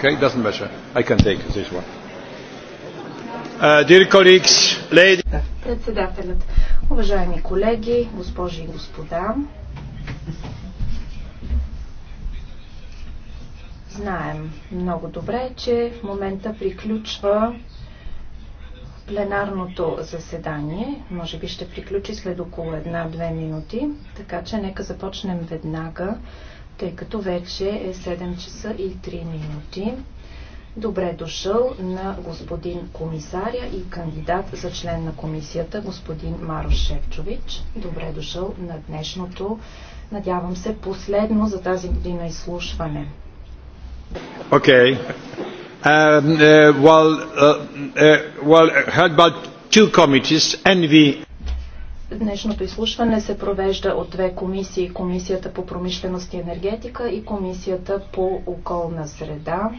Okay, doesn't matter. I can take this one. Uh, dear colleagues, ladies... Председателят. Уважаеми колеги, госпожи и господа, знаем много добре, че в момента приключва пленарното заседание. Може би ще приключи след около една-две минути, така че нека започнем веднага тъй като вече е 7 часа и 3 минути. Добре дошъл на господин комисаря и кандидат за член на комисията, господин Маро Шепчович. Добре дошъл на днешното, надявам се, последно за тази година изслушване. Okay. Um, uh, well, uh, uh, well, about two committees, Envy Днешното изслушване се провежда от две комисии. Комисията по промишленост и енергетика и Комисията по околна среда.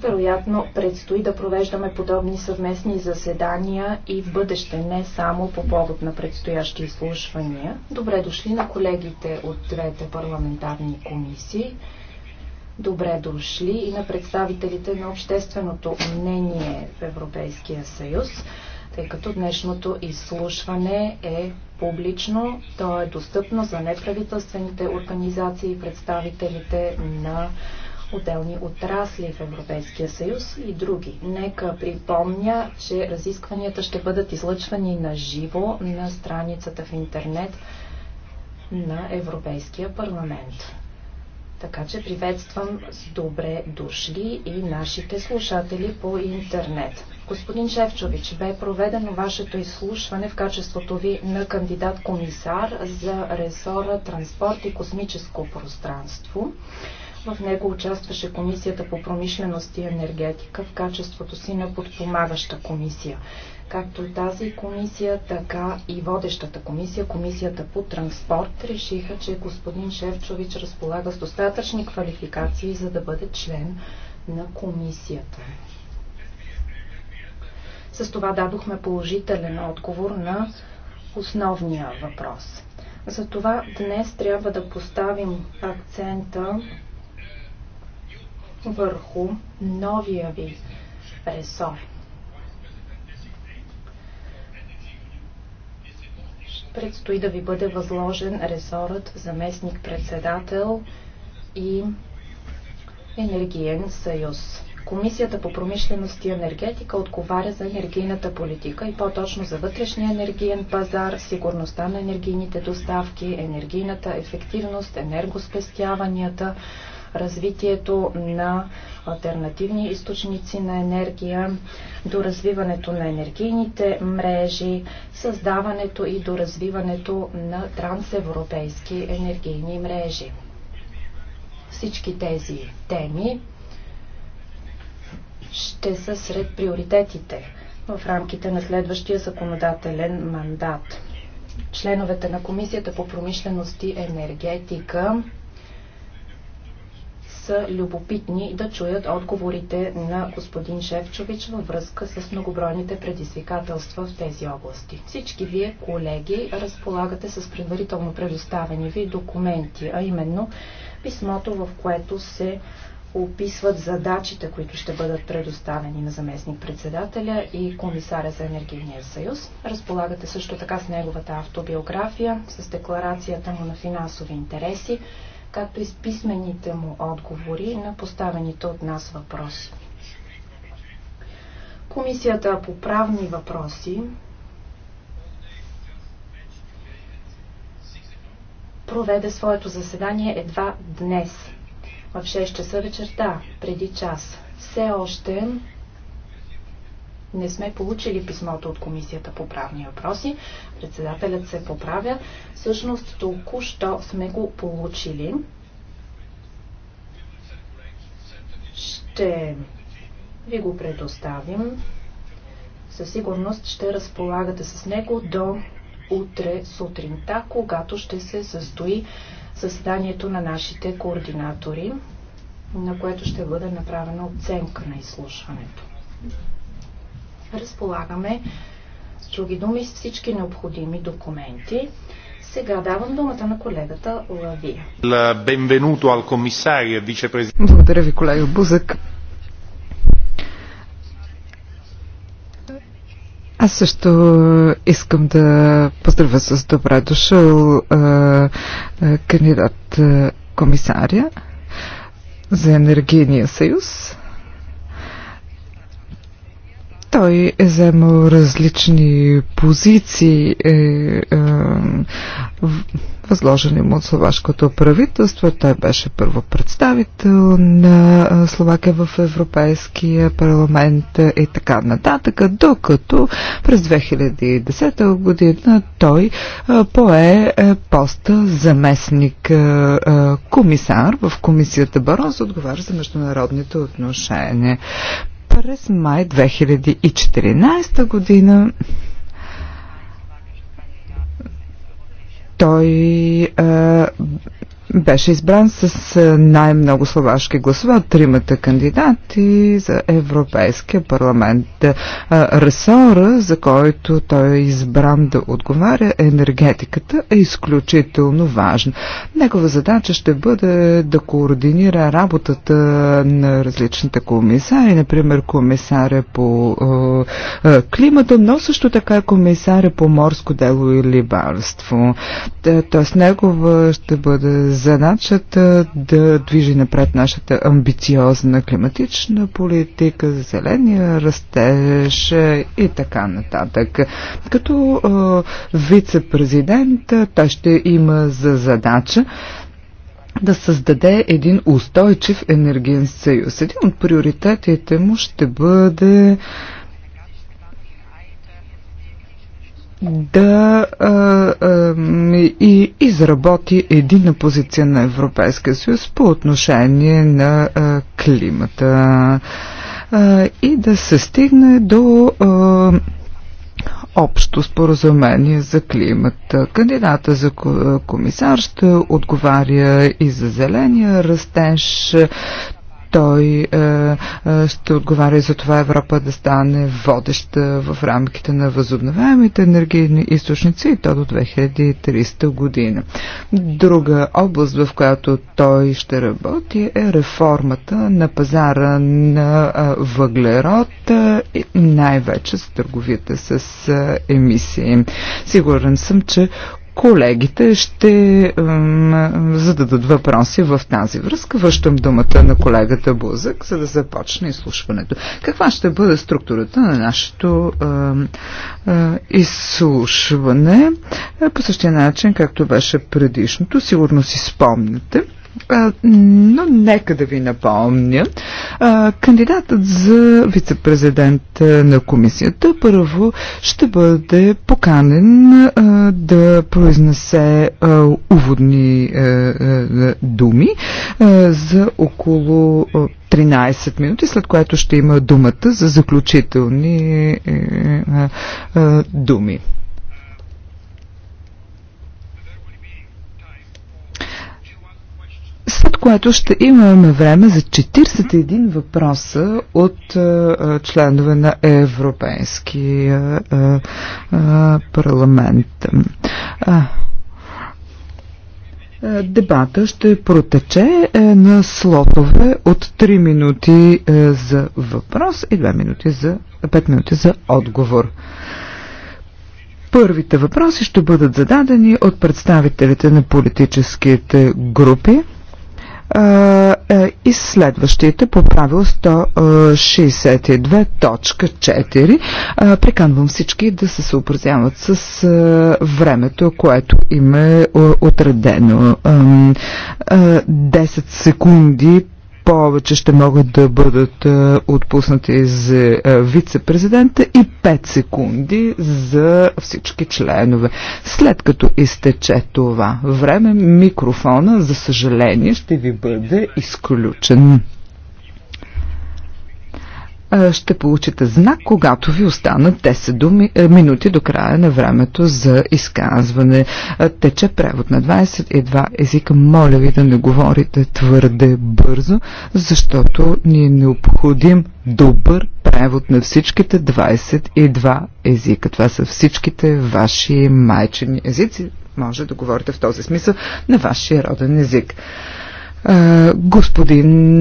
Вероятно, предстои да провеждаме подобни съвместни заседания и в бъдеще, не само по повод на предстоящи изслушвания. Добре дошли на колегите от двете парламентарни комисии добре дошли и на представителите на общественото мнение в Европейския съюз, тъй като днешното изслушване е публично, то е достъпно за неправителствените организации и представителите на отделни отрасли в Европейския съюз и други. Нека припомня, че разискванията ще бъдат излъчвани на живо на страницата в интернет на Европейския парламент. Така че приветствам с добре дошли и нашите слушатели по интернет. Господин Шевчович, бе проведено вашето изслушване в качеството ви на кандидат-комисар за ресора транспорт и космическо пространство. В него участваше Комисията по промишленост и енергетика в качеството си на подпомагаща комисия. Както тази комисия, така и водещата комисия, комисията по транспорт, решиха, че господин Шевчович разполага с достатъчни квалификации, за да бъде член на комисията. С това дадохме положителен отговор на основния въпрос. Затова днес трябва да поставим акцента върху новия ви ресор. Предстои да ви бъде възложен ресорът заместник-председател и енергиен съюз. Комисията по промишленост и енергетика отговаря за енергийната политика и по-точно за вътрешния енергиен пазар, сигурността на енергийните доставки, енергийната ефективност, енергоспестяванията, развитието на альтернативни източници на енергия, до развиването на енергийните мрежи, създаването и до развиването на трансевропейски енергийни мрежи. Всички тези теми ще са сред приоритетите в рамките на следващия законодателен мандат. Членовете на Комисията по промишленост и енергетика са любопитни да чуят отговорите на господин Шевчович във връзка с многобройните предизвикателства в тези области. Всички вие, колеги, разполагате с предварително предоставени ви документи, а именно писмото, в което се описват задачите, които ще бъдат предоставени на заместник-председателя и комисаря за енергийния съюз. Разполагате също така с неговата автобиография, с декларацията му на финансови интереси, както и с писмените му отговори на поставените от нас въпроси. Комисията по правни въпроси проведе своето заседание едва днес, в 6 часа вечерта, преди час. Все още не сме получили писмото от Комисията по правни въпроси. Председателят се поправя. Всъщност току-що сме го получили. Ще ви го предоставим. Със сигурност ще разполагате с него до утре сутринта, когато ще се състои съседанието на нашите координатори, на което ще бъде направена оценка на изслушването. Разполагаме, с други думи, с всички необходими документи. Сега давам думата на колегата Лавия. Благодаря ви, колега Бузък. Аз също искам да поздравя с добре дошъл кандидат комисаря за енергийния съюз. Той е вземал различни позиции, е, е, възложени е му от словашкото правителство. Той беше първо представител на е, Словакия в Европейския парламент и така нататък, докато през 2010 година той е, пое поста заместник комисар в комисията Барон за отговаря за международните отношения. През май 2014 година той а, беше избран с най-много словашки гласове от тримата кандидати за Европейския парламент. Ресора, за който той е избран да отговаря, енергетиката е изключително важна. Негова задача ще бъде да координира работата на различните комисари, например комисаря по климата, но също така комисаря по морско дело и либарство. Тоест негова ще бъде задачата да движи напред нашата амбициозна климатична политика, зеления растеж и така нататък. Като вице-президент той ще има за задача да създаде един устойчив енергиен съюз. Един от приоритетите му ще бъде да а, а, и изработи единна позиция на Европейския съюз по отношение на а, климата а, и да се стигне до а, общо споразумение за климата. Кандидата за комисар ще отговаря и за зеления растеж. Той е, е, ще отговаря и за това Европа да стане водеща в рамките на възобновяемите енергийни източници и то до 2300 година. Друга област, в която той ще работи е реформата на пазара на е, въглерод е, и най-вече с търговията с е, емисии. Сигурен съм, че колегите ще зададат въпроси в тази връзка. Връщам думата на колегата Бузък, за да започне изслушването. Каква ще бъде структурата на нашето изслушване? По същия начин, както беше предишното, сигурно си спомняте но нека да ви напомня, кандидатът за вице-президент на комисията първо ще бъде поканен да произнесе уводни думи за около 13 минути, след което ще има думата за заключителни е, е, е, думи. след което ще имаме време за 41 въпроса от а, членове на Европейския а, а, парламент. А, Дебата ще протече е, на слотове от 3 минути е, за въпрос и 2 минути за, 5 минути за отговор. Първите въпроси ще бъдат зададени от представителите на политическите групи. Е, и следващите по правило 162.4. Е, приканвам всички да се съобразяват с е, времето, което им е отредено. 10 секунди повече ще могат да бъдат е, отпуснати за е, вице-президента и 5 секунди за всички членове. След като изтече това време, микрофона, за съжаление, ще ви бъде изключен. Е, ще получите знак, когато ви останат 10 думи, е, минути до края на времето за изказване. Е, тече превод на 22 езика. Моля ви да не говорите твърде бързо, защото ни е необходим добър превод на всичките 22 езика. Това са всичките ваши майчени езици. Може да говорите в този смисъл на вашия роден език. Господин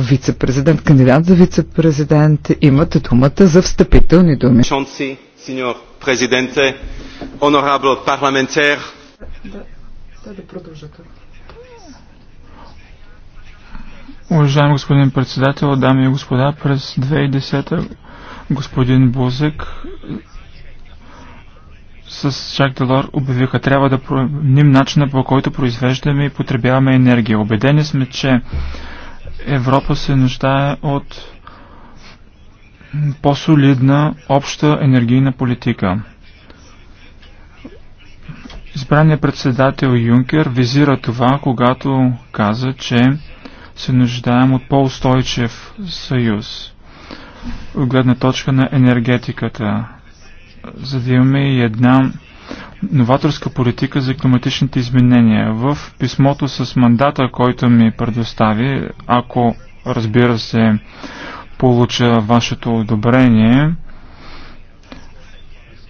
вице-президент, кандидат за вице-президент, имате думата за встъпителни думи. Шонци, Сеньор президенте, онорабл парламентер. Да, да, продължат. Уважаеми господин председател, дами и господа, през 2010 господин Бузек с Жак Делор обявиха, трябва да променим начина по който произвеждаме и потребяваме енергия. Обедени сме, че Европа се нуждае от по-солидна обща енергийна политика. Избраният председател Юнкер визира това, когато каза, че се нуждаем от по-устойчив съюз от гледна точка на енергетиката за да имаме и една новаторска политика за климатичните изменения. В писмото с мандата, който ми предостави, ако разбира се получа вашето одобрение,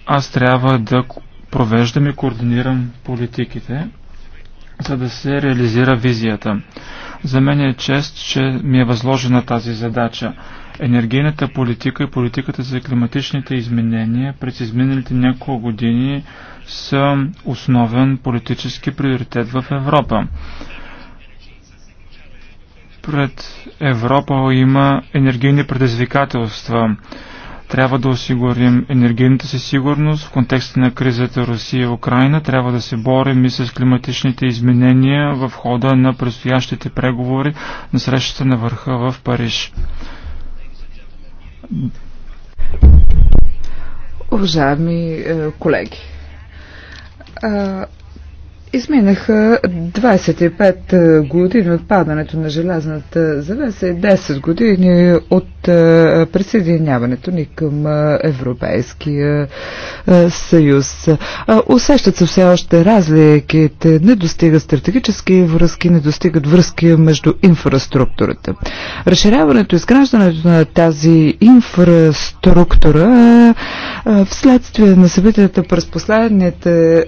аз трябва да провеждам и координирам политиките, за да се реализира визията. За мен е чест, че ми е възложена тази задача. Енергийната политика и политиката за климатичните изменения през изминалите няколко години са основен политически приоритет в Европа. Пред Европа има енергийни предизвикателства. Трябва да осигурим енергийната си сигурност в контекста на кризата Русия и Украина. Трябва да се борим и с климатичните изменения в хода на предстоящите преговори на срещата на върха в Париж. Уважаеми е, колеги, е, Изминаха 25 е, години от падането на желязната завеса и 10 години от е, присъединяването ни към е, Европейския съюз. Усещат се все още разликите, не достигат стратегически връзки, не достигат връзки между инфраструктурата. Разширяването и изграждането на тази инфраструктура вследствие на събитията през последните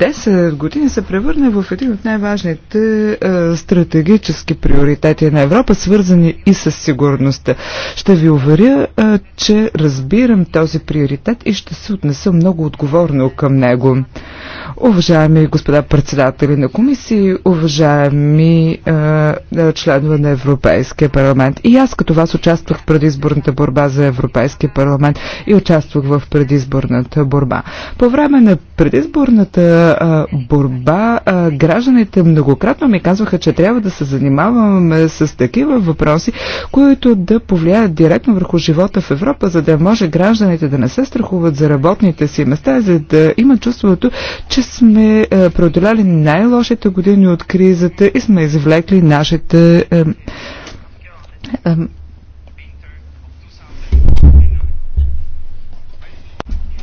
10 години се превърне в един от най-важните е, стратегически приоритети на Европа, свързани и с сигурността. Ще ви уверя, е, че разбирам този приоритет и ще се отнеса много отговорно към него. Уважаеми господа председатели на комисии, уважаеми е, е членове на Европейския парламент. И аз като вас участвах в предизборната борба за Европейския парламент и участвах в предизборната борба. По време на предизборната е, борба това а, гражданите многократно ми казваха, че трябва да се занимаваме с такива въпроси, които да повлияят директно върху живота в Европа, за да може гражданите да не се страхуват за работните си места, за да има чувството, че сме а, преодоляли най-лошите години от кризата и сме извлекли нашите а,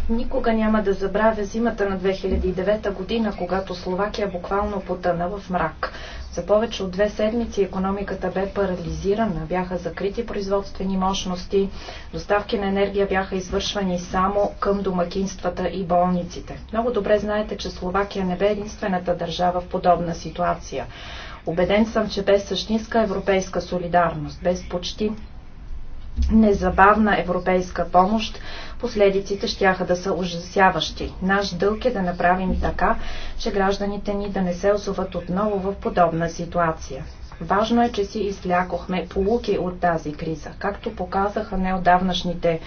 Никога няма да забравя зимата на 2009 година, когато Словакия буквално потъна в мрак. За повече от две седмици економиката бе парализирана, бяха закрити производствени мощности, доставки на енергия бяха извършвани само към домакинствата и болниците. Много добре знаете, че Словакия не бе единствената държава в подобна ситуация. Обеден съм, че без същинска европейска солидарност, без почти незабавна европейска помощ, последиците щяха да са ужасяващи. Наш дълг е да направим така, че гражданите ни да не се озоват отново в подобна ситуация. Важно е, че си излякохме полуки от тази криза. Както показаха неодавнашните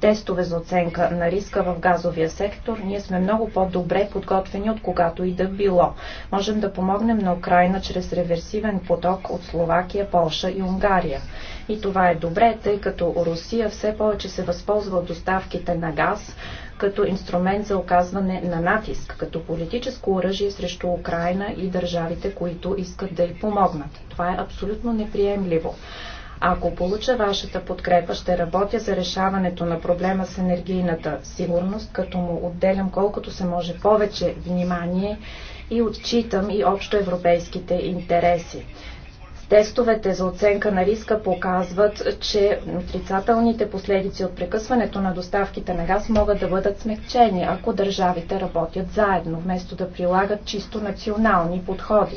тестове за оценка на риска в газовия сектор, ние сме много по-добре подготвени от когато и да било. Можем да помогнем на Украина чрез реверсивен поток от Словакия, Полша и Унгария. И това е добре, тъй като Русия все повече се възползва от доставките на газ като инструмент за оказване на натиск, като политическо оръжие срещу Украина и държавите, които искат да й помогнат. Това е абсолютно неприемливо. Ако получа вашата подкрепа, ще работя за решаването на проблема с енергийната сигурност, като му отделям колкото се може повече внимание и отчитам и общоевропейските интереси. Тестовете за оценка на риска показват, че отрицателните последици от прекъсването на доставките на газ могат да бъдат смягчени, ако държавите работят заедно, вместо да прилагат чисто национални подходи.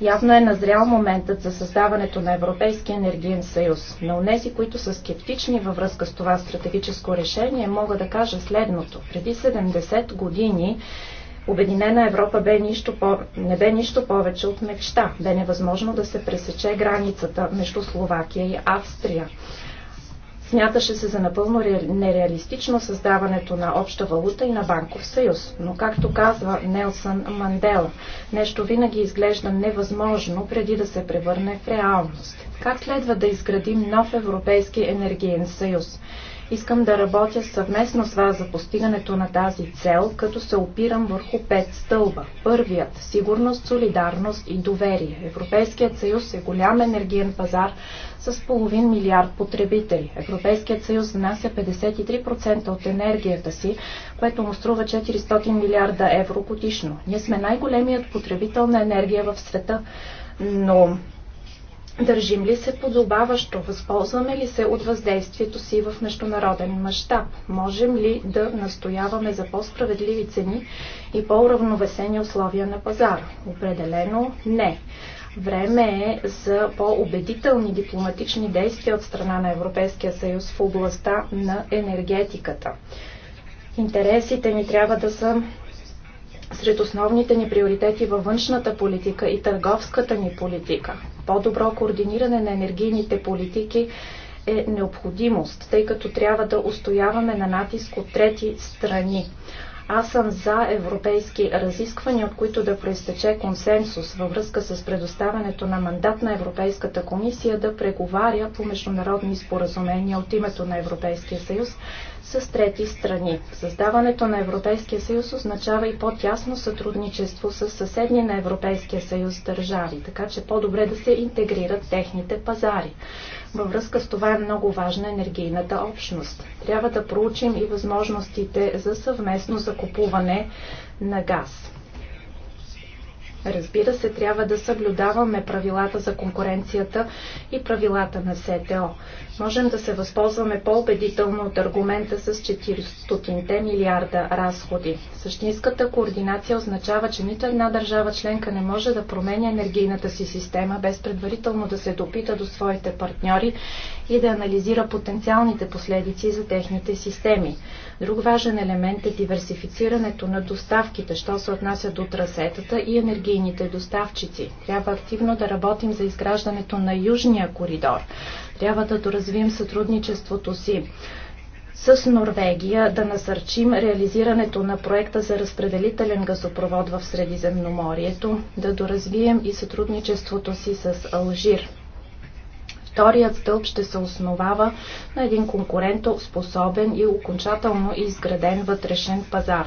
Явно е назрял моментът за създаването на Европейски енергиен съюз. На унези, които са скептични във връзка с това стратегическо решение, мога да кажа следното. Преди 70 години Обединена Европа бе нищо по... не бе нищо повече от мечта. Бе невъзможно да се пресече границата между Словакия и Австрия. Смяташе се за напълно нереалистично създаването на обща валута и на банков съюз. Но както казва Нелсън Мандела, нещо винаги изглежда невъзможно преди да се превърне в реалност. Как следва да изградим нов европейски енергиен съюз? Искам да работя съвместно с вас за постигането на тази цел, като се опирам върху пет стълба. Първият – сигурност, солидарност и доверие. Европейският съюз е голям енергиен пазар с половин милиард потребители. Европейският съюз внася 53% от енергията си, което му струва 400 милиарда евро годишно. Ние сме най-големият потребител на енергия в света, но Държим ли се подобаващо? Възползваме ли се от въздействието си в международен мащаб? Можем ли да настояваме за по-справедливи цени и по-уравновесени условия на пазара? Определено не. Време е за по-убедителни дипломатични действия от страна на Европейския съюз в областта на енергетиката. Интересите ни трябва да са сред основните ни приоритети във външната политика и търговската ни политика. По-добро координиране на енергийните политики е необходимост, тъй като трябва да устояваме на натиск от трети страни. Аз съм за европейски разисквания, от които да проистече консенсус във връзка с предоставянето на мандат на Европейската комисия да преговаря по международни споразумения от името на Европейския съюз с трети страни. Създаването на Европейския съюз означава и по-тясно сътрудничество с съседни на Европейския съюз държави, така че по-добре да се интегрират техните пазари. Във връзка с това е много важна енергийната общност. Трябва да проучим и възможностите за съвместно закупуване на газ. Разбира се, трябва да съблюдаваме правилата за конкуренцията и правилата на СТО. Можем да се възползваме по-убедително от аргумента с 400 милиарда разходи. Същинската координация означава, че нито една държава членка не може да променя енергийната си система без предварително да се допита до своите партньори и да анализира потенциалните последици за техните системи. Друг важен елемент е диверсифицирането на доставките, що се отнася до трасетата и енергийните доставчици. Трябва активно да работим за изграждането на Южния коридор. Трябва да доразвием сътрудничеството си с Норвегия да насърчим реализирането на проекта за разпределителен газопровод в Средиземноморието, да доразвием и сътрудничеството си с Алжир. Вторият стълб ще се основава на един конкурентоспособен и окончателно изграден вътрешен пазар.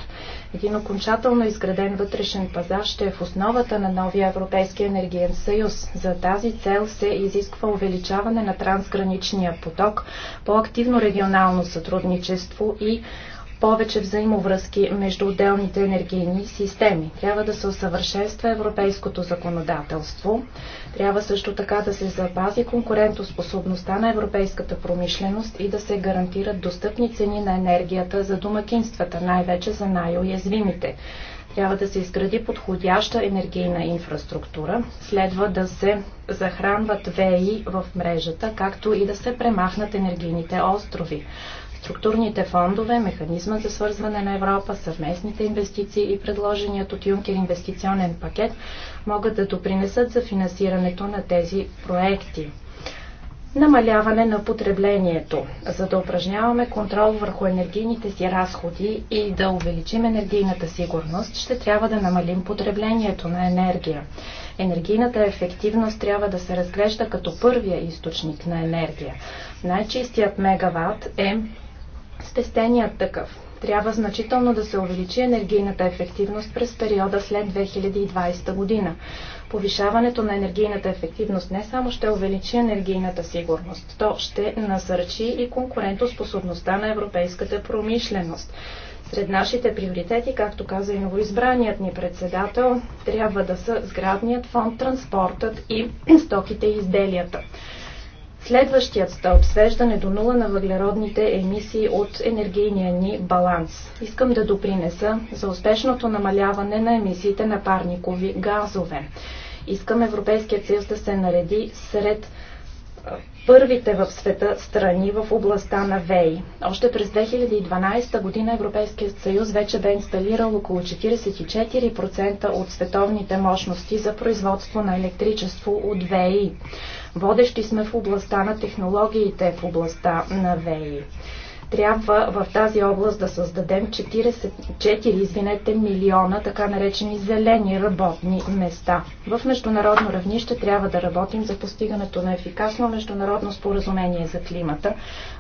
Един окончателно изграден вътрешен пазар ще е в основата на новия Европейски енергиен съюз. За тази цел се изисква увеличаване на трансграничния поток, по-активно регионално сътрудничество и повече взаимовръзки между отделните енергийни системи. Трябва да се усъвършенства европейското законодателство. Трябва също така да се запази конкурентоспособността на европейската промишленост и да се гарантират достъпни цени на енергията за домакинствата, най-вече за най-уязвимите. Трябва да се изгради подходяща енергийна инфраструктура. Следва да се захранват веи в мрежата, както и да се премахнат енергийните острови. Структурните фондове, механизма за свързване на Европа, съвместните инвестиции и предложеният от Юнкер инвестиционен пакет могат да допринесат за финансирането на тези проекти. Намаляване на потреблението, за да упражняваме контрол върху енергийните си разходи и да увеличим енергийната сигурност, ще трябва да намалим потреблението на енергия. Енергийната ефективност трябва да се разглежда като първия източник на енергия. Най-чистият мегаватт е Стестеният такъв. Трябва значително да се увеличи енергийната ефективност през периода след 2020 година. Повишаването на енергийната ефективност не само ще увеличи енергийната сигурност, то ще насърчи и конкурентоспособността на европейската промишленост. Сред нашите приоритети, както каза и новоизбраният ни председател, трябва да са сградният фонд, транспортът и стоките и изделията. Следващият стълб свеждане до нула на въглеродните емисии от енергийния ни баланс. Искам да допринеса за успешното намаляване на емисиите на парникови газове. Искам Европейският съюз да се нареди сред първите в света страни в областта на ВЕИ. Още през 2012 година Европейският съюз вече бе инсталирал около 44% от световните мощности за производство на електричество от ВЕИ. Водещи сме в областта на технологиите, в областта на ВЕИ трябва в тази област да създадем 44 извинете, милиона така наречени зелени работни места. В международно равнище трябва да работим за постигането на ефикасно международно споразумение за климата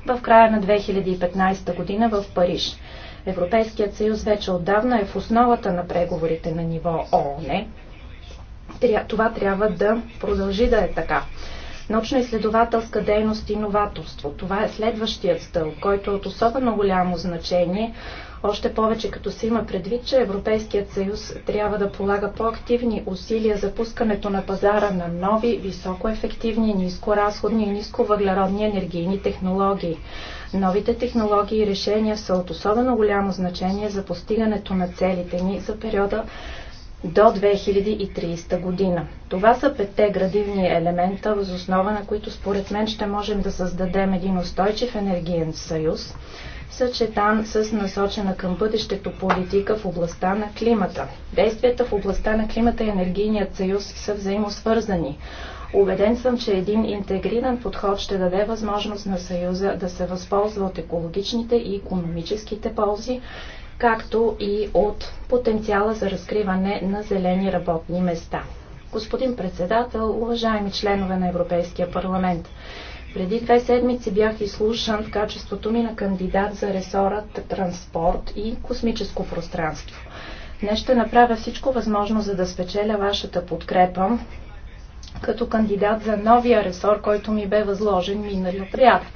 в края на 2015 година в Париж. Европейският съюз вече отдавна е в основата на преговорите на ниво ООН. Това трябва да продължи да е така научно-изследователска дейност и новаторство. Това е следващият стълб, който е от особено голямо значение, още повече като се има предвид, че Европейският съюз трябва да полага по-активни усилия за пускането на пазара на нови, високоефективни, нискоразходни и нисковъглеродни енергийни технологии. Новите технологии и решения са от особено голямо значение за постигането на целите ни за периода до 2030 година. Това са петте градивни елемента, въз основа на които според мен ще можем да създадем един устойчив енергиен съюз, съчетан с насочена към бъдещето политика в областта на климата. Действията в областта на климата и енергийният съюз са взаимосвързани. Убеден съм, че един интегриран подход ще даде възможност на Съюза да се възползва от екологичните и економическите ползи както и от потенциала за разкриване на зелени работни места. Господин председател, уважаеми членове на Европейския парламент, преди две седмици бях изслушан в качеството ми на кандидат за ресорът транспорт и космическо пространство. Днес ще направя всичко възможно, за да спечеля вашата подкрепа като кандидат за новия ресор, който ми бе възложен миналия приятел.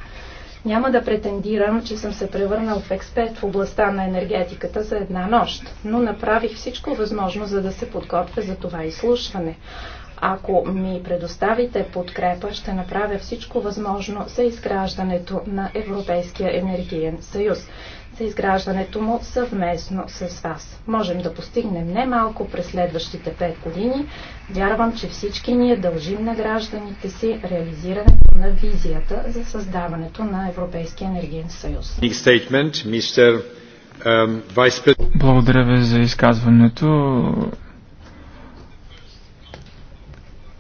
Няма да претендирам, че съм се превърнал в експерт в областта на енергетиката за една нощ, но направих всичко възможно, за да се подготвя за това изслушване. Ако ми предоставите подкрепа, ще направя всичко възможно за изграждането на Европейския енергиен съюз за изграждането му съвместно с вас. Можем да постигнем немалко през следващите 5 години. Вярвам, че всички ние дължим на гражданите си реализирането на визията за създаването на Европейския енергиен съюз. Um, Благодаря ви за изказването.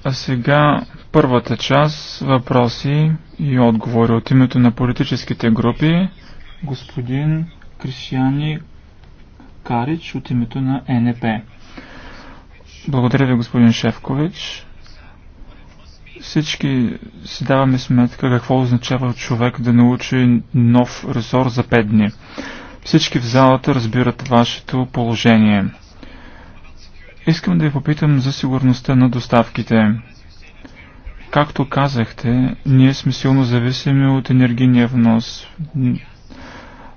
А сега първата част въпроси и отговори от името на политическите групи господин Кришияни Карич от името на НП. Благодаря ви, господин Шефкович. Всички си даваме сметка какво означава човек да научи нов ресор за 5 дни. Всички в залата разбират вашето положение. Искам да ви попитам за сигурността на доставките. Както казахте, ние сме силно зависими от енергийния внос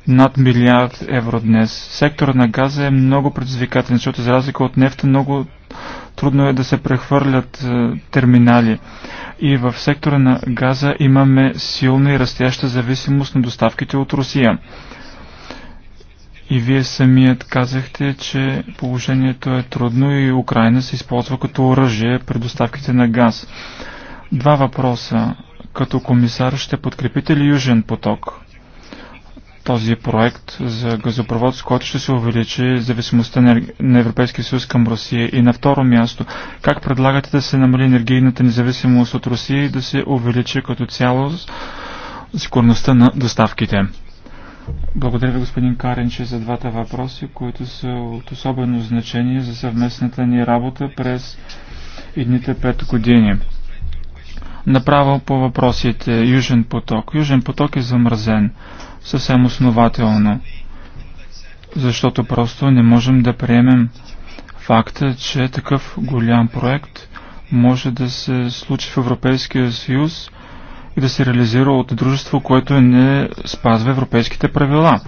над милиард евро днес. Сектора на газа е много предизвикателен, защото за разлика от нефта много трудно е да се прехвърлят е, терминали. И в сектора на газа имаме силна и растяща зависимост на доставките от Русия. И вие самият казахте, че положението е трудно и Украина се използва като оръжие при доставките на газ. Два въпроса. Като комисар ще подкрепите ли Южен поток? този проект за газопровод, с който ще се увеличи зависимостта на Европейския съюз към Русия? И на второ място, как предлагате да се намали енергийната независимост от Русия и да се увеличи като цяло сигурността на доставките? Благодаря ви, господин Каренче, за двата въпроси, които са от особено значение за съвместната ни работа през едните пет години. Направо по въпросите Южен поток. Южен поток е замразен съвсем основателно, защото просто не можем да приемем факта, че такъв голям проект може да се случи в Европейския съюз и да се реализира от дружество, което не спазва европейските правила.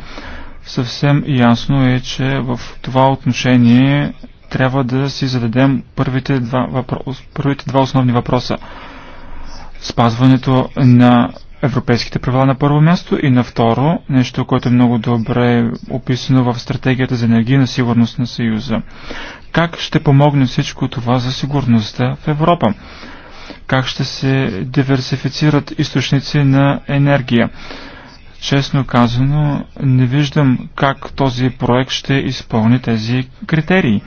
Съвсем ясно е, че в това отношение трябва да си зададем първите два, въпрос, първите два основни въпроса. Спазването на европейските правила на първо място и на второ, нещо, което е много добре описано в стратегията за енергийна сигурност на Съюза. Как ще помогне всичко това за сигурността в Европа? Как ще се диверсифицират източници на енергия? Честно казано, не виждам как този проект ще изпълни тези критерии.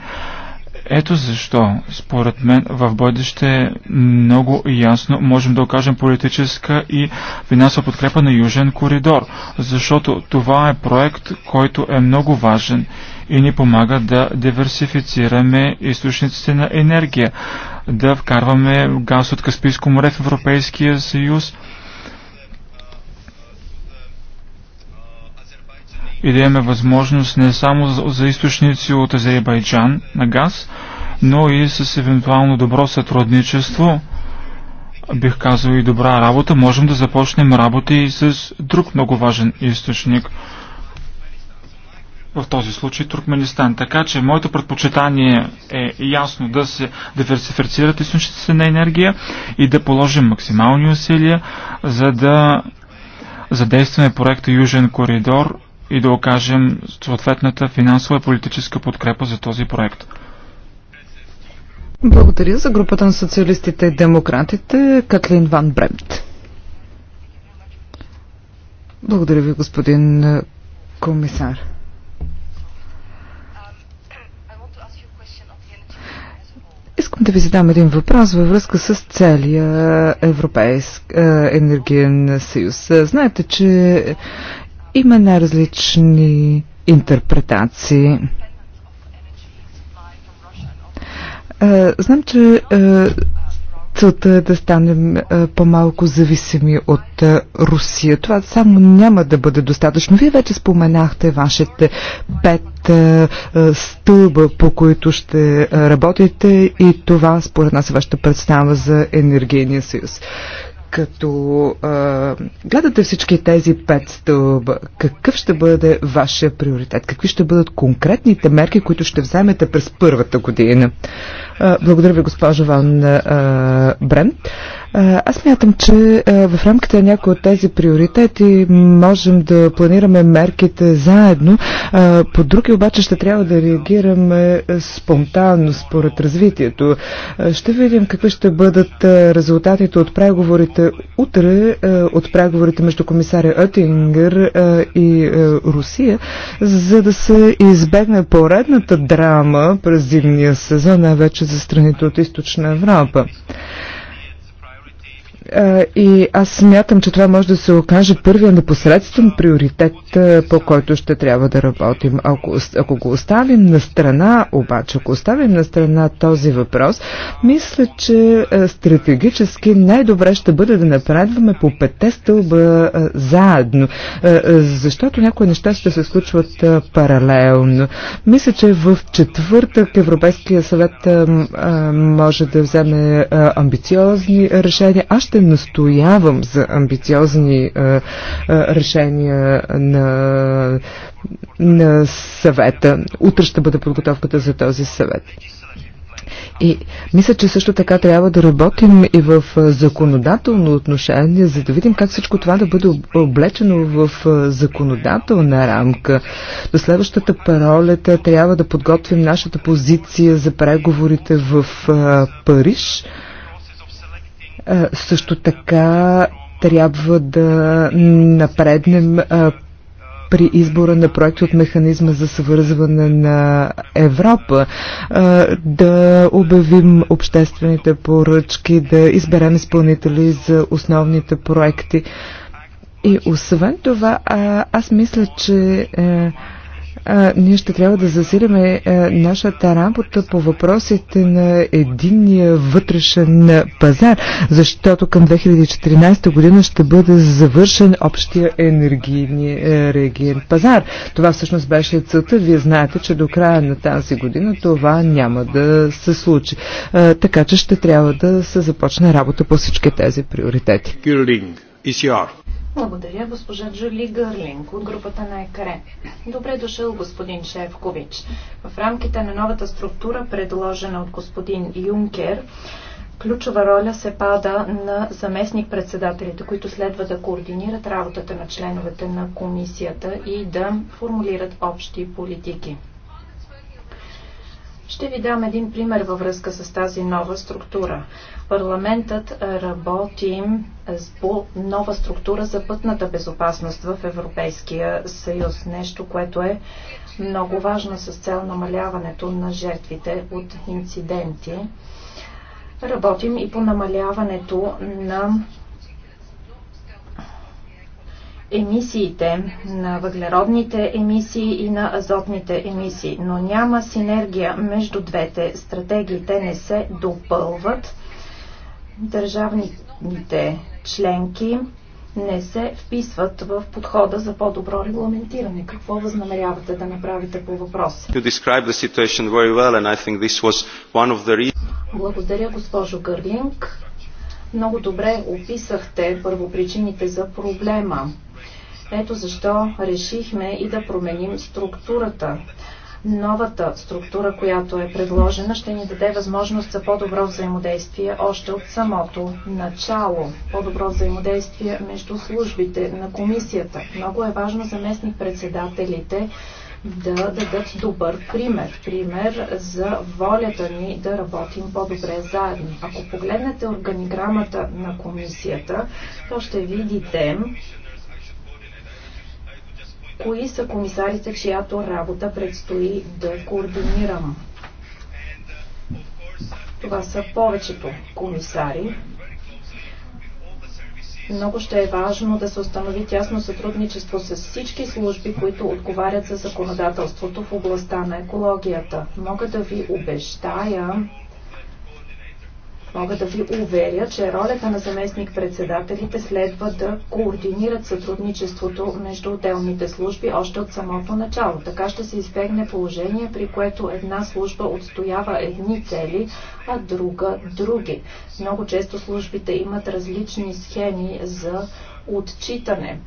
Ето защо, според мен, в бъдеще много ясно можем да окажем политическа и финансова подкрепа на Южен коридор, защото това е проект, който е много важен и ни помага да диверсифицираме източниците на енергия, да вкарваме газ от Каспийско море в Европейския съюз, и да имаме възможност не само за източници от Азербайджан на газ, но и с евентуално добро сътрудничество, бих казал и добра работа, можем да започнем работа и с друг много важен източник. В този случай Туркменистан. Така че моето предпочитание е ясно да се диверсифицират източниците на енергия и да положим максимални усилия, за да задействаме проекта Южен коридор и да окажем съответната финансова и политическа подкрепа за този проект. Благодаря за групата на социалистите и демократите Катлин Ван Бремт. Благодаря ви, господин комисар. Искам да ви задам един въпрос във връзка с целия Европейски е, енергиен съюз. Знаете, че има най-различни интерпретации. Е, знам, че е, целта е да станем е, по-малко зависими от Русия. Това само няма да бъде достатъчно. Вие вече споменахте вашите пет стълба, по които ще работите и това според нас е вашата представа за енергийния съюз. Като а, гледате всички тези пет стълба, какъв ще бъде вашия приоритет? Какви ще бъдат конкретните мерки, които ще вземете през първата година? Благодаря ви, госпожо Ван Брен. Аз мятам, че в рамките на някои от тези приоритети можем да планираме мерките заедно. По други обаче ще трябва да реагираме спонтанно според развитието. Ще видим какви ще бъдат резултатите от преговорите утре, от преговорите между комисаря Оттингер и Русия, за да се избегне поредната драма през зимния сезон, най-вече за страните от източна Европа и аз смятам, че това може да се окаже първия непосредствен приоритет, по който ще трябва да работим. Ако, ако го оставим на страна, обаче, ако оставим на страна този въпрос, мисля, че стратегически най-добре ще бъде да направяме по пете стълба заедно, защото някои неща ще се случват паралелно. Мисля, че в четвъртък Европейския съвет може да вземе амбициозни решения. Аз ще настоявам за амбициозни а, е, а, е, решения на, на съвета. Утре ще бъде подготовката за този съвет. И мисля, че също така трябва да работим и в е, законодателно отношение, за да видим как всичко това да бъде облечено в законодателна рамка. До следващата паролета трябва да подготвим нашата позиция за преговорите в Париж. Е, също така трябва да напреднем е, при избора на проекти от механизма за съвързване на Европа, е, да обявим обществените поръчки, да изберем изпълнители за основните проекти. И освен това, аз мисля, че а, ние ще трябва да засилиме а, нашата работа по въпросите на единния вътрешен пазар, защото към 2014 година ще бъде завършен общия енергийни е, регион пазар. Това всъщност беше целта. Вие знаете, че до края на тази година това няма да се случи. А, така че ще трябва да се започне работа по всички тези приоритети. Гюрлинг, ECR. Благодаря, госпожа Джули Гърлинг от групата на ЕКРЕ. Добре дошъл, господин Шевкович. В рамките на новата структура, предложена от господин Юнкер, ключова роля се пада на заместник-председателите, които следва да координират работата на членовете на комисията и да формулират общи политики. Ще ви дам един пример във връзка с тази нова структура. Парламентът работи по нова структура за пътната безопасност в Европейския съюз. Нещо, което е много важно с цел намаляването на жертвите от инциденти. Работим и по намаляването на емисиите, на въглеродните емисии и на азотните емисии, но няма синергия между двете стратегии. Те не се допълват. Държавните членки не се вписват в подхода за по-добро регламентиране. Какво възнамерявате да направите по въпроса? Well, Благодаря, госпожо Гърлинг. Много добре описахте първопричините за проблема. Ето защо решихме и да променим структурата. Новата структура, която е предложена, ще ни даде възможност за по-добро взаимодействие още от самото начало. По-добро взаимодействие между службите на комисията. Много е важно заместник председателите да дадат добър пример. Пример за волята ни да работим по-добре заедно. Ако погледнете органиграмата на комисията, то ще видите, кои са комисарите, чиято работа предстои да координирам. Това са повечето комисари. Много ще е важно да се установи тясно сътрудничество с всички служби, които отговарят за законодателството в областта на екологията. Мога да ви обещая, Мога да ви уверя, че ролята на заместник-председателите следва да координират сътрудничеството между отделните служби още от самото начало. Така ще се избегне положение, при което една служба отстоява едни цели, а друга други. Много често службите имат различни схеми за отчитане.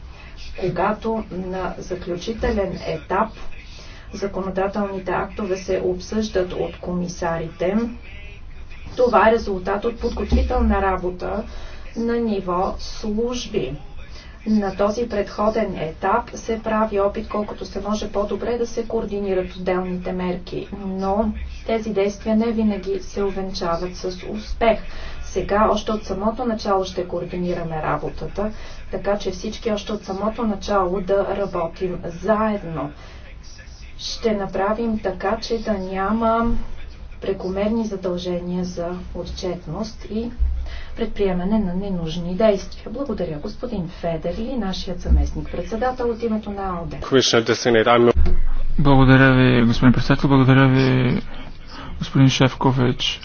Когато на заключителен етап законодателните актове се обсъждат от комисарите, това е резултат от подготвителна работа на ниво служби. На този предходен етап се прави опит колкото се може по-добре да се координират отделните мерки, но тези действия не винаги се увенчават с успех. Сега още от самото начало ще координираме работата, така че всички още от самото начало да работим заедно. Ще направим така, че да няма прекомерни задължения за отчетност и предприемане на ненужни действия. Благодаря господин Федерли, нашият заместник председател от името на АОД. Благодаря ви, господин председател. Благодаря ви, господин Шефкович.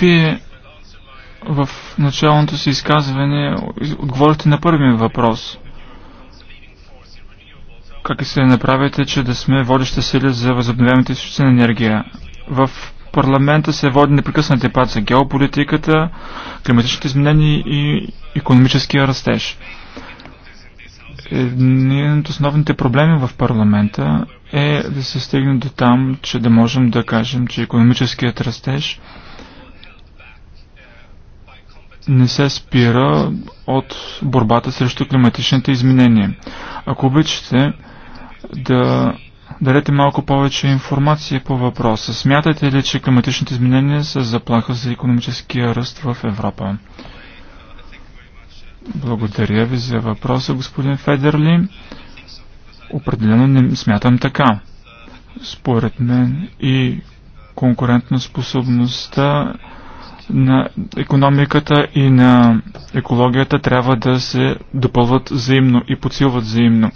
Вие в началното си изказване отговорите на първия въпрос – как се направите, че да сме водеща сили за възобновяемите източници на енергия? В парламента се води непрекъснат дебат за геополитиката, климатичните изменения и економическия растеж. Един от основните проблеми в парламента е да се стигне до там, че да можем да кажем, че економическият растеж не се спира от борбата срещу климатичните изменения. Ако обичате, да дадете малко повече информация по въпроса. Смятате ли, че климатичните изменения са заплаха за економическия ръст в Европа? Благодаря ви за въпроса, господин Федерли. Определено не смятам така. Според мен и конкурентна способността на економиката и на екологията трябва да се допълват взаимно и подсилват взаимно.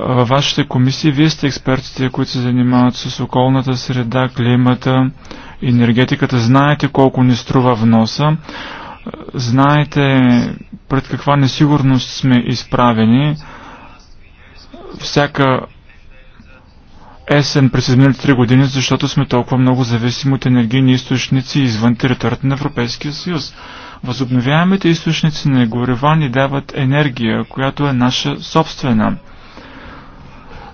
Във вашите комисии вие сте експертите, които се занимават с околната среда, климата, енергетиката. Знаете колко ни струва вноса. Знаете пред каква несигурност сме изправени. Всяка есен през изминалите три години, защото сме толкова много зависими от енергийни източници извън територията на Европейския съюз. Възобновяемите източници на горива ни дават енергия, която е наша собствена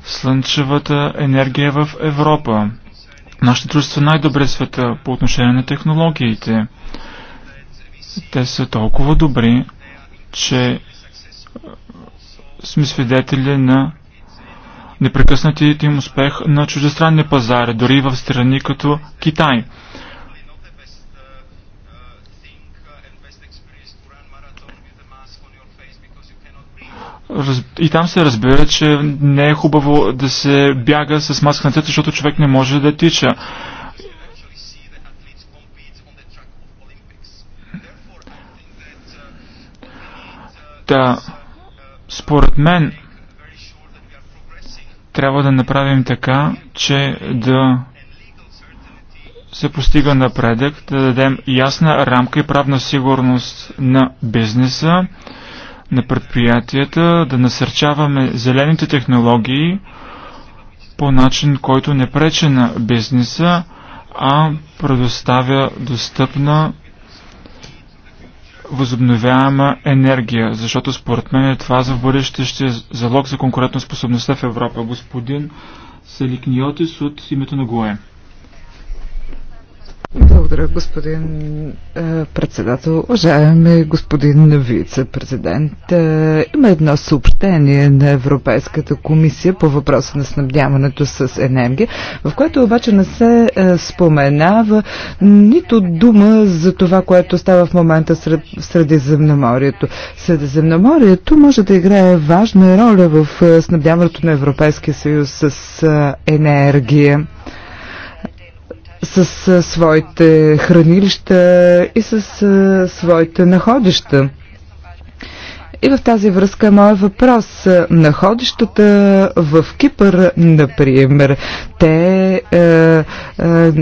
слънчевата енергия в Европа. Нашите дружества най-добре света по отношение на технологиите. Те са толкова добри, че е, сме свидетели на непрекъснатият им успех на чуждестранни пазари, дори в страни като Китай. И там се разбира, че не е хубаво да се бяга с маска на тета, защото човек не може да тича. Да, според мен, трябва да направим така, че да се постига напредък, да дадем ясна рамка и правна сигурност на бизнеса, на предприятията, да насърчаваме зелените технологии по начин, който не прече на бизнеса, а предоставя достъпна възобновяема енергия, защото според мен е това за бъдеще ще е залог за конкурентоспособността в Европа. Господин Селикниотис от името на ГОЕ. Благодаря, господин е, председател. Уважаеми господин вице-президент, е, има едно съобщение на Европейската комисия по въпроса на снабдяването с енергия, в което обаче не се е, споменава нито дума за това, което става в момента сред, в Средиземноморието. Средиземноморието може да играе важна роля в е, снабдяването на Европейския съюз с е, енергия с своите хранилища и с своите находища. И в тази връзка е моят въпрос. Находищата в Кипър, например, те е, е,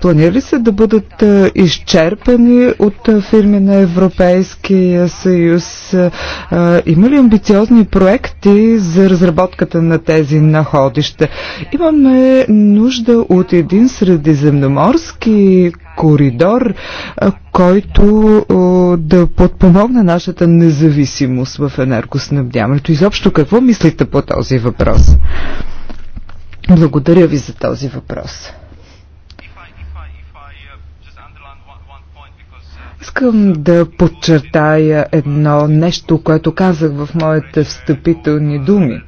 планира ли се да бъдат изчерпани от фирми на Европейския съюз? Има ли амбициозни проекти за разработката на тези находища? Имаме нужда от един средиземноморски коридор, който да подпомогне нашата независимост в енергоснабдяването. Изобщо какво мислите по този въпрос? Благодаря ви за този въпрос. Искам да подчертая едно нещо, което казах в моите встъпителни думи.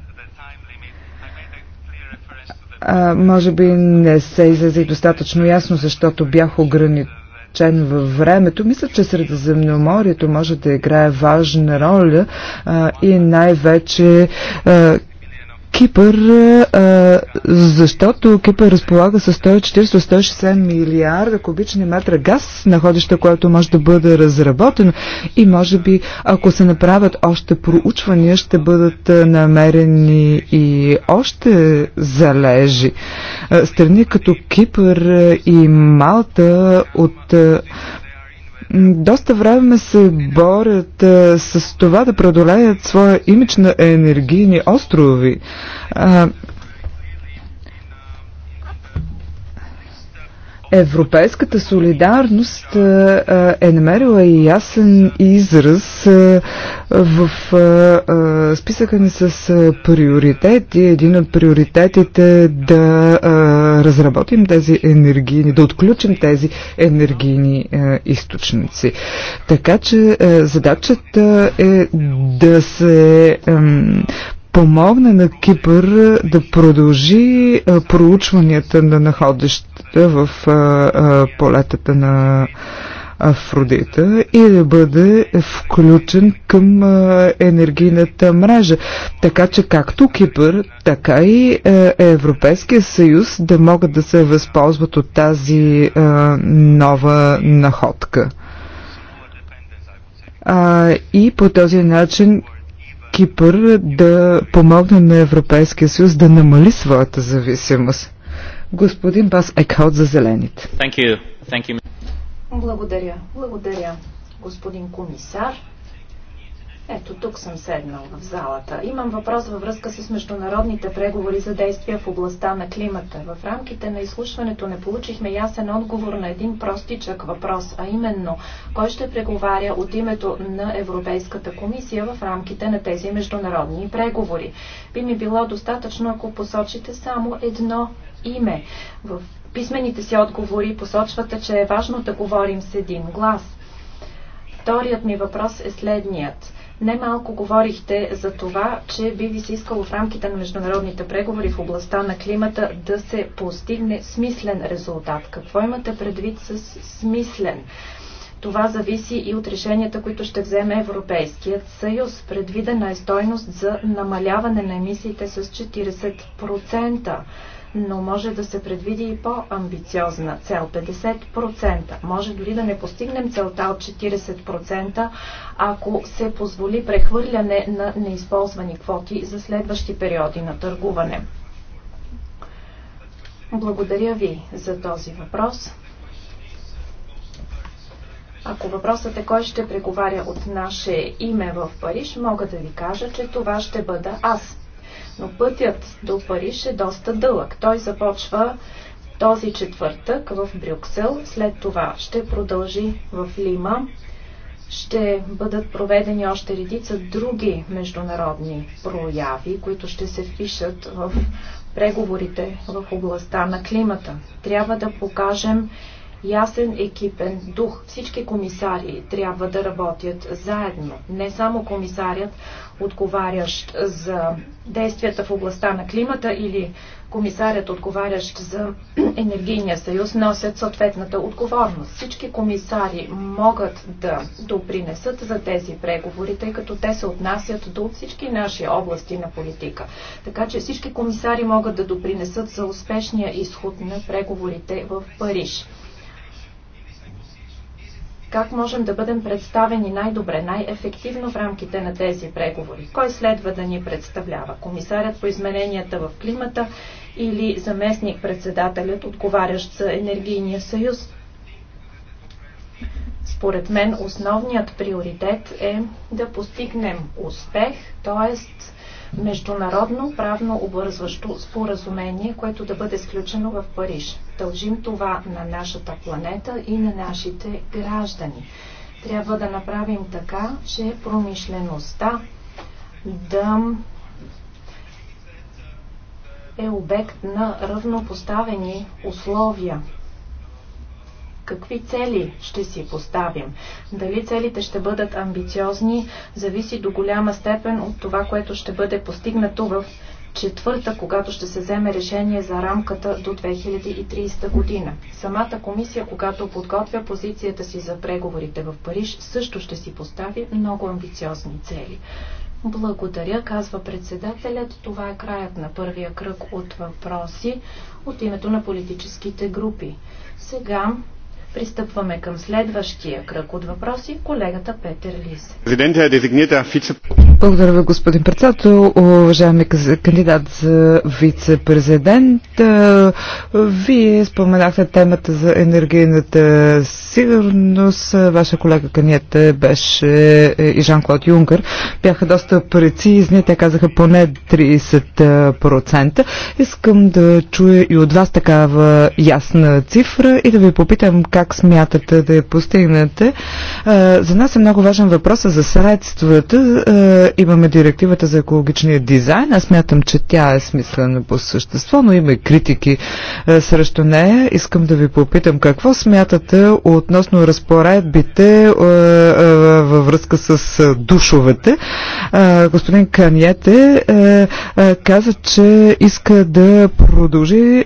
А, може би не се излезе достатъчно ясно, защото бях ограничен във времето. Мисля, че Средиземноморието може да играе важна роля а, и най-вече Кипър, а, защото Кипър разполага с 140-160 милиарда кубични метра газ, находище, което може да бъде разработено и може би, ако се направят още проучвания, ще бъдат намерени и още залежи. Страни като Кипър и Малта от доста време се борят а, с това да преодолеят своя имидж на енергийни острови. А, Европейската солидарност е, е, е намерила и ясен израз е, в списъка ни с приоритети. Един от приоритетите е да разработим тези енергийни, да отключим тези енергийни източници. Така че задачата е да се помогне на Кипър да продължи проучванията на находище Афродита в полетата на Афродита и да бъде включен към енергийната мрежа. Така че както Кипър, така и Европейския съюз да могат да се възползват от тази нова находка. И по този начин Кипър да помогне на Европейския съюз да намали своята зависимост. Господин Бас Екхаут за зелените. Thank you. Thank you. Благодаря. Благодаря, господин комисар. Ето, тук съм седнал в залата. Имам въпрос във връзка с международните преговори за действия в областта на климата. В рамките на изслушването не получихме ясен отговор на един простичък въпрос, а именно кой ще преговаря от името на Европейската комисия в рамките на тези международни преговори. Би ми било достатъчно, ако посочите само едно име. В писмените си отговори посочвате, че е важно да говорим с един глас. Вторият ми въпрос е следният. Немалко говорихте за това, че би ви се искало в рамките на международните преговори в областта на климата да се постигне смислен резултат. Какво имате предвид с смислен? Това зависи и от решенията, които ще вземе Европейският съюз. Предвидена е стойност за намаляване на емисиите с 40% но може да се предвиди и по-амбициозна цел 50%. Може дори да не постигнем целта от 40%, ако се позволи прехвърляне на неизползвани квоти за следващи периоди на търгуване. Благодаря ви за този въпрос. Ако въпросът е кой ще преговаря от наше име в Париж, мога да ви кажа, че това ще бъда аз. Но пътят до Париж е доста дълъг. Той започва този четвъртък в Брюксел. След това ще продължи в Лима. Ще бъдат проведени още редица други международни прояви, които ще се впишат в преговорите в областта на климата. Трябва да покажем, ясен екипен дух. Всички комисари трябва да работят заедно. Не само комисарят, отговарящ за действията в областта на климата или комисарят, отговарящ за енергийния съюз, носят съответната отговорност. Всички комисари могат да допринесат за тези преговори, тъй като те се отнасят до всички наши области на политика. Така че всички комисари могат да допринесат за успешния изход на преговорите в Париж как можем да бъдем представени най-добре, най-ефективно в рамките на тези преговори. Кой следва да ни представлява? Комисарят по измененията в климата или заместник-председателят, отговарящ за енергийния съюз? Според мен основният приоритет е да постигнем успех, т.е международно правно обвързващо споразумение, което да бъде сключено в Париж. Дължим това на нашата планета и на нашите граждани. Трябва да направим така, че промишлеността да е обект на равнопоставени условия какви цели ще си поставим. Дали целите ще бъдат амбициозни, зависи до голяма степен от това, което ще бъде постигнато в четвърта, когато ще се вземе решение за рамката до 2030 година. Самата комисия, когато подготвя позицията си за преговорите в Париж, също ще си постави много амбициозни цели. Благодаря, казва председателят. Това е краят на първия кръг от въпроси от името на политическите групи. Сега Пристъпваме към следващия кръг от въпроси. Колегата Петър Лис. Е Благодаря ви, господин председател. Уважаеми кандидат за вице-президент, вие споменахте темата за енергийната сигурност. Ваша колега Каниете беше е, и Жан-Клод Юнкър. Бяха доста прецизни. Те казаха поне 30%. Искам да чуя и от вас такава ясна цифра и да ви попитам как как смятате да я постигнете. За нас е много важен въпрос за средствата. Имаме директивата за екологичния дизайн. Аз смятам, че тя е смислена по същество, но има и критики срещу нея. Искам да ви попитам какво смятате относно разпоредбите във връзка с душовете. Господин Каньете каза, че иска да продължи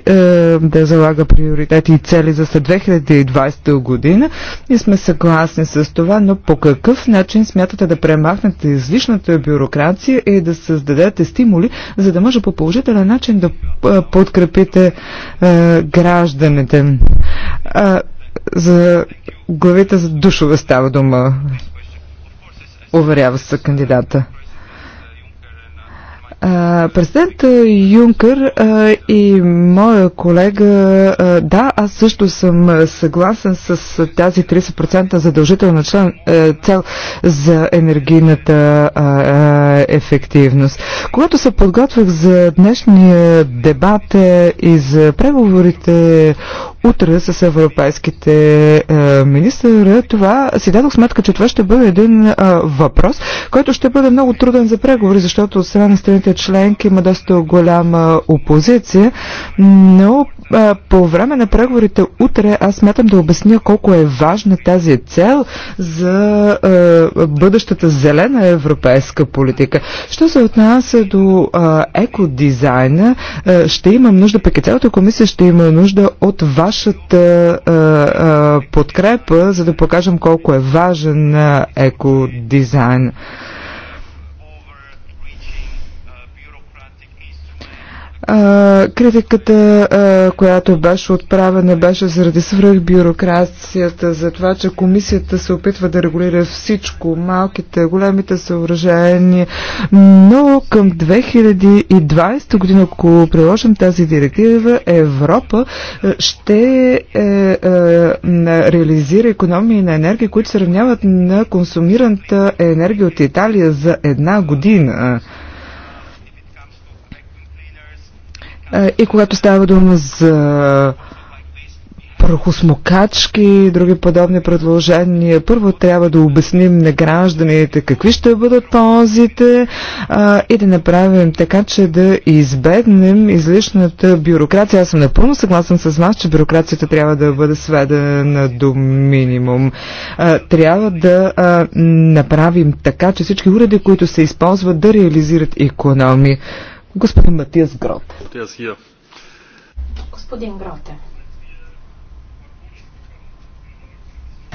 да залага приоритети и цели за след 2020 2020 година. И сме съгласни с това, но по какъв начин смятате да премахнете излишната бюрокрация и да създадете стимули, за да може по положителен начин да подкрепите е, гражданите? А, за главите за душове става дума, уверява се кандидата. Президент Юнкър и моя колега, да, аз също съм съгласен с тази 30% задължителна член, цел за енергийната ефективност. Когато се подготвях за днешния дебат е, и за преговорите утре с европейските е, това си дадох сметка, че това ще бъде един е, въпрос, който ще бъде много труден за преговори, защото от страна на страните членки има доста голяма опозиция, но е, по време на преговорите утре аз смятам да обясня колко е важна тази цел за е, бъдещата зелена европейска политика. Що се отнася до е, екодизайна, е, ще има нужда, пък и цялата комисия ще има нужда от важна вашата а, а, подкрепа, за да покажем колко е важен екодизайн. критиката, а, която беше отправена, беше заради свръхбюрокрацията, за това, че комисията се опитва да регулира всичко, малките, големите съоръжения, но към 2020 година, ако приложим тази директива, Европа ще е, е, реализира економии на енергия, които се равняват на консумираната енергия от Италия за една година. Е, и когато става дума за прахосмокачки и други подобни предложения. Първо трябва да обясним на гражданите какви ще бъдат ползите а, и да направим така, че да избегнем излишната бюрокрация. Аз съм напълно съгласен с вас, че бюрокрацията трябва да бъде сведена до минимум. А, трябва да а, направим така, че всички уреди, които се използват, да реализират економии. Господин Матиас Гроте. Господин Гроте.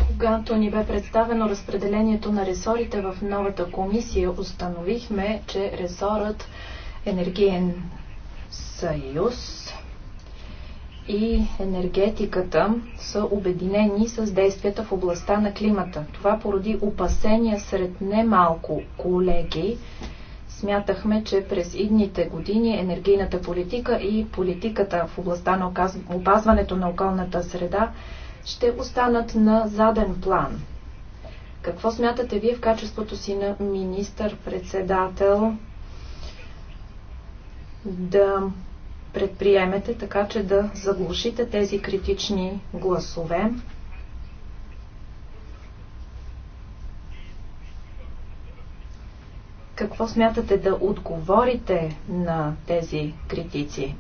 Когато ни бе представено разпределението на ресорите в новата комисия, установихме, че ресорът енергиен съюз и енергетиката са обединени с действията в областта на климата. Това породи опасения сред немалко колеги, Смятахме, че през идните години енергийната политика и политиката в областта на опазването на околната среда ще останат на заден план. Какво смятате вие в качеството си на министър-председател да предприемете така, че да заглушите тези критични гласове Какво смятате да отговорите на тези критици?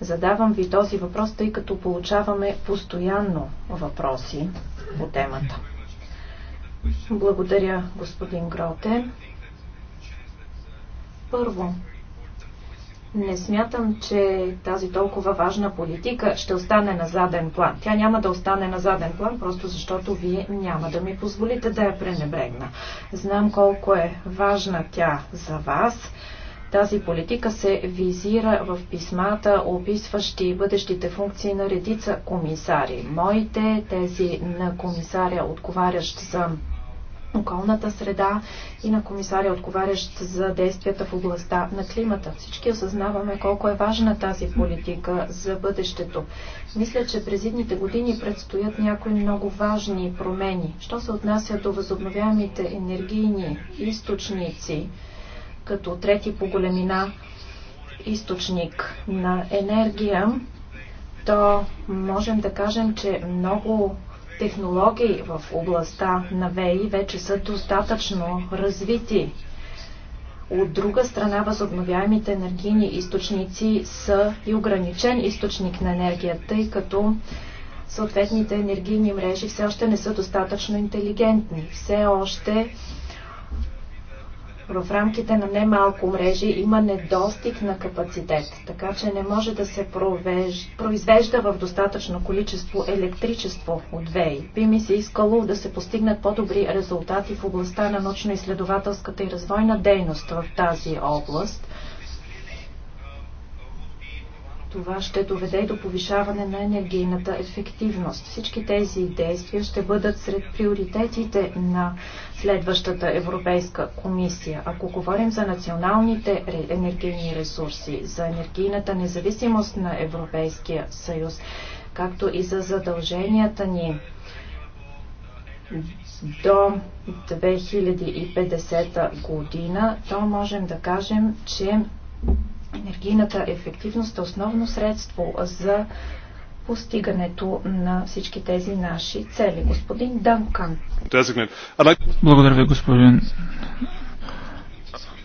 Задавам ви този въпрос, тъй като получаваме постоянно въпроси по темата. Благодаря, господин Гроте. Първо, не смятам, че тази толкова важна политика ще остане на заден план. Тя няма да остане на заден план, просто защото вие няма да ми позволите да я пренебрегна. Знам колко е важна тя за вас. Тази политика се визира в писмата, описващи бъдещите функции на редица комисари. Моите, тези на комисаря, отговарящ за околната среда и на комисаря, отговарящ за действията в областта на климата. Всички осъзнаваме колко е важна тази политика за бъдещето. Мисля, че през едните години предстоят някои много важни промени. Що се отнася до възобновяемите енергийни източници, като трети по големина източник на енергия, то можем да кажем, че много технологии в областта на ВЕИ вече са достатъчно развити. От друга страна, възобновяемите енергийни източници са и ограничен източник на енергия, тъй като съответните енергийни мрежи все още не са достатъчно интелигентни. Все още в рамките на немалко мрежи има недостиг на капацитет, така че не може да се провеж... произвежда в достатъчно количество електричество от ВЕИ. Би ми се искало да се постигнат по-добри резултати в областта на научно-изследователската и развойна дейност в тази област – това ще доведе до повишаване на енергийната ефективност. Всички тези действия ще бъдат сред приоритетите на следващата Европейска комисия. Ако говорим за националните енергийни ресурси, за енергийната независимост на Европейския съюз, както и за задълженията ни до 2050 година, то можем да кажем, че Енергийната ефективност е основно средство за постигането на всички тези наши цели. Господин Данкан. Благодаря ви, господин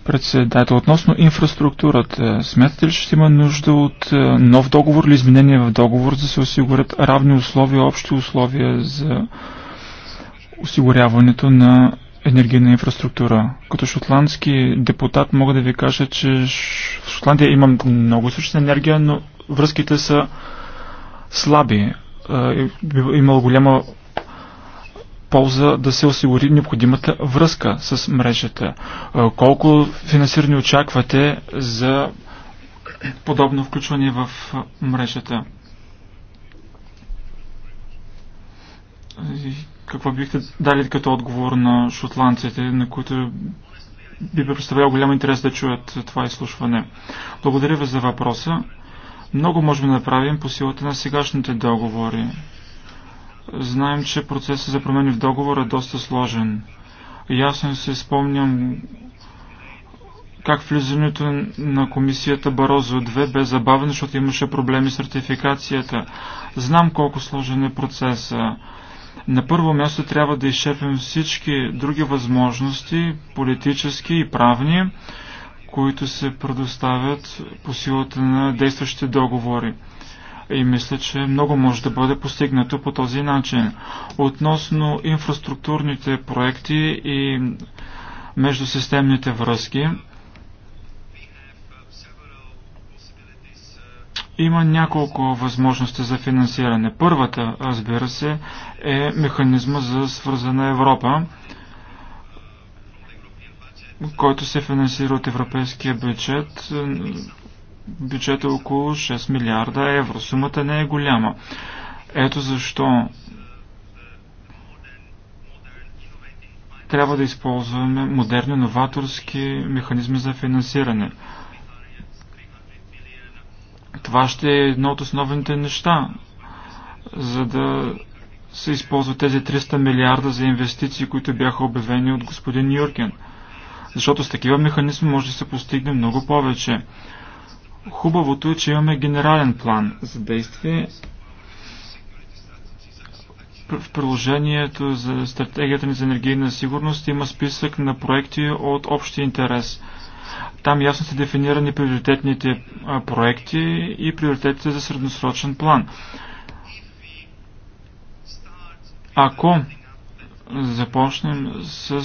председател. Относно инфраструктурата, смятате ли, че ще има нужда от е, нов договор или изменение в договор, за да се осигурят равни условия, общи условия за осигуряването на енергийна инфраструктура. Като шотландски депутат мога да ви кажа, че в Шотландия имам много източна енергия, но връзките са слаби. Имало голяма полза да се осигури необходимата връзка с мрежата. Колко финансирани очаквате за подобно включване в мрежата? Какво бихте дали като отговор на шотландците, на които би представлял голям интерес да чуят това изслушване? Благодаря ви за въпроса. Много можем да направим по силата на сегашните договори. Знаем, че процесът за промени в договор е доста сложен. Ясно се спомням как влизането на комисията Барозо 2 бе забавено, защото имаше проблеми с ратификацията. Знам колко сложен е процесът. На първо място трябва да изчерпим всички други възможности, политически и правни, които се предоставят по силата на действащите договори. И мисля, че много може да бъде постигнато по този начин. Относно инфраструктурните проекти и междусистемните връзки, Има няколко възможности за финансиране. Първата, разбира се, е механизма за свързана Европа, който се финансира от европейския бюджет. Бюджет е около 6 милиарда евро. Сумата не е голяма. Ето защо трябва да използваме модерни новаторски механизми за финансиране. Това ще е едно от основните неща, за да се използват тези 300 милиарда за инвестиции, които бяха обявени от господин Юркен. Защото с такива механизми може да се постигне много повече. Хубавото е, че имаме генерален план за действие в приложението за стратегията ни за енергийна сигурност има списък на проекти от общи интерес – там ясно са дефинирани приоритетните проекти и приоритетите за средносрочен план. Ако започнем с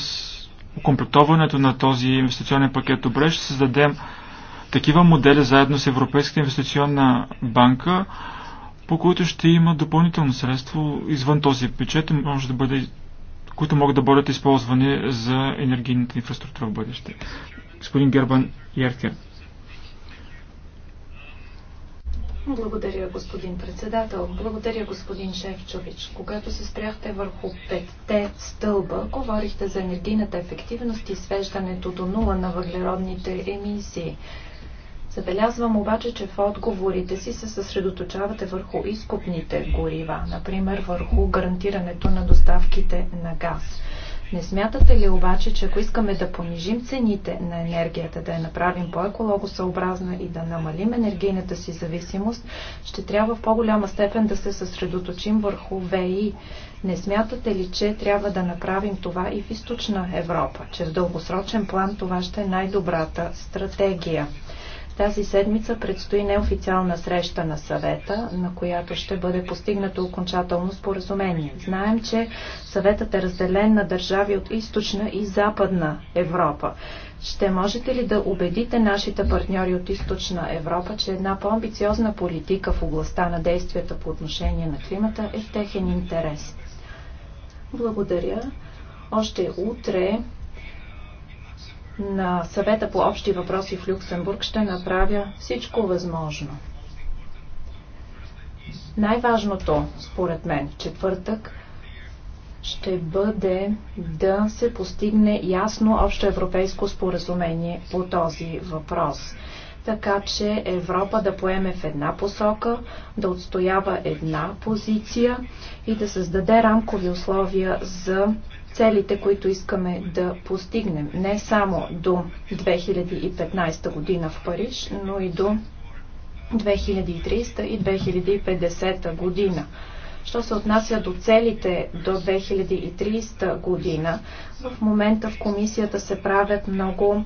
окомплектоването на този инвестиционен пакет добре, ще създадем такива модели заедно с Европейската инвестиционна банка, по които ще има допълнително средство извън този бюджет, може да бъде, които могат да бъдат използвани за енергийната инфраструктура в бъдеще господин Гербан Яркер. Благодаря, господин председател. Благодаря, господин Шефчович. Когато се спряхте върху петте стълба, говорихте за енергийната ефективност и свеждането до нула на въглеродните емисии. Забелязвам обаче, че в отговорите си се съсредоточавате върху изкупните горива, например върху гарантирането на доставките на газ. Не смятате ли обаче, че ако искаме да понижим цените на енергията, да я направим по-екологосъобразна и да намалим енергийната си зависимост, ще трябва в по-голяма степен да се съсредоточим върху ВИ? Не смятате ли, че трябва да направим това и в източна Европа, че в дългосрочен план това ще е най-добрата стратегия? Тази седмица предстои неофициална среща на съвета, на която ще бъде постигнато окончателно споразумение. Знаем, че съветът е разделен на държави от източна и западна Европа. Ще можете ли да убедите нашите партньори от източна Европа, че една по-амбициозна политика в областта на действията по отношение на климата е в техен интерес? Благодаря. Още утре на съвета по общи въпроси в Люксембург ще направя всичко възможно. Най-важното, според мен, в четвъртък ще бъде да се постигне ясно общо европейско споразумение по този въпрос. Така че Европа да поеме в една посока, да отстоява една позиция и да създаде рамкови условия за целите, които искаме да постигнем не само до 2015 година в Париж, но и до 2300 и 2050 година. Що се отнася до целите до 2030 година, в момента в комисията се правят много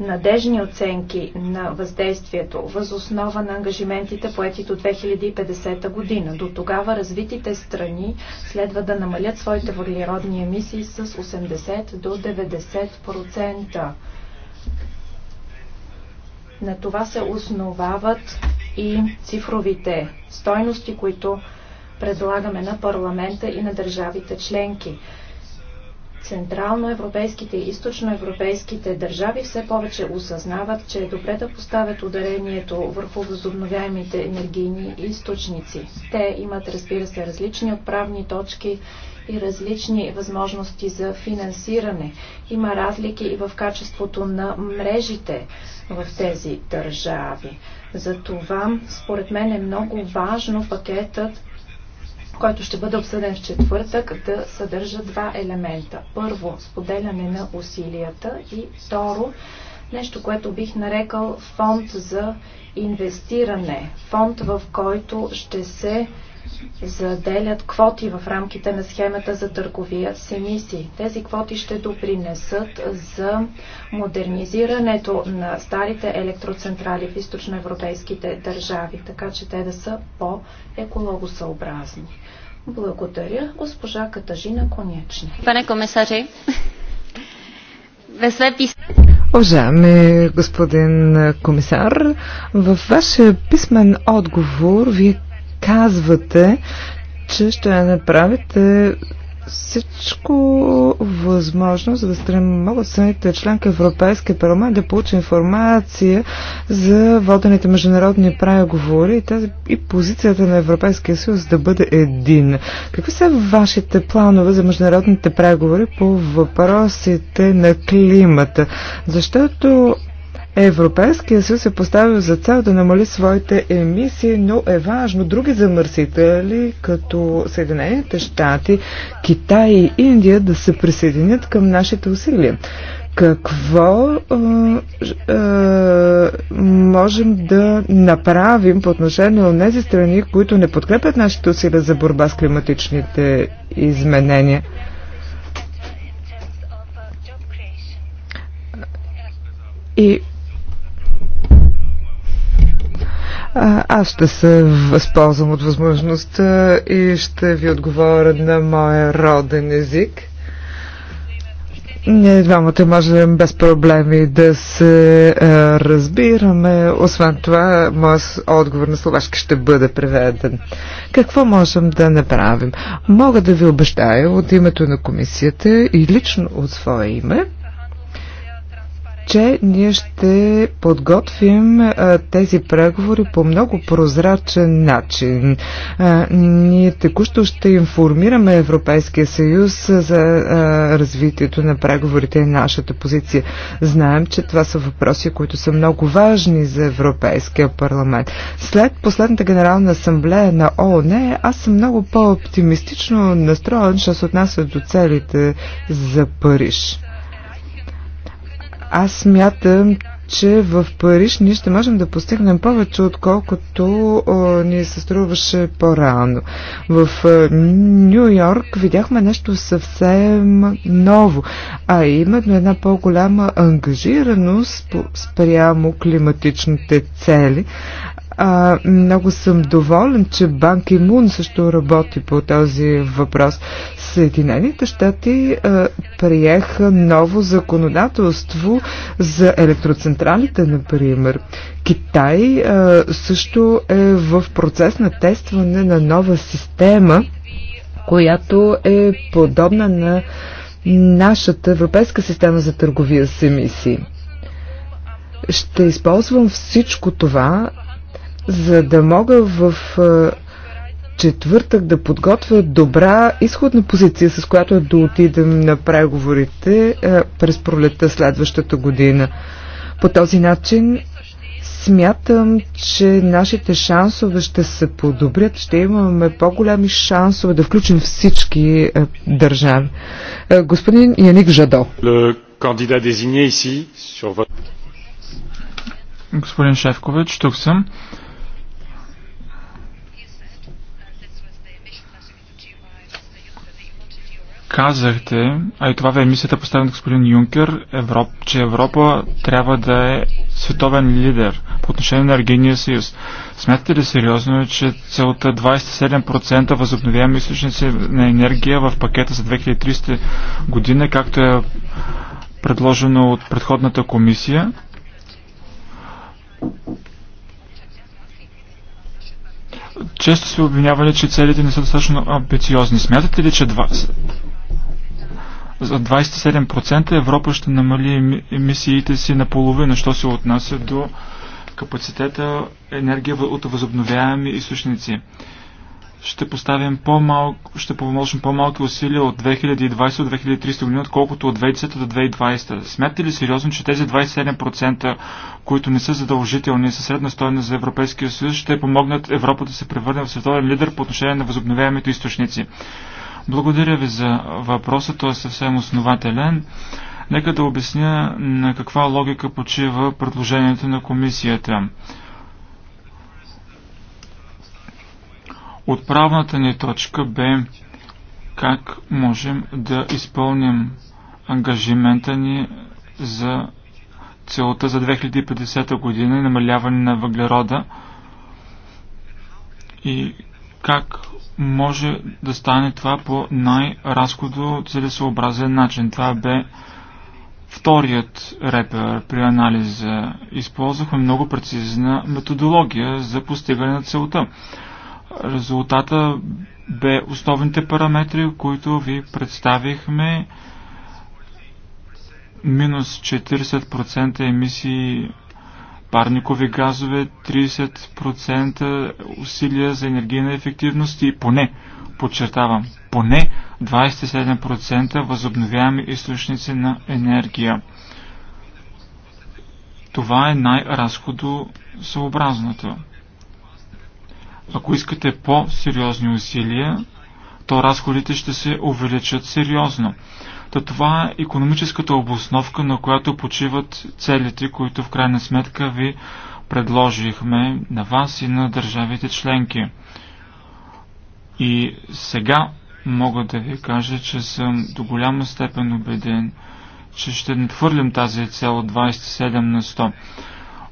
надежни оценки на въздействието въз основа на ангажиментите поети до 2050 година. До тогава развитите страни следва да намалят своите въглеродни емисии с 80 до 90%. На това се основават и цифровите стойности, които предлагаме на парламента и на държавите членки. Централноевропейските и източноевропейските държави все повече осъзнават, че е добре да поставят ударението върху възобновяемите енергийни източници. Те имат, разбира се, различни отправни точки и различни възможности за финансиране. Има разлики и в качеството на мрежите в тези държави. Затова, според мен, е много важно пакетът който ще бъде обсъден в четвъртък, да съдържа два елемента. Първо, споделяне на усилията и второ, нещо, което бих нарекал фонд за инвестиране. Фонд, в който ще се заделят квоти в рамките на схемата за търговия с емисии. Тези квоти ще допринесат за модернизирането на старите електроцентрали в източноевропейските държави, така че те да са по-екологосъобразни. Благодаря, госпожа Катажина Конечни. Пане комисари, Уважаеми господин комисар, във вашия писмен отговор вие казвате, че ще направите всичко възможно, за да могат страните членки Европейския парламент да получи информация за водените международни преговори и, тази, и позицията на Европейския съюз да бъде един. Какви са вашите планове за международните преговори по въпросите на климата? Защото Европейския съюз е поставил за цел да намали своите емисии, но е важно други замърсители, като Съединените щати, Китай и Индия, да се присъединят към нашите усилия. Какво е, е, можем да направим по отношение на тези страни, които не подкрепят нашите усилия за борба с климатичните изменения? И Аз ще се възползвам от възможността и ще ви отговоря на моя роден език. Ние двамата можем без проблеми да се а, разбираме. Освен това, моят отговор на словашки ще бъде преведен. Какво можем да направим? Мога да ви обещая от името на комисията и лично от свое име, че ние ще подготвим а, тези преговори по много прозрачен начин. А, ние текущо ще информираме Европейския съюз за а, развитието на преговорите и нашата позиция. Знаем, че това са въпроси, които са много важни за Европейския парламент. След последната генерална асамблея на ООН, аз съм много по-оптимистично настроен, що се отнася до целите за Париж. Аз смятам, че в Париж ние ще можем да постигнем повече, отколкото а, ни се струваше по-рано. В Нью Йорк видяхме нещо съвсем ново, а именно една по-голяма ангажираност спрямо климатичните цели. А, много съм доволен, че Банки Мун също работи по този въпрос. Съединените щати приеха ново законодателство за електроцентралите, например. Китай също е в процес на тестване на нова система, която е подобна на нашата европейска система за търговия с емисии. Ще използвам всичко това, за да мога в четвъртък да подготвя добра изходна позиция, с която да отидем на преговорите е, през пролета следващата година. По този начин смятам, че нашите шансове ще се подобрят, ще имаме по-големи шансове да включим всички е, държави. Е, господин Яник Жадо. Господин Шевкович, тук съм. казахте, а и това ви е мисията поставена от господин Юнкер, Европ, че Европа трябва да е световен лидер по отношение на енергийния съюз. Смятате ли сериозно, че целта 27% възобновяеми източници на енергия в пакета за 2300 година, както е предложено от предходната комисия, често се обвинявали, че целите не са достатъчно амбициозни. Смятате ли, че за 27% Европа ще намали емисиите си наполовина, що се отнася до капацитета енергия от възобновяеми източници. Ще поставим по-малко, ще помощим по-малки усилия от 2020 до 2300 година, отколкото от 2010 до 2020. Смятате ли сериозно, че тези 27%, които не са задължителни, са средна стоеност за Европейския съюз, ще помогнат Европа да се превърне в световен лидер по отношение на възобновяемите източници? Благодаря ви за въпроса, той е съвсем основателен. Нека да обясня на каква логика почива предложението на комисията. Отправната ни точка бе как можем да изпълним ангажимента ни за целта за 2050 година и намаляване на въглерода и как може да стане това по най-разходо целесообразен начин. Това бе вторият репер при анализа. Използвахме много прецизна методология за постигане на целта. Резултата бе основните параметри, които ви представихме. Минус 40% емисии парникови газове, 30% усилия за енергийна ефективност и поне, подчертавам, поне 27% възобновяеми източници на енергия. Това е най-разходосъобразното. Ако искате по-сериозни усилия, то разходите ще се увеличат сериозно. Та това е економическата обосновка, на която почиват целите, които в крайна сметка ви предложихме на вас и на държавите членки. И сега мога да ви кажа, че съм до голяма степен убеден, че ще надхвърлим тази цел от 27 на 100.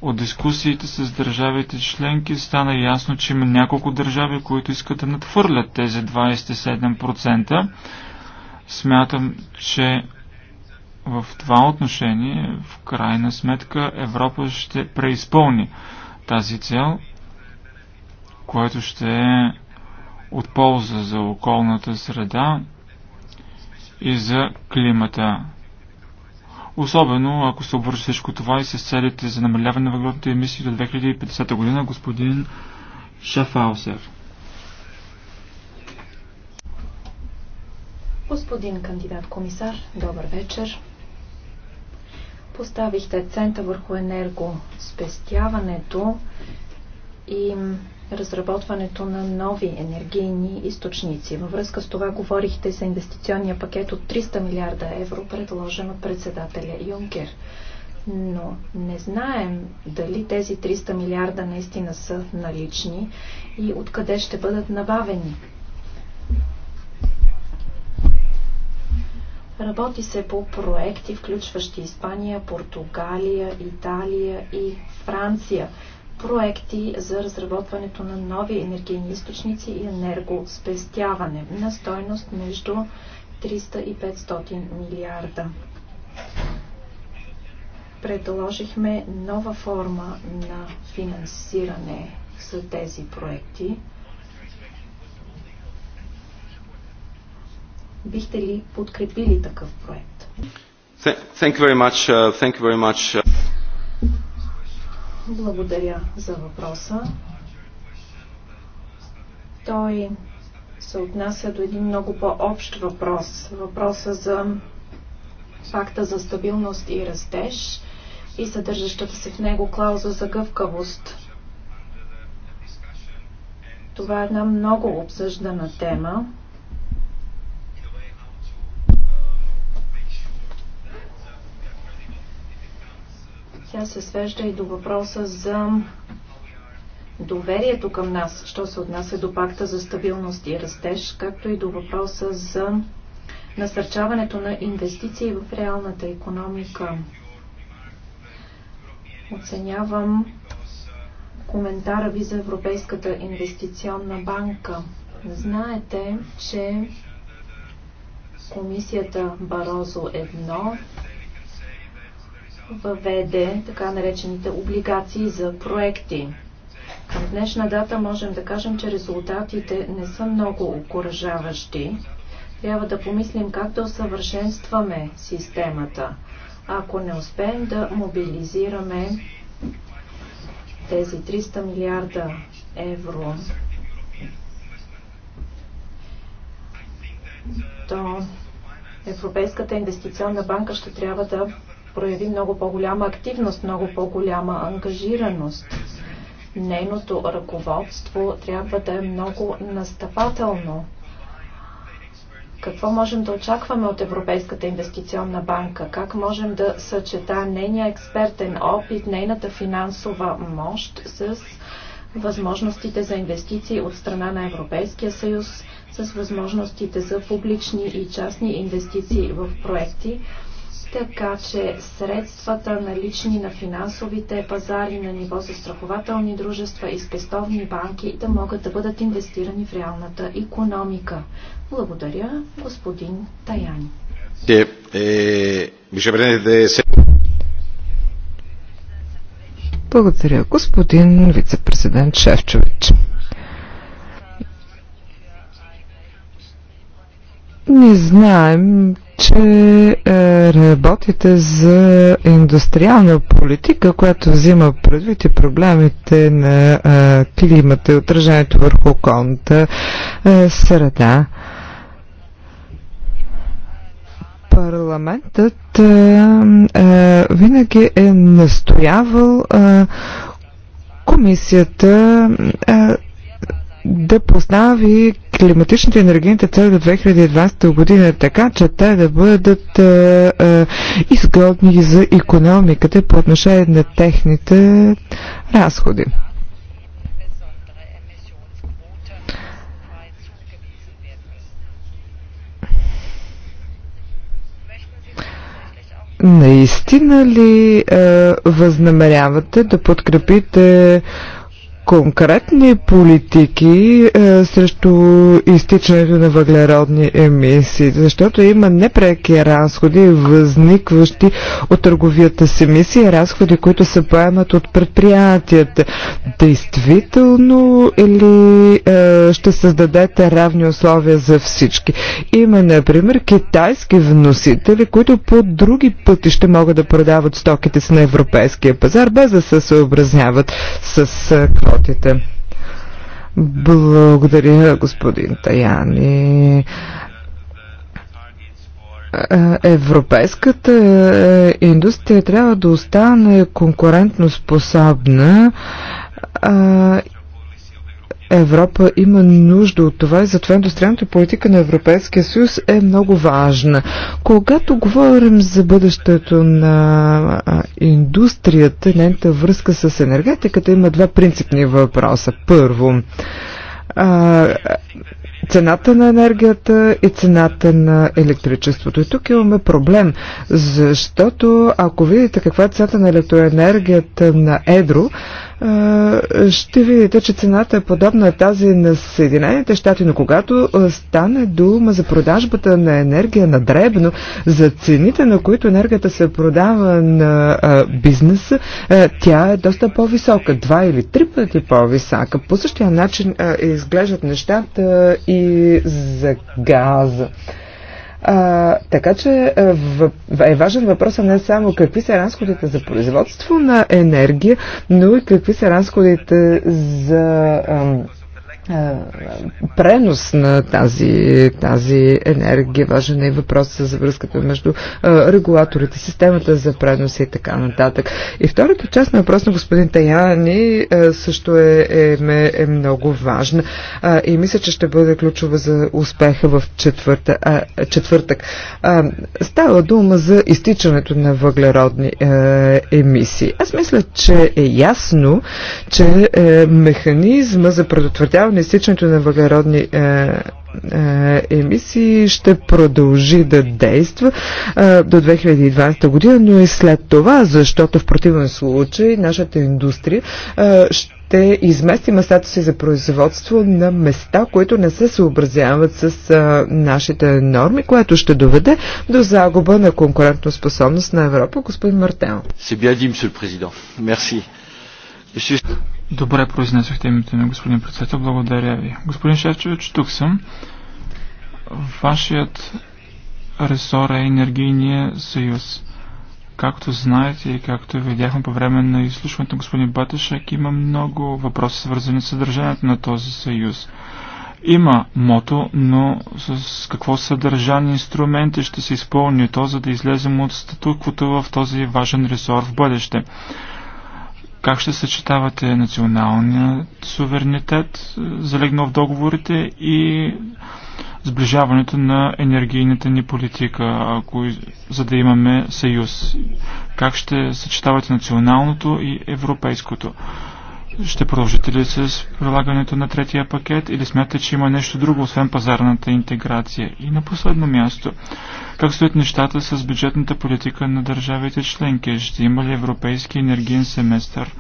От дискусиите с държавите членки стана ясно, че има няколко държави, които искат да надхвърлят тези 27%. Смятам, че в това отношение, в крайна сметка, Европа ще преизпълни тази цел, което ще е от полза за околната среда и за климата. Особено ако се обвържи всичко това и с целите за намаляване на въглеродните емисии до 2050 година, господин Шафаусер. Господин кандидат комисар, добър вечер. Поставихте акцента върху енергоспестяването и разработването на нови енергийни източници. Във връзка с това говорихте за инвестиционния пакет от 300 милиарда евро, предложен от председателя Юнкер. Но не знаем дали тези 300 милиарда наистина са налични и откъде ще бъдат набавени. Работи се по проекти, включващи Испания, Португалия, Италия и Франция. Проекти за разработването на нови енергийни източници и енергоспестяване на стойност между 300 и 500 милиарда. Предложихме нова форма на финансиране за тези проекти Бихте ли подкрепили такъв проект? Thank you very much. Uh, thank you very much. Uh. Благодаря за въпроса. Той се отнася до един много по-общ въпрос. Въпроса за факта за стабилност и растеж и съдържащата се в него клауза за гъвкавост. Това е една много обсъждана тема. Тя се свежда и до въпроса за доверието към нас, що се отнася до пакта за стабилност и растеж, както и до въпроса за насърчаването на инвестиции в реалната економика. Оценявам коментара ви за Европейската инвестиционна банка. Знаете, че комисията Барозо въведе така наречените облигации за проекти. Към днешна дата можем да кажем, че резултатите не са много окоръжаващи. Трябва да помислим как да усъвършенстваме системата. Ако не успеем да мобилизираме тези 300 милиарда евро, то Европейската инвестиционна банка ще трябва да прояви много по-голяма активност, много по-голяма ангажираност. Нейното ръководство трябва да е много настъпателно. Какво можем да очакваме от Европейската инвестиционна банка? Как можем да съчета нейния експертен опит, нейната финансова мощ с възможностите за инвестиции от страна на Европейския съюз, с възможностите за публични и частни инвестиции в проекти, така че средствата налични на финансовите пазари на ниво за страхователни дружества и спестовни банки да могат да бъдат инвестирани в реалната економика. Благодаря, господин Таяни. Е, е, е, Благодаря, господин вице-президент Шевчович. Не знаем, че е, работите за индустриална политика, която взима предвид и проблемите на е, климата и отражението върху околната е, среда. Парламентът е, е, винаги е настоявал е, комисията е, да постави климатичните енергийните цели до 2020 година така, че те да бъдат а, а, изгодни за економиката по отношение на техните разходи. Наистина ли а, възнамерявате да подкрепите конкретни политики е, срещу изтичането на въглеродни емисии, защото има непреки разходи, възникващи от търговията с емисии, разходи, които се поемат от предприятията. Действително или е, ще създадете равни условия за всички? Има, например, китайски вносители, които по други пъти ще могат да продават стоките си на европейския пазар, без да се съобразняват с е, квоти работите. Благодаря, господин Таяни. Е, европейската е, индустрия трябва да остане конкурентно способна а, Европа има нужда от това и затова индустриалната политика на Европейския съюз е много важна. Когато говорим за бъдещето на индустрията, нейната връзка с енергетиката, има два принципни въпроса. Първо, а, цената на енергията и цената на електричеството. И тук имаме проблем, защото ако видите каква е цената на електроенергията на Едро, е, ще видите, че цената е подобна тази на Съединените щати, но когато е, стане дума за продажбата на енергия на дребно, за цените, на които енергията се продава на е, бизнеса, тя е доста по-висока, два или три пъти по-висока. По същия начин изглеждат нещата и за газа. А, така че е, е важен въпросът е не само какви са разходите за производство на енергия, но и какви са разходите за. А, е, пренос на тази, тази енергия. Важен е въпросът за връзката между е, регулаторите, системата за пренос и така нататък. И втората част на въпрос на господин Таяни е, също е, е, е много важна и мисля, че ще бъде ключова за успеха в четвърта, а, четвъртък. А, става дума за изтичането на въглеродни а, емисии. Аз мисля, че е ясно, че е, механизма за предотвратяване изсичането на въглеродни е, е, емисии ще продължи да действа е, до 2020 година, но и след това, защото в противен случай нашата индустрия е, ще измести местата си за производство на места, които не се съобразяват с а, е, нашите норми, което ще доведе до загуба на конкурентоспособност на Европа. Господин Мартел. Добре произнесохте името ми, господин председател. Благодаря ви. Господин Шевчевич, тук съм. Вашият ресор е енергийния съюз. Както знаете и както видяхме по време на изслушването на господин Батешек, има много въпроси свързани с съдържанието на този съюз. Има мото, но с какво съдържание инструменти ще се изпълни то, за да излезем от статуквото в този важен ресор в бъдеще. Как ще съчетавате националния суверенитет, е, залегнал в договорите и сближаването на енергийната ни политика, ако, за да имаме съюз? Как ще съчетавате националното и европейското? Ще продължите ли с прилагането на третия пакет или смятате, че има нещо друго, освен пазарната интеграция? И на последно място, как стоят нещата с бюджетната политика на държавите членки? Ще има ли европейски енергиен семестър?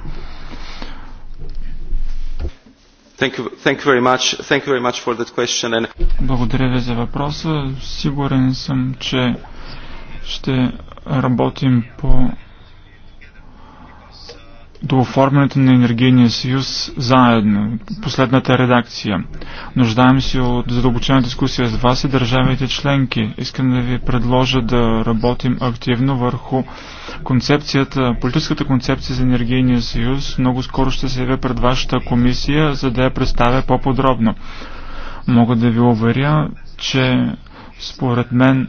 Благодаря ви за въпроса. Сигурен съм, че ще работим по до оформянето на енергийния съюз заедно. Последната редакция. Нуждаем се от задълбочена дискусия с вас и държавите членки. Искам да ви предложа да работим активно върху концепцията, политическата концепция за енергийния съюз. Много скоро ще се явя пред вашата комисия, за да я представя по-подробно. Мога да ви уверя, че според мен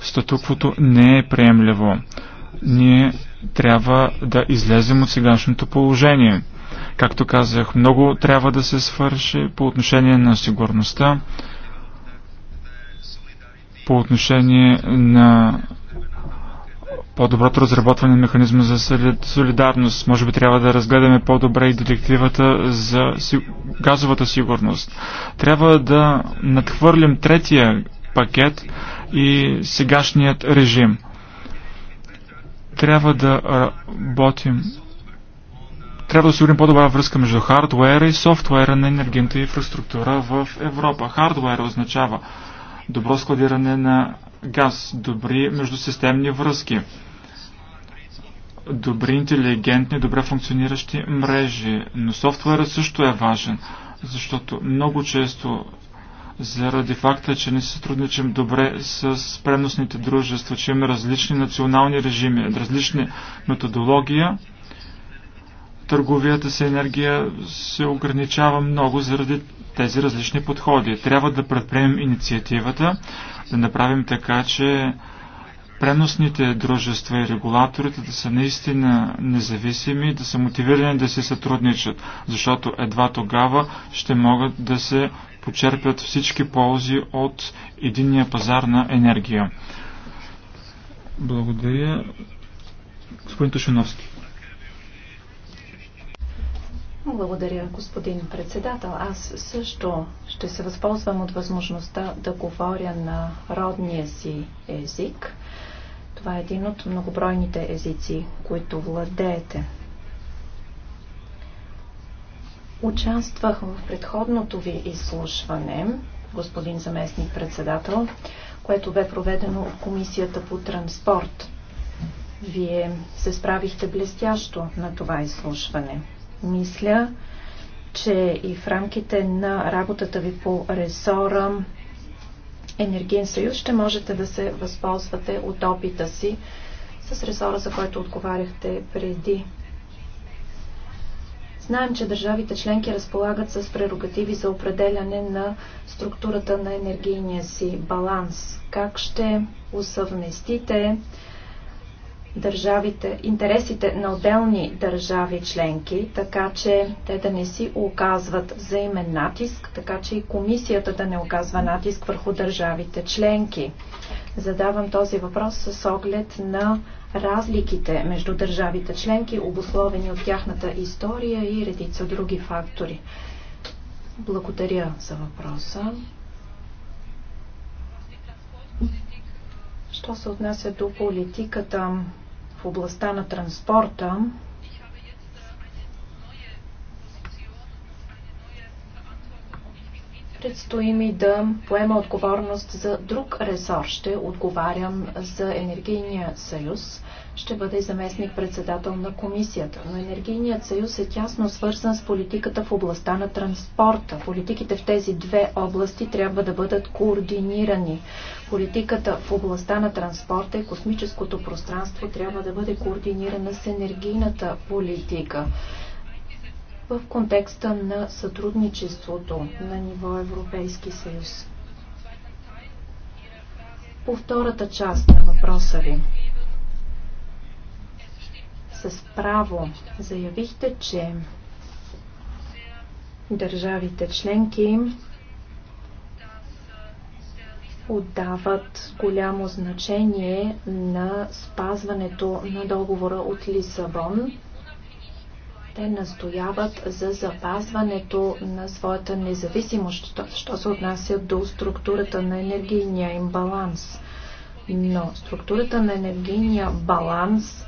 статуквото не е приемливо. Ние трябва да излезем от сегашното положение. Както казах, много трябва да се свърши по отношение на сигурността, по отношение на по-доброто разработване на механизма за солидарност. Може би трябва да разгледаме по-добре и директивата за газовата сигурност. Трябва да надхвърлим третия пакет и сегашният режим – трябва да работим. Трябва да осигурим по-добра връзка между хардуера и софтуера на енергийната инфраструктура в Европа. Хардуера означава добро складиране на газ, добри междусистемни връзки, добри, интелигентни, добре функциониращи мрежи. Но софтуерът също е важен, защото много често заради факта, че не се сътрудничим добре с преносните дружества, че имаме различни национални режими, различни методология. Търговията с енергия се ограничава много заради тези различни подходи. Трябва да предприемем инициативата, да направим така, че преносните дружества и регулаторите да са наистина независими, да са мотивирани да се сътрудничат, защото едва тогава ще могат да се почерпят всички ползи от единния пазар на енергия. Благодаря. Господин Тушиновски. Благодаря, господин председател. Аз също ще се възползвам от възможността да говоря на родния си език. Това е един от многобройните езици, които владеете. Участвах в предходното ви изслушване, господин заместник председател, което бе проведено от Комисията по транспорт. Вие се справихте блестящо на това изслушване. Мисля, че и в рамките на работата ви по ресора Енергиен съюз ще можете да се възползвате от опита си с ресора, за който отговаряхте преди Знаем, че държавите членки разполагат с прерогативи за определяне на структурата на енергийния си баланс. Как ще усъвместите държавите, интересите на отделни държави членки, така че те да не си оказват взаимен натиск, така че и комисията да не оказва натиск върху държавите членки. Задавам този въпрос с оглед на разликите между държавите членки, обусловени от тяхната история и редица други фактори. Благодаря за въпроса. Що се отнася до политиката в областта на транспорта, Предстои ми да поема отговорност за друг ресор. Ще отговарям за енергийния съюз. Ще бъда и заместник председател на комисията. Но енергийният съюз е тясно свързан с политиката в областта на транспорта. Политиките в тези две области трябва да бъдат координирани. Политиката в областта на транспорта и космическото пространство трябва да бъде координирана с енергийната политика в контекста на сътрудничеството на ниво Европейски съюз. По втората част на въпроса ви. С право заявихте, че държавите членки отдават голямо значение на спазването на договора от Лисабон те настояват за запазването на своята независимост, що се отнася до структурата на енергийния им баланс. Но структурата на енергийния баланс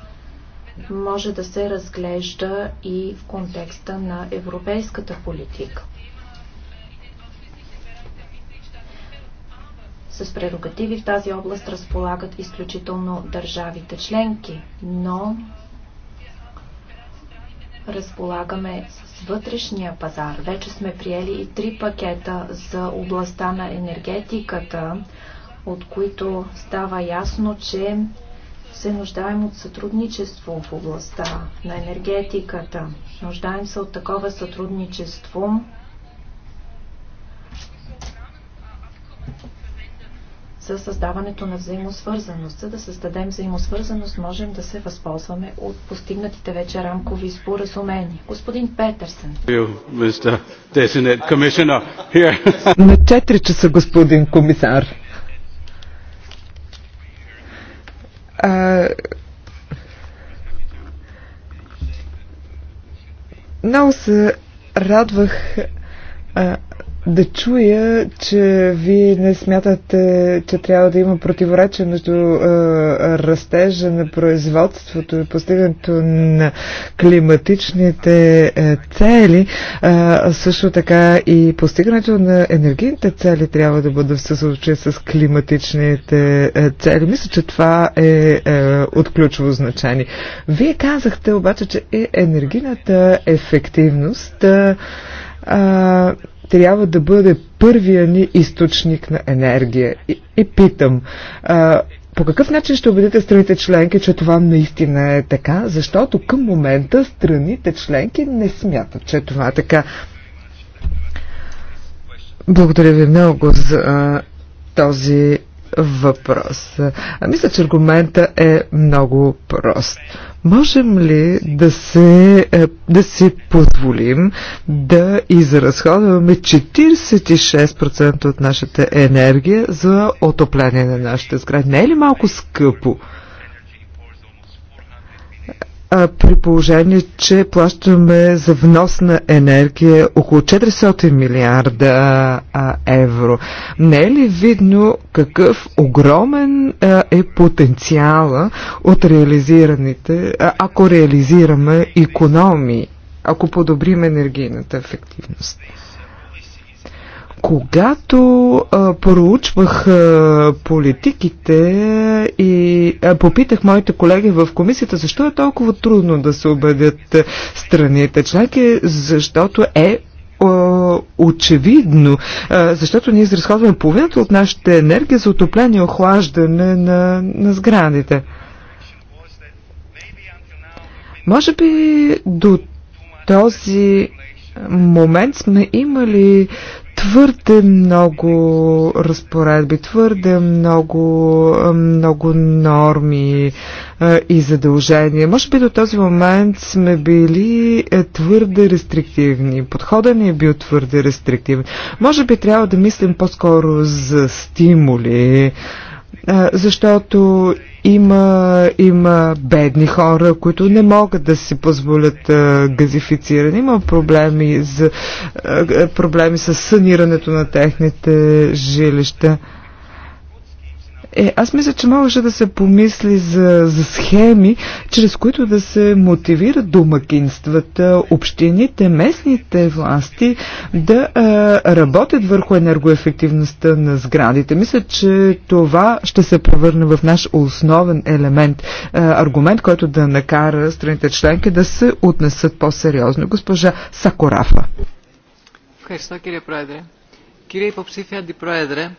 може да се разглежда и в контекста на европейската политика. С прерогативи в тази област разполагат изключително държавите членки, но разполагаме с вътрешния пазар. Вече сме приели и три пакета за областта на енергетиката, от които става ясно, че се нуждаем от сътрудничество в областта на енергетиката. Нуждаем се от такова сътрудничество, за създаването на взаимосвързаност. За да създадем взаимосвързаност, можем да се възползваме от постигнатите вече рамкови споразумения. Господин Петърсен. На 4 часа, господин комисар. много се радвах да чуя, че вие не смятате, че трябва да има противоречие между е, растежа на производството и постигането на климатичните е, цели, е, също така и постигането на енергийните цели трябва да бъде в съсочие с климатичните е, цели. Мисля, че това е, е от ключово значение. Вие казахте обаче, че е енергийната ефективност е, а, трябва да бъде първия ни източник на енергия. И, и питам, а, по какъв начин ще убедите страните членки, че това наистина е така? Защото към момента страните членки не смятат, че това е така. Благодаря ви много за а, този въпрос. А мисля, че аргумента е много прост. Можем ли да, се, е, да си позволим да изразходваме 46% от нашата енергия за отопление на нашите сгради? Не е ли малко скъпо? а, при положение, че плащаме за внос на енергия около 400 милиарда а, евро. Не е ли видно какъв огромен а, е потенциала от реализираните, а, ако реализираме економии, ако подобрим енергийната ефективност? Когато а, проучвах а, политиките и а, попитах моите колеги в комисията защо е толкова трудно да се убедят страните членки, защото е очевидно, защото ние изразходваме половината от нашата енергия за отопление и охлаждане на, на сградите. Може би до този момент сме имали твърде много разпоредби, твърде много, много норми е, и задължения. Може би до този момент сме били е, твърде рестриктивни. Подходът ни е бил твърде рестриктивен. Може би трябва да мислим по-скоро за стимули защото има, има бедни хора, които не могат да си позволят а, газифициране. Има проблеми, за, а, проблеми с санирането на техните жилища. Е, аз мисля, че можеше да се помисли за, за схеми, чрез които да се мотивират домакинствата, общините, местните власти да а, работят върху енергоефективността на сградите. Мисля, че това ще се превърне в наш основен елемент, а, аргумент, който да накара страните членки да се отнесат по-сериозно. Госпожа Сакорафа. Ευχαριστώ κύριε Πρόεδρε.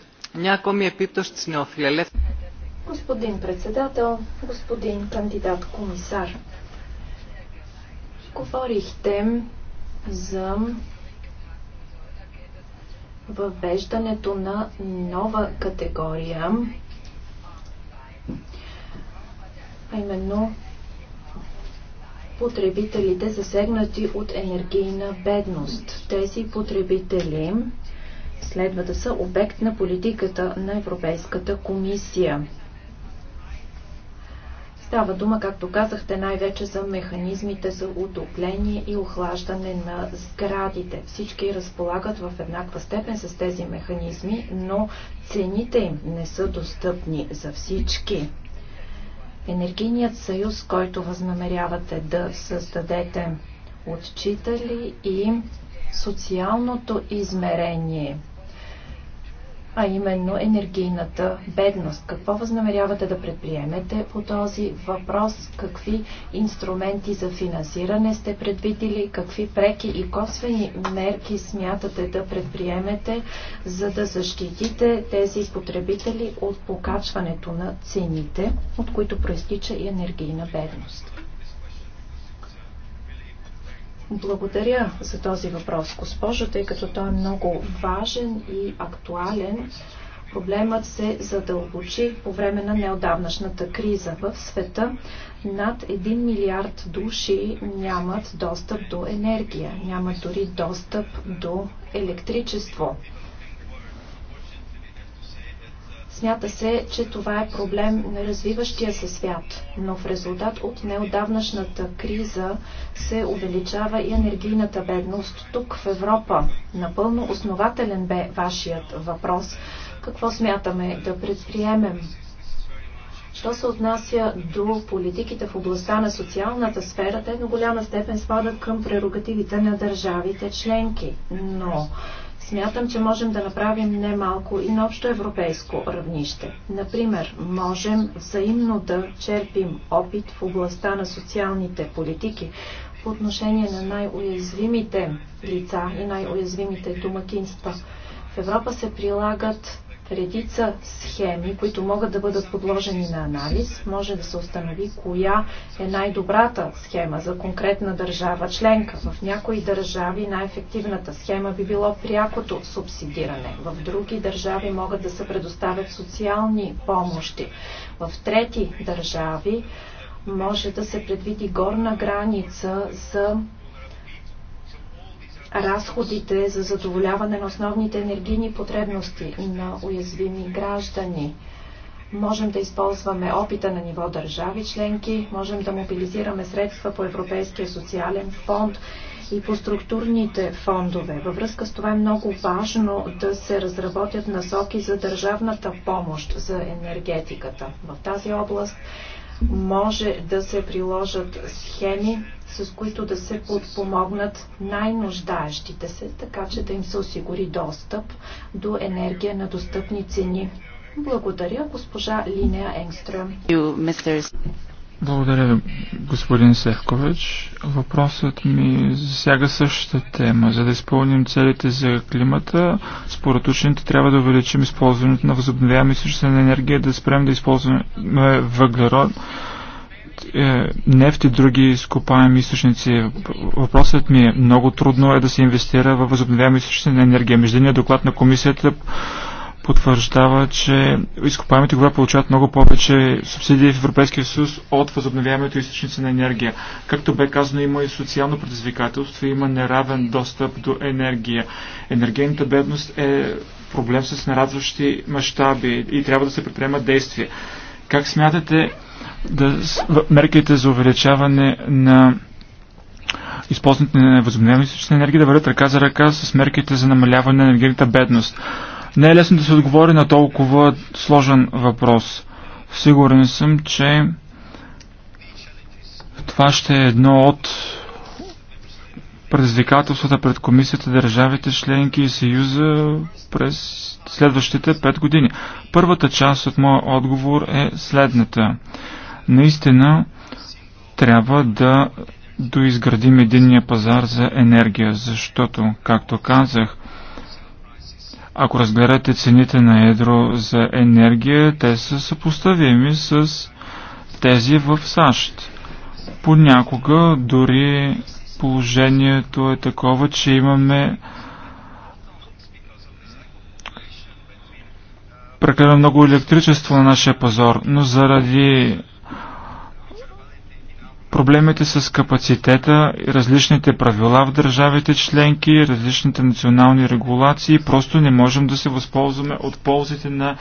Господин председател, господин кандидат комисар, говорихте за въвеждането на нова категория, а именно потребителите засегнати от енергийна бедност. Тези потребители следва да са обект на политиката на Европейската комисия. Става дума, както казахте, най-вече за механизмите за отопление и охлаждане на сградите. Всички разполагат в еднаква степен с тези механизми, но цените им не са достъпни за всички. Енергийният съюз, който възнамерявате да създадете, отчитали и социалното измерение – а именно енергийната бедност. Какво възнамерявате да предприемете по този въпрос? Какви инструменти за финансиране сте предвидили? Какви преки и косвени мерки смятате да предприемете, за да защитите тези потребители от покачването на цените, от които проистича и енергийна бедност? Благодаря за този въпрос, госпожо, тъй като той е много важен и актуален. Проблемът се задълбочи по време на неодавнашната криза. В света над 1 милиард души нямат достъп до енергия, нямат дори достъп до електричество. Смята се, че това е проблем на развиващия се свят, но в резултат от неодавнашната криза се увеличава и енергийната бедност тук в Европа. Напълно основателен бе вашият въпрос. Какво смятаме да предприемем? Що се отнася до политиките в областта на социалната сфера, те до голяма степен спадат към прерогативите на държавите членки. Но Смятам, че можем да направим немалко и на общо европейско равнище. Например, можем взаимно да черпим опит в областта на социалните политики по отношение на най-уязвимите лица и най-уязвимите домакинства. В Европа се прилагат редица схеми, които могат да бъдат подложени на анализ, може да се установи коя е най-добрата схема за конкретна държава членка. В някои държави най-ефективната схема би било прякото субсидиране. В други държави могат да се предоставят социални помощи. В трети държави може да се предвиди горна граница за разходите за задоволяване на основните енергийни потребности на уязвими граждани. Можем да използваме опита на ниво държави членки, можем да мобилизираме средства по Европейския социален фонд и по структурните фондове. Във връзка с това е много важно да се разработят насоки за държавната помощ за енергетиката. В тази област може да се приложат схеми, с които да се подпомогнат най-нуждаещите се, така че да им се осигури достъп до енергия на достъпни цени. Благодаря, госпожа Линия Енгстрем. Благодаря ви, господин Севкович. Въпросът ми засяга същата тема. За да изпълним целите за климата, според учените трябва да увеличим използването на възобновяеми източници на енергия, да спрем да използваме въглерод, е, нефт и други изкопаеми източници. Въпросът ми е много трудно е да се инвестира в възобновяеми източници на енергия. Междуния доклад на комисията потвърждава, че изкопаемите горива получават много повече субсидии в Европейския съюз от възобновяемите източници на енергия. Както бе казано, има и социално предизвикателство, има неравен достъп до енергия. Енергийната бедност е проблем с нарадващи мащаби и трябва да се предприемат действия. Как смятате да мерките за увеличаване на използването на възобновяеми източни енергия да вървят ръка за ръка с мерките за намаляване на енергийната бедност? Не е лесно да се отговори на толкова сложен въпрос. Сигурен съм, че това ще е едно от предизвикателствата пред комисията, държавите, членки и съюза през следващите 5 години. Първата част от моя отговор е следната. Наистина трябва да доизградим единния пазар за енергия, защото, както казах, ако разгледате цените на едро за енергия, те са съпоставими с тези в САЩ. Понякога дори положението е такова, че имаме прекалено много електричество на нашия пазар, но заради проблемите с капацитета, различните правила в държавите членки, различните национални регулации. Просто не можем да се възползваме от ползите на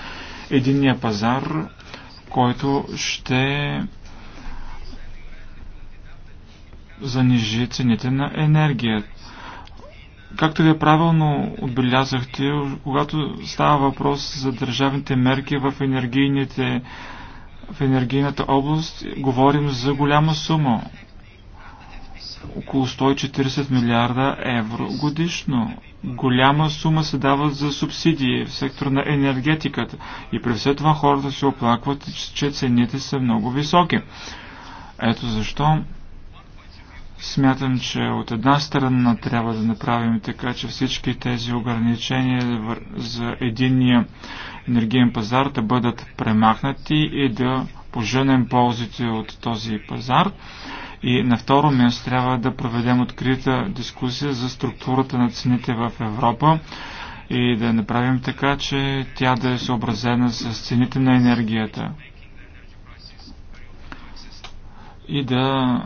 единния пазар, който ще занижи цените на енергия. Както вие правилно отбелязахте, когато става въпрос за държавните мерки в енергийните в енергийната област говорим за голяма сума. Около 140 милиарда евро годишно. Голяма сума се дава за субсидии в сектора на енергетиката. И при все това хората се оплакват, че цените са много високи. Ето защо смятам, че от една страна трябва да направим така, че всички тези ограничения за единния енергиен пазар да бъдат премахнати и да поженем ползите от този пазар. И на второ място трябва да проведем открита дискусия за структурата на цените в Европа и да направим така, че тя да е съобразена с цените на енергията. И да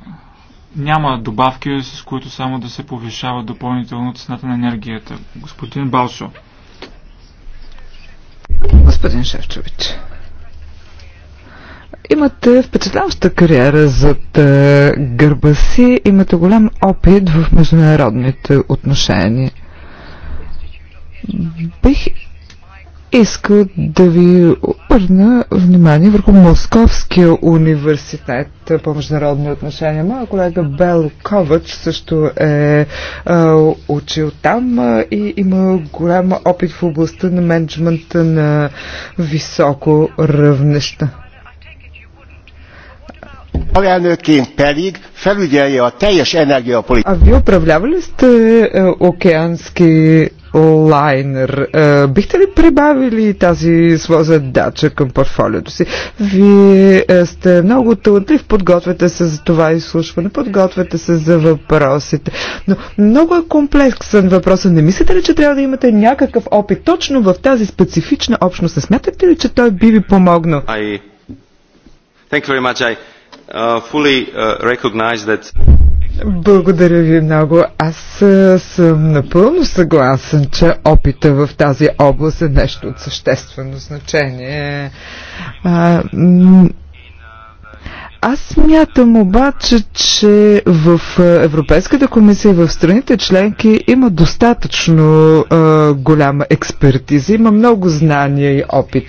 няма добавки, с които само да се повишава допълнително цената на енергията. Господин Балшо. Господин Шевчович, имате впечатляваща кариера зад е, гърба си, имате голям опит в международните отношения. Бих иска да ви обърна внимание върху Московския университет по международни отношения. Моя колега Бел Ковач също е а, учил там а, и има голям опит в областта на менеджмента на високо равнище. А вие управлявали сте е, океански лайнер. Е, бихте ли прибавили тази своя задача към портфолиото си? Вие е, сте много талантлив, подготвяте се за това изслушване, подготвяте се за въпросите. Но много е комплексен въпрос. Не мислите ли, че трябва да имате някакъв опит точно в тази специфична общност? Не смятате ли, че той би ви помогнал? I... Thank you very much. I uh, fully uh, recognize that благодаря ви много. Аз съм напълно съгласен, че опита в тази област е нещо от съществено значение. А, аз смятам обаче, че в е, Европейската комисия и в страните членки има достатъчно а, е, голяма експертиза, има много знания и опит.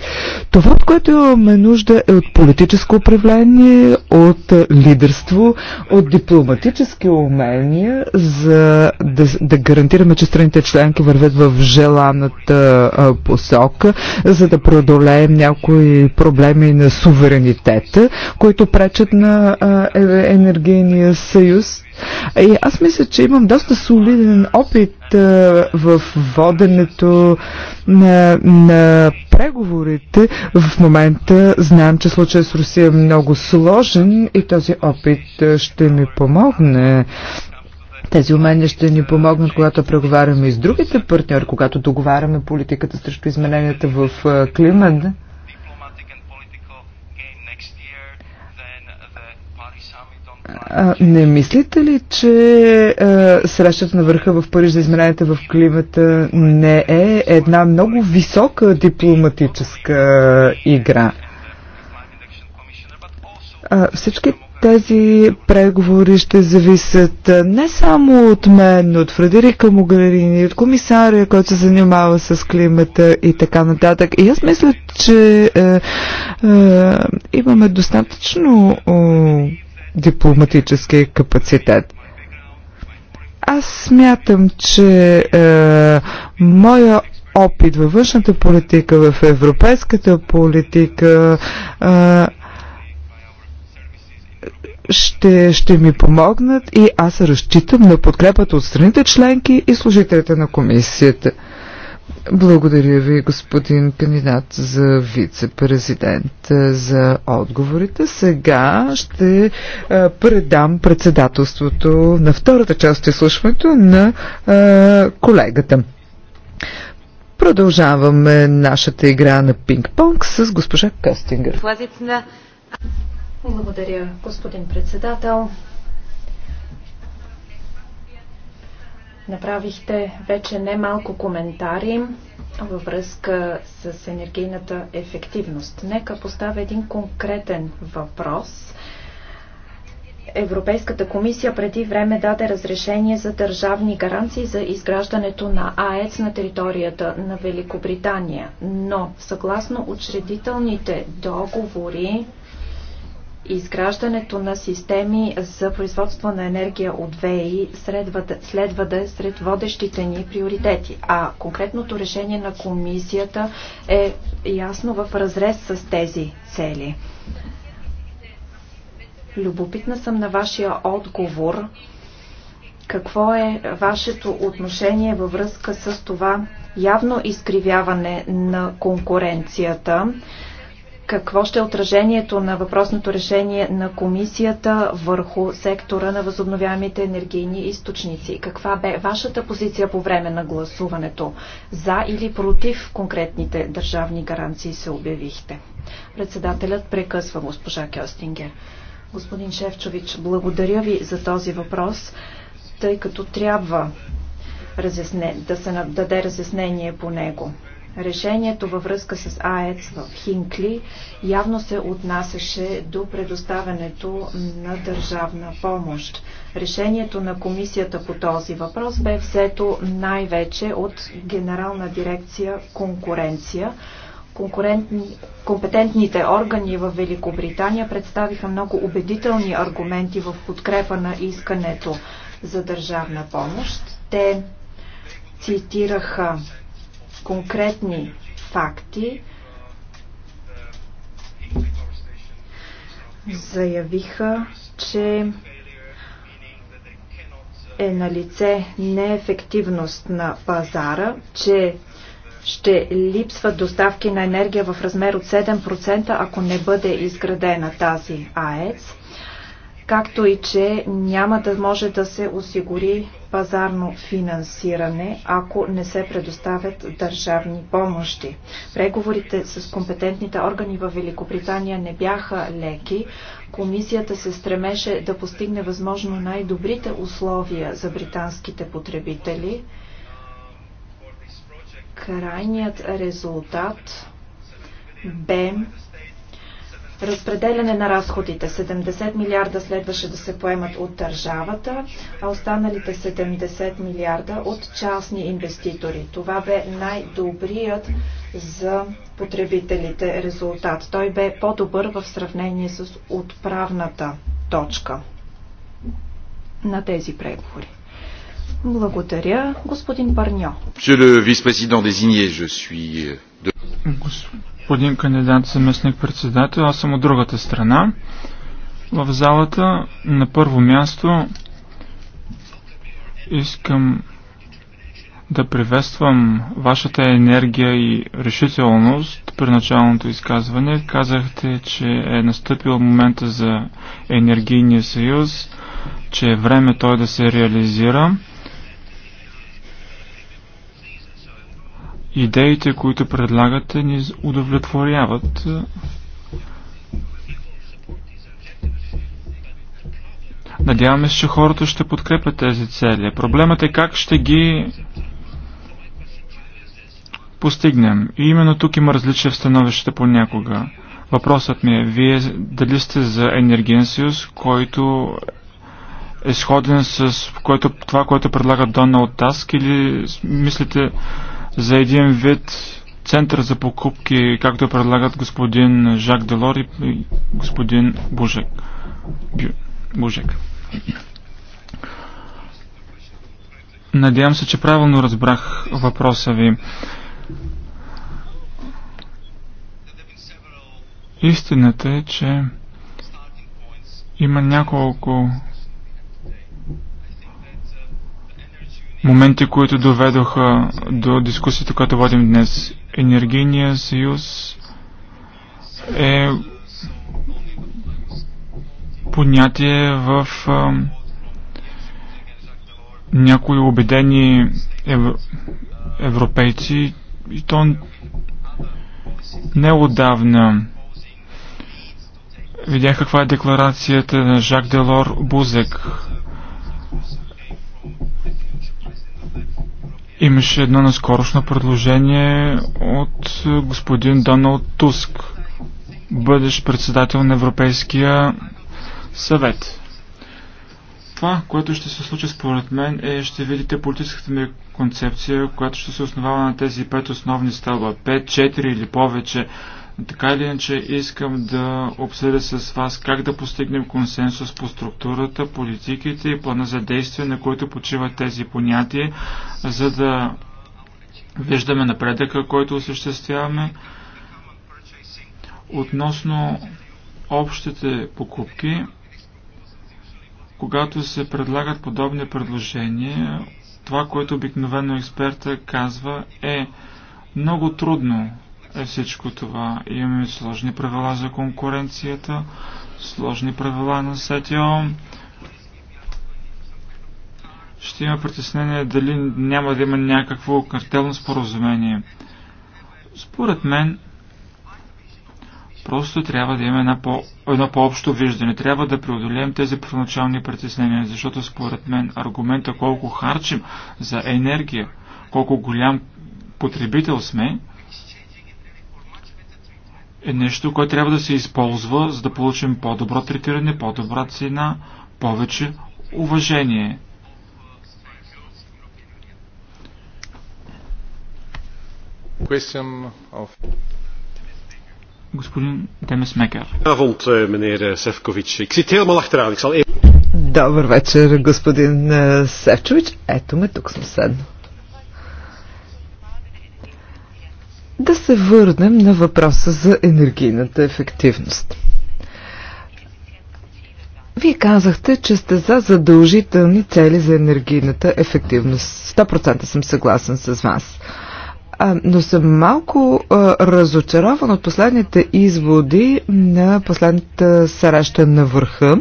Това, от което имаме нужда е от политическо управление, от е, лидерство, от дипломатически умения, за да, да гарантираме, че страните членки вървят в желаната а, посока, за да преодолеем някои проблеми на суверенитета, които пречат оглед на е енергийния съюз. И аз мисля, че имам доста солиден опит в воденето на, на преговорите. В момента знам, че случая с Русия е много сложен и този опит ще ми помогне. Тези умения ще ни помогнат, когато преговаряме и с другите партньори, когато договаряме политиката срещу измененията в климата. А, не мислите ли, че а, срещата на върха в Париж за измененията в климата не е една много висока дипломатическа игра? А, всички тези преговори ще зависят не само от мен, но от Фредерика Могарини, от комисария, който се занимава с климата и така нататък. И аз мисля, че е, е, имаме достатъчно е, дипломатически капацитет. Аз смятам, че е, моя опит във външната политика, в европейската политика е, ще, ще ми помогнат и аз разчитам на подкрепата от страните членки и служителите на комисията. Благодаря ви, господин кандидат за вице-президент, за отговорите. Сега ще предам председателството на втората част от изслушването на колегата. Продължаваме нашата игра на пинг-понг с госпожа Костингър. Благодаря, господин председател. Направихте вече немалко коментари във връзка с енергийната ефективност. Нека поставя един конкретен въпрос. Европейската комисия преди време даде разрешение за държавни гаранции за изграждането на АЕЦ на територията на Великобритания. Но, съгласно учредителните договори, изграждането на системи за производство на енергия от ВЕИ следва да, следва да е сред водещите ни приоритети. А конкретното решение на комисията е ясно в разрез с тези цели. Любопитна съм на вашия отговор. Какво е вашето отношение във връзка с това явно изкривяване на конкуренцията? какво ще е отражението на въпросното решение на комисията върху сектора на възобновяемите енергийни източници? Каква бе вашата позиция по време на гласуването? За или против конкретните държавни гаранции се обявихте? Председателят прекъсва госпожа Кьостингер. Господин Шевчович, благодаря ви за този въпрос, тъй като трябва разясне, да се даде разяснение по него. Решението във връзка с АЕЦ в Хинкли явно се отнасяше до предоставянето на държавна помощ. Решението на комисията по този въпрос бе взето най-вече от Генерална дирекция конкуренция. Компетентните органи в Великобритания представиха много убедителни аргументи в подкрепа на искането за държавна помощ. Те цитираха конкретни факти, заявиха, че е на лице неефективност на пазара, че ще липсват доставки на енергия в размер от 7%, ако не бъде изградена тази АЕЦ както и че няма да може да се осигури пазарно финансиране, ако не се предоставят държавни помощи. Преговорите с компетентните органи в Великобритания не бяха леки. Комисията се стремеше да постигне възможно най-добрите условия за британските потребители. Крайният резултат бе Разпределяне на разходите. 70 милиарда следваше да се поемат от държавата, а останалите 70 милиарда от частни инвеститори. Това бе най-добрият за потребителите резултат. Той бе по-добър в сравнение с отправната точка на тези преговори. Благодаря, господин Парньо. Monsieur le vice-président désigné, je suis euh, Господин кандидат заместник председател, аз съм от другата страна. В залата на първо място искам да приветствам вашата енергия и решителност при началното изказване. Казахте, че е настъпил момента за енергийния съюз, че е време той да се реализира. идеите, които предлагате, ни удовлетворяват. Надяваме се, че хората ще подкрепят тези цели. Проблемът е как ще ги постигнем. И именно тук има различия в становищата понякога. Въпросът ми е, вие дали сте за енергиен съюз, който е сходен с което, това, което предлага Доналд Таск или мислите за един вид център за покупки, както предлагат господин Жак Делор и господин Бужек. Бужек. Надявам се, че правилно разбрах въпроса ви. Истината е, че има няколко моменти, които доведоха до дискусията, която водим днес. Енергийния съюз е понятие в а, някои убедени евро, европейци и то неодавна видях каква е декларацията на Жак Делор Бузек Имаше едно наскорошно предложение от е, господин Доналд Туск, бъдещ председател на Европейския съвет. Това, което ще се случи според мен е, ще видите политическата ми концепция, която ще се основава на тези пет основни стълба. Пет, четири или повече така или иначе искам да обсъдя с вас как да постигнем консенсус по структурата, политиките и плана за действие, на които почиват тези понятия, за да виждаме напредъка, който осъществяваме. Относно общите покупки, когато се предлагат подобни предложения, това, което обикновено експерта казва е много трудно е всичко това. Имаме сложни правила за конкуренцията, сложни правила на СТО. Ще има притеснение дали няма да има някакво картелно споразумение. Според мен, Просто трябва да има едно по-общо виждане. Трябва да преодолеем тези първоначални притеснения, защото според мен аргумента колко харчим за енергия, колко голям потребител сме, е нещо, което трябва да се използва, за да получим по-добро третиране, по-добра цена, повече уважение. Господин Демесмекер. Avond, е, meneer Sefcovic. Е, Ik zit helemaal achteraan. Ik zal Добър вечер, господин е, Севчович. Ето ме, тук съм седнал. Да се върнем на въпроса за енергийната ефективност. Вие казахте, че сте за задължителни цели за енергийната ефективност. 100% съм съгласен с вас. А, но съм малко а, разочарован от последните изводи на последната среща на върха.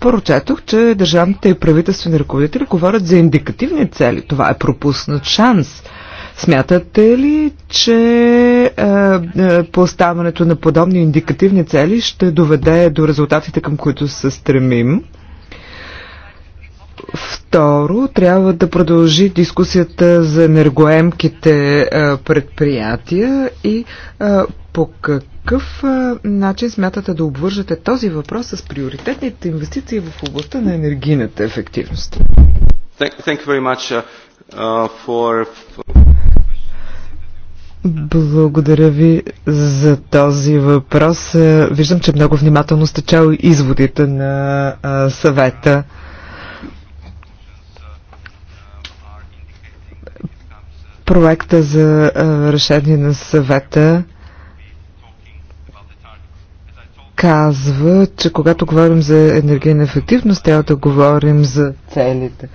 Поръчетох, че държавните и правителствени ръководители говорят за индикативни цели. Това е пропуснат шанс. А, Смятате ли, че е, е, поставането на подобни индикативни цели ще доведе до резултатите, към които се стремим? Второ, трябва да продължи дискусията за енергоемките е, предприятия и по какъв начин смятате да обвържете този въпрос с приоритетните инвестиции в областта на енергийната ефективност? Thank, thank you very much, uh, uh for... Благодаря ви за този въпрос. Е, виждам, че много внимателно сте чел изводите на съвета. Проекта за решение на съвета казва, че когато говорим за енергийна ефективност, трябва да говорим за целите.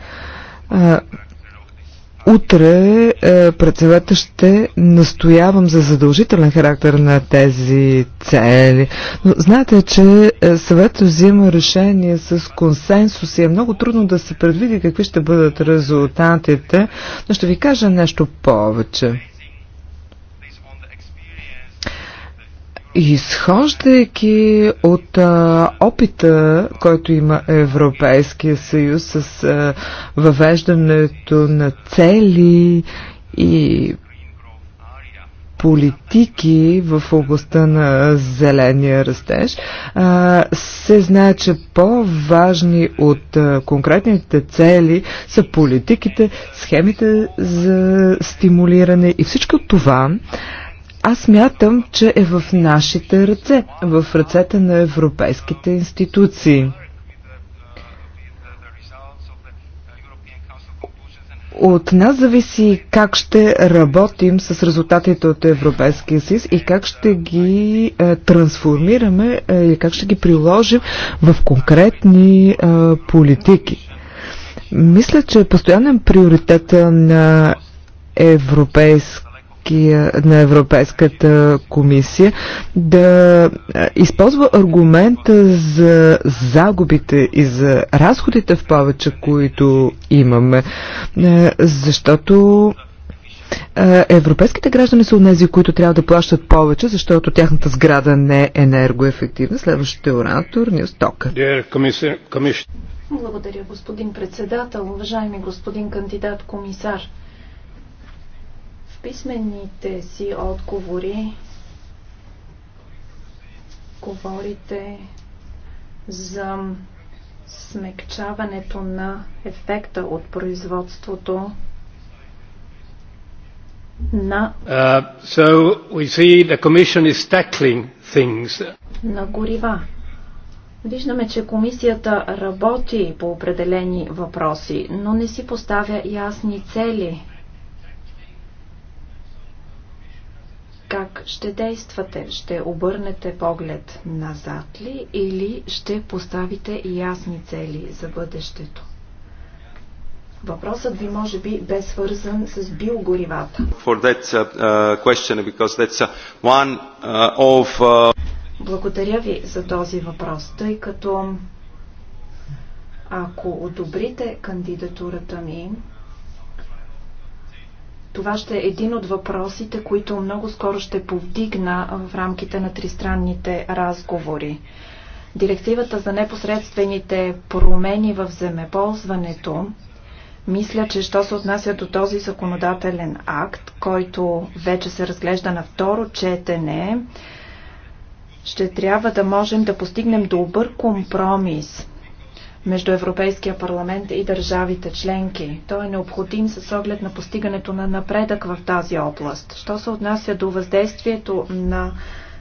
Утре е, председател ще настоявам за задължителен характер на тези цели. Но знаете, че е, съветът взима решение с консенсус и е много трудно да се предвиди какви ще бъдат резултатите, но ще ви кажа нещо повече. Изхождайки от а, опита, който има Европейския съюз с а, въвеждането на цели и политики в областта на зеления растеж, а, се знае, че по-важни от а, конкретните цели са политиките, схемите за стимулиране и всичко това аз мятам, че е в нашите ръце, в ръцете на европейските институции. От нас зависи как ще работим с резултатите от Европейския съюз и как ще ги е, трансформираме е, и как ще ги приложим в конкретни е, политики. Мисля, че постоянен приоритет на Европейския на Европейската комисия да използва аргумента за загубите и за разходите в повече, които имаме, защото Европейските граждани са тези, които трябва да плащат повече, защото тяхната сграда не е енергоефективна. Следващия оратор Нилс Благодаря, господин председател, уважаеми господин кандидат комисар писмените си отговори говорите за смекчаването на ефекта от производството на uh, so we see the commission is tackling things. на горива. Виждаме, че комисията работи по определени въпроси, но не си поставя ясни цели. Как ще действате? Ще обърнете поглед назад ли или ще поставите ясни цели за бъдещето? Въпросът ви може би бе свързан с биогоривата. Благодаря ви за този въпрос, тъй като ако одобрите кандидатурата ми, това ще е един от въпросите, които много скоро ще повдигна в рамките на тристранните разговори. Директивата за непосредствените промени в земеползването мисля, че що се отнася до този законодателен акт, който вече се разглежда на второ четене, ще трябва да можем да постигнем добър компромис между Европейския парламент и държавите членки. Той е необходим с оглед на постигането на напредък в тази област. Що се отнася до въздействието на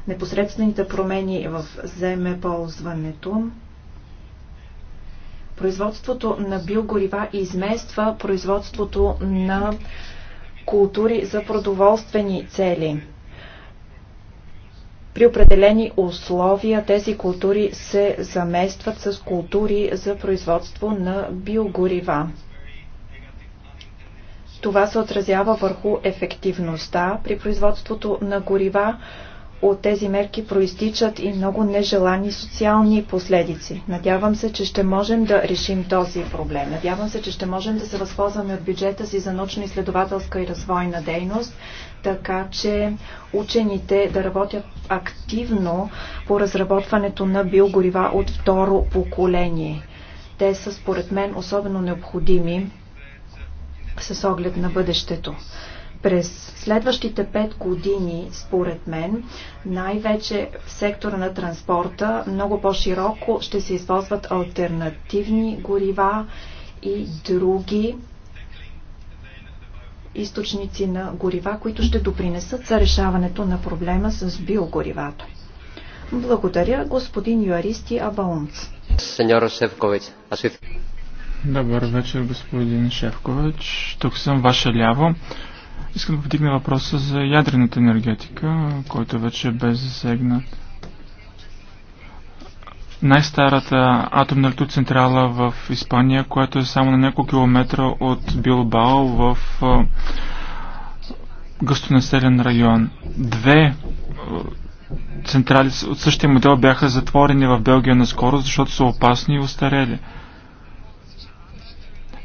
непосредствените промени в земеползването, производството на биогорива измества производството на култури за продоволствени цели. При определени условия тези култури се заместват с култури за производство на биогорива. Това се отразява върху ефективността при производството на горива, от тези мерки проистичат и много нежелани социални последици. Надявам се, че ще можем да решим този проблем. Надявам се, че ще можем да се възползваме от бюджета си за научно-изследователска и развойна дейност, така че учените да работят активно по разработването на биогорива от второ поколение. Те са, според мен, особено необходими с оглед на бъдещето. През следващите 5 години, според мен, най-вече в сектора на транспорта много по-широко ще се използват альтернативни горива и други източници на горива, които ще допринесат за решаването на проблема с биогоривата. Благодаря, господин юаристи Абаунц. Сеньор Шевкович, аз Добър вечер, господин Шевкович. Тук съм ваша ляво. Искам да подигна въпроса за ядрената енергетика, който вече е бе засегнат. Най-старата атомна електроцентрала в Испания, която е само на няколко километра от Билбао в гъстонаселен район. Две централи от същия модел бяха затворени в Белгия наскоро, защото са опасни и устарели.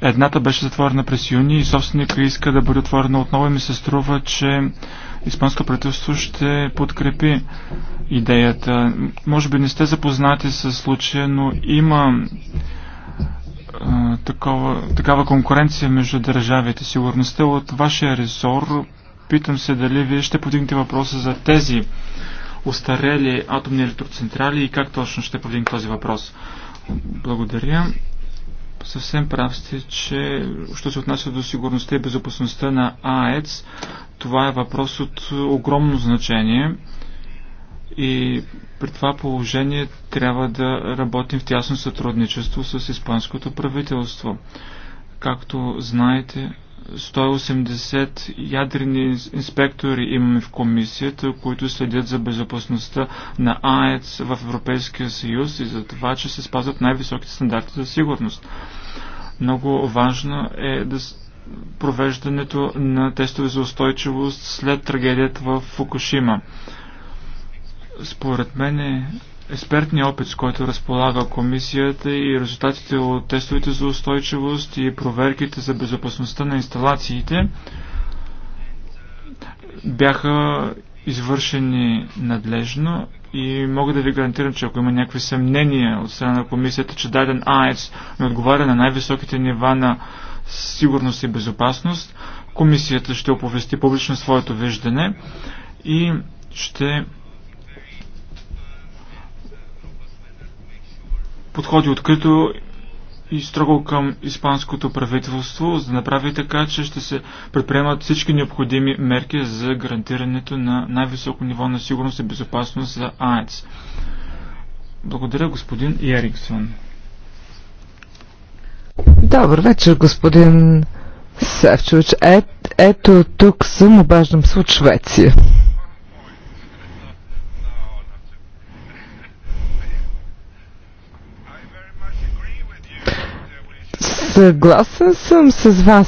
Едната беше затворена през юни и собственика иска да бъде отворена отново и ми се струва, че Испанското правителство ще подкрепи идеята. Може би не сте запознати с случая, но има а, такова, такава конкуренция между държавите. Сигурността от вашия ресор. Питам се дали вие ще подигнете въпроса за тези устарели атомни електроцентрали и как точно ще повдигнем този въпрос. Благодаря. Съвсем прав сте, че що се отнася до сигурността и безопасността на АЕЦ, това е въпрос от огромно значение и при това положение трябва да работим в тясно сътрудничество с испанското правителство. Както знаете, 180 ядрени инспектори имаме в комисията, които следят за безопасността на АЕЦ в Европейския съюз и за това, че се спазват най-високите стандарти за сигурност. Много важно е да провеждането на тестове за устойчивост след трагедията в Фукушима. Според мен експертния опит, с който разполага комисията и резултатите от тестовете за устойчивост и проверките за безопасността на инсталациите бяха извършени надлежно и мога да ви гарантирам, че ако има някакви съмнения от страна на комисията, че даден АЕЦ не отговаря на най-високите нива на сигурност и безопасност, комисията ще оповести публично своето виждане и ще подходи открито и строго към испанското правителство, за да направи така, че ще се предприемат всички необходими мерки за гарантирането на най-високо ниво на сигурност и безопасност за АЕЦ. Благодаря, господин Ериксон. Добър вечер, господин Севчович. Е, ето тук съм, обаждам се от Швеция. Съгласен съм с вас,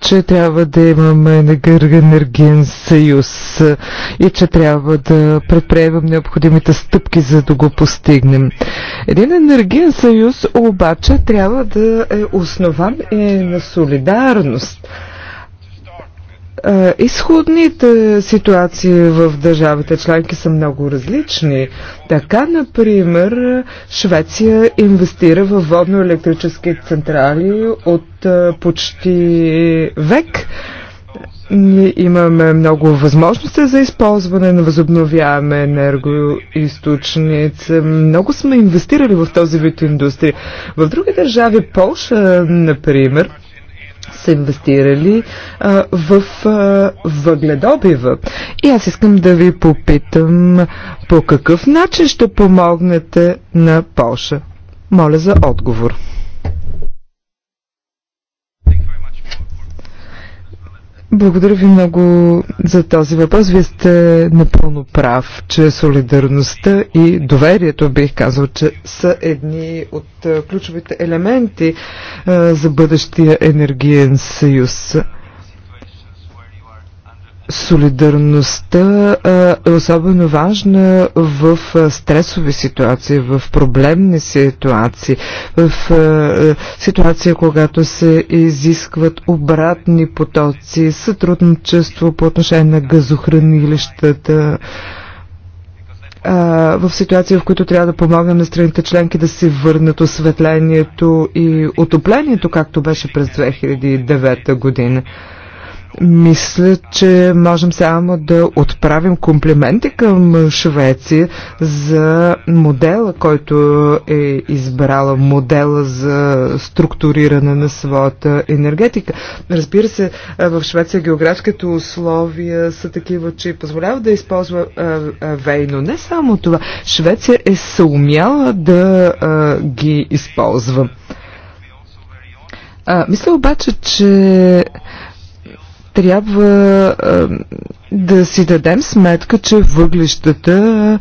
че трябва да имаме енергиен съюз и че трябва да предприемем необходимите стъпки, за да го постигнем. Един енергиен съюз обаче трябва да е основан и на солидарност. Е, изходните ситуации в държавите членки са много различни. Така, например, Швеция инвестира в водно-електрически централи от е, почти век. Ние имаме много възможности за използване на възобновяеме енергоисточници. Много сме инвестирали в този вид индустрия. В други държави, Полша, например, са инвестирали а, в а, въгледобива. И аз искам да ви попитам по какъв начин ще помогнете на Полша. Моля за отговор. Благодаря ви много за този въпрос. Вие сте напълно прав, че солидарността и доверието, бих казал, че са едни от ключовите елементи за бъдещия енергиен съюз. Солидарността е особено важна в стресови ситуации, в проблемни ситуации, в е, ситуация, когато се изискват обратни потоци, сътрудничество по отношение на газохранилищата, в ситуации, в които трябва да помогнем на страните членки да се върнат осветлението и отоплението, както беше през 2009 година. Мисля, че можем само да отправим комплименти към Швеция за модела, който е избрала, модела за структуриране на своята енергетика. Разбира се, в Швеция географските условия са такива, че позволява да използва вейно. Не само това. Швеция е съумяла да ги използва. А, мисля обаче, че трябва а, да си дадем сметка, че въглищата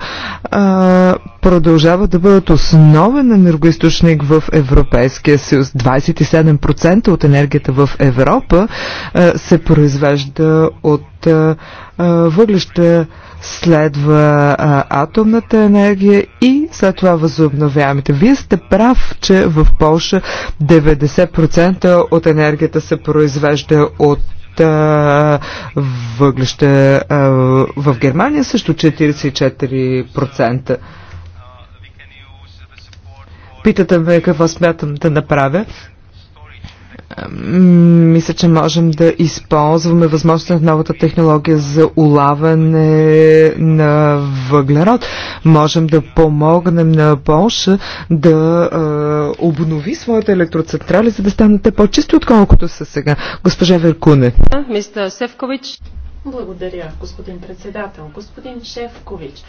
а, продължава да бъдат основен енергоисточник в Европейския съюз. 27% от енергията в Европа а, се произвежда от а, а, въглища. Следва а, атомната енергия и след това възобновяемите. Вие сте прав, че в Польша 90% от енергията се произвежда от а, въглеща. А, в Германия също 44%. Питате ме какво смятам да направя мисля, че можем да използваме възможността на новата технология за улавяне на въглерод. Можем да помогнем на Полша да е, обнови своите електроцентрали, за да станат те по-чисти, отколкото са сега. Госпожа Веркуне. Мистер Севкович. Благодаря, господин председател. Господин Шевкович,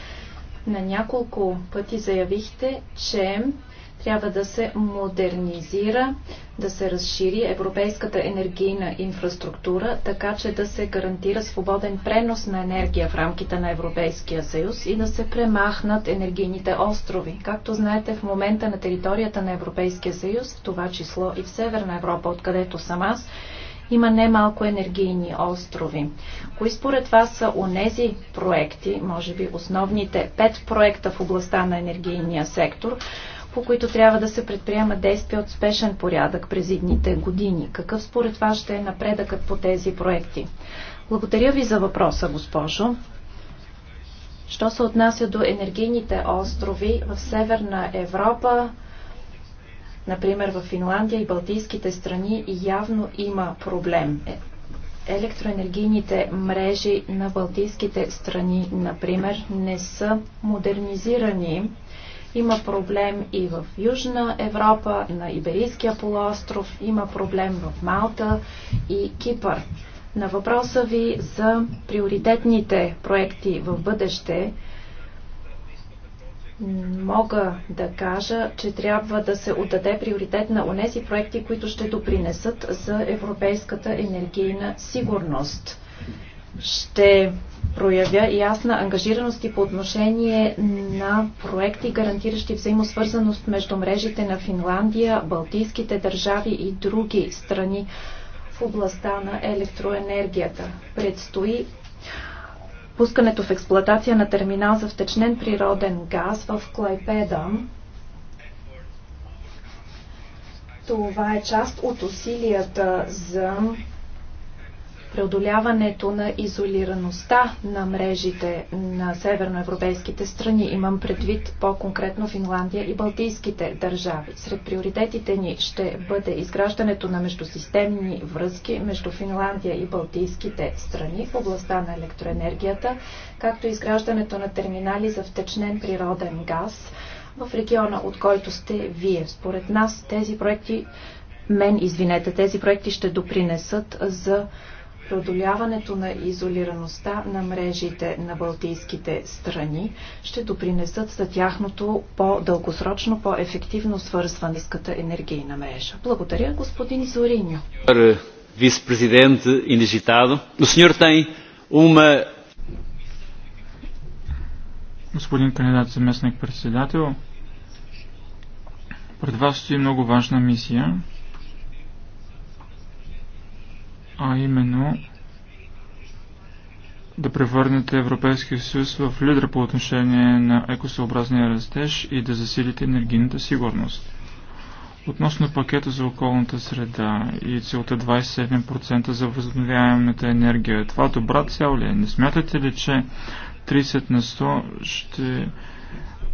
на няколко пъти заявихте, че трябва да се модернизира, да се разшири европейската енергийна инфраструктура, така че да се гарантира свободен пренос на енергия в рамките на Европейския съюз и да се премахнат енергийните острови. Както знаете, в момента на територията на Европейския съюз, в това число и в Северна Европа, откъдето съм аз, има немалко енергийни острови. Кои според вас са онези проекти, може би основните пет проекта в областта на енергийния сектор, по които трябва да се предприемат действия от спешен порядък през идните години. Какъв според вас ще е напредъкът по тези проекти? Благодаря ви за въпроса, госпожо. Що се отнася до енергийните острови в Северна Европа, например в Финландия и Балтийските страни, явно има проблем. Е, електроенергийните мрежи на Балтийските страни, например, не са модернизирани има проблем и в Южна Европа, на Иберийския полуостров, има проблем в Малта и Кипър. На въпроса ви за приоритетните проекти в бъдеще, мога да кажа, че трябва да се отдаде приоритет на онези проекти, които ще допринесат за европейската енергийна сигурност. Ще проявя ясна ангажираност и по отношение на проекти, гарантиращи взаимосвързаност между мрежите на Финландия, Балтийските държави и други страни в областта на електроенергията. Предстои пускането в експлоатация на терминал за втечнен природен газ в Клайпеда. Това е част от усилията за преодоляването на изолираността на мрежите на северноевропейските страни. Имам предвид по-конкретно Финландия и Балтийските държави. Сред приоритетите ни ще бъде изграждането на междусистемни връзки между Финландия и Балтийските страни в областта на електроенергията, както и изграждането на терминали за втечнен природен газ в региона, от който сте вие. Според нас тези проекти мен, извинете, тези проекти ще допринесат за преодоляването на изолираността на мрежите на балтийските страни ще допринесат за тяхното по-дългосрочно, по-ефективно свързване с енергийна мрежа. Благодаря, господин Зориньо. Вице-президент indigitado, o Тай, tem господин кандидат заместник председател. Пред вас стои много важна мисия а именно да превърнете Европейския съюз в лидер по отношение на екосъобразния растеж и да засилите енергийната сигурност. Относно пакета за околната среда и целта 27% за възобновяемата енергия, това добра цел ли е? Не смятате ли, че 30 на 100 ще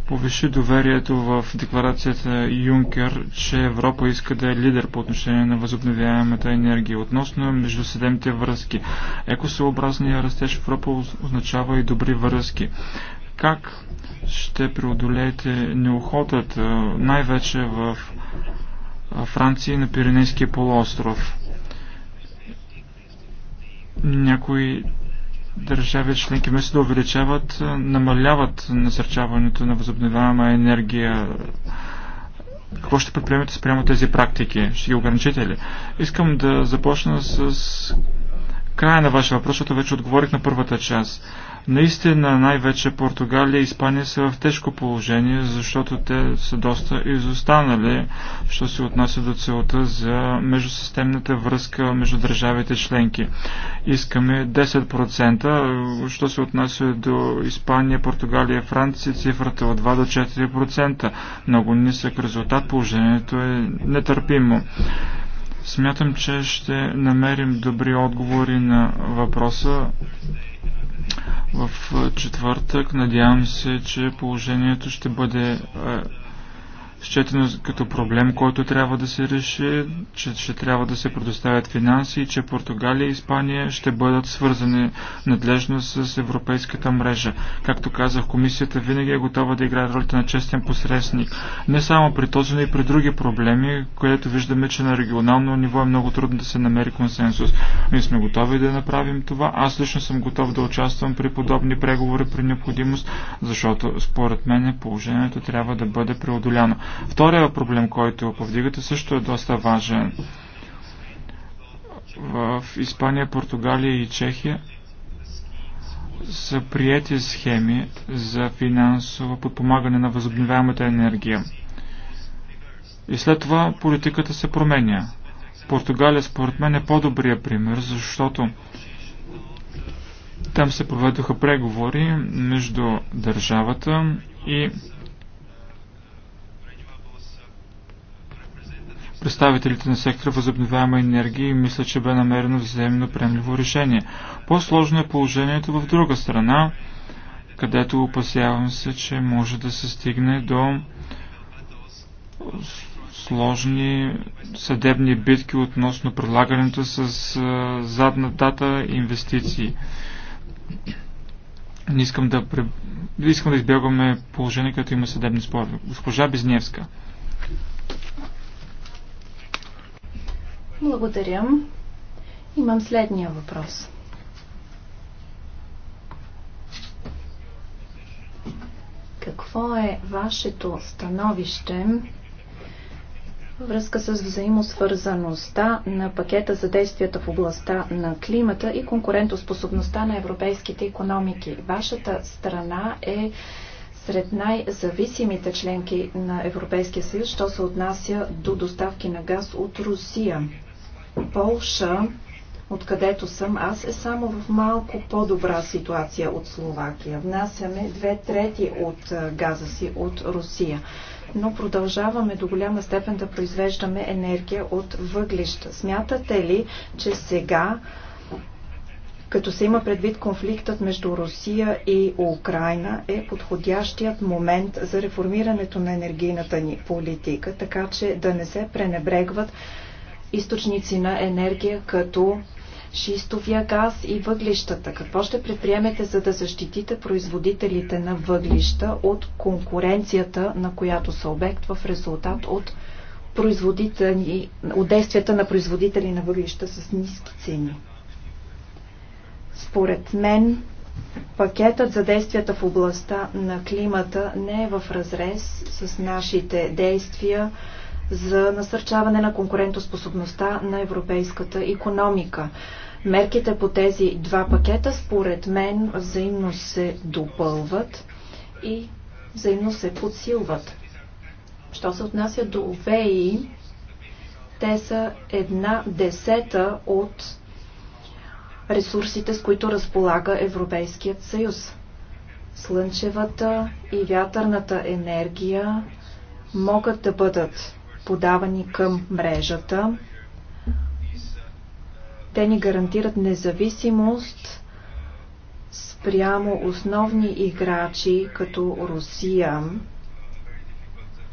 повиши доверието в декларацията Юнкер, че Европа иска да е лидер по отношение на възобновяемата енергия. Относно между седемте връзки, Екосъобразният растеж в Европа означава и добри връзки. Как ще преодолеете неохотата, най-вече в Франция и на Пиренейския полуостров? Някои държави членки вместо да увеличават, е, намаляват насърчаването на възобновяема енергия. Какво ще предприемете спрямо тези практики? Ще ги ограничите ли? Искам да започна с края на вашия въпрос, защото вече отговорих на първата част. Наистина най-вече Португалия и Испания са в тежко положение, защото те са доста изостанали, що се отнася до целта за междусистемната връзка между държавите членки. Искаме 10%, що се отнася до Испания, Португалия, Франция, цифрата от 2 до 4%. Много нисък резултат, положението е нетърпимо. Смятам, че ще намерим добри отговори на въпроса в четвъртък. Надявам се, че положението ще бъде е, счетено като проблем, който трябва да се реши, че ще трябва да се предоставят финанси и че Португалия и Испания ще бъдат свързани надлежно с европейската мрежа. Както казах, комисията винаги е готова да играе ролята на честен посредник. Не само при този, но и при други проблеми, където виждаме, че на регионално ниво е много трудно да се намери консенсус. Ние сме готови да направим това. Аз лично съм готов да участвам при подобни преговори при необходимост, защото според мен положението трябва да бъде преодоляно. Втория проблем, който повдигате, също е доста важен. В Испания, Португалия и Чехия са приети схеми за финансово подпомагане на възобновяемата енергия. И след това политиката се променя. Португалия според мен е по-добрия пример, защото там се проведоха преговори между държавата и представителите на сектора възобновяема енергия и мисля, че бе намерено взаимно приемливо решение. По-сложно е положението в друга страна, където опасявам се, че може да се стигне до сложни съдебни битки относно предлагането с задна дата инвестиции. Не искам да, искам да избягваме положение, като има съдебни спорове. Госпожа Безневска. Благодаря. Имам следния въпрос. Какво е вашето становище връзка с взаимосвързаността на пакета за действията в областта на климата и конкурентоспособността на европейските економики. Вашата страна е сред най-зависимите членки на Европейския съюз, що се отнася до доставки на газ от Русия. Полша, откъдето съм аз, е само в малко по-добра ситуация от Словакия. Внасяме две трети от газа си от Русия но продължаваме до голяма степен да произвеждаме енергия от въглища. Смятате ли, че сега, като се има предвид конфликтът между Русия и Украина, е подходящият момент за реформирането на енергийната ни политика, така че да не се пренебрегват източници на енергия, като шистовия газ и въглищата. Какво ще предприемете, за да защитите производителите на въглища от конкуренцията, на която са обект в резултат от, от действията на производители на въглища с ниски цени? Според мен, пакетът за действията в областта на климата не е в разрез с нашите действия за насърчаване на конкурентоспособността на европейската економика. Мерките по тези два пакета, според мен, взаимно се допълват и взаимно се подсилват. Що се отнася до ВЕИ, те са една десета от ресурсите, с които разполага Европейският съюз. Слънчевата и вятърната енергия могат да бъдат подавани към мрежата. Те ни гарантират независимост спрямо основни играчи като Русия.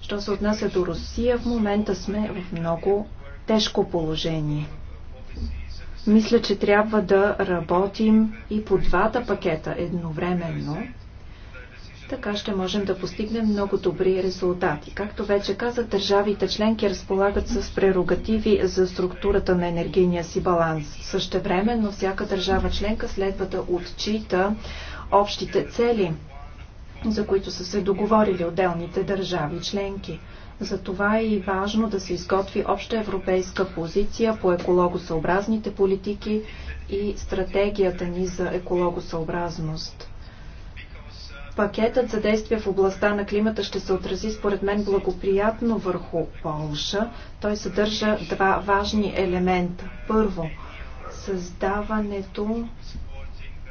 Що се отнася до Русия, в момента сме в много тежко положение. Мисля, че трябва да работим и по двата пакета едновременно. Така ще можем да постигнем много добри резултати. Както вече каза, държавите членки разполагат с прерогативи за структурата на енергийния си баланс. но всяка държава членка следва да отчита общите цели, за които са се договорили отделните държави членки. Затова е и важно да се изготви обща европейска позиция по екологосъобразните политики и стратегията ни за екологосъобразност. Пакетът за действия в областта на климата ще се отрази според мен благоприятно върху Полша. Той съдържа два важни елемента. Първо, създаването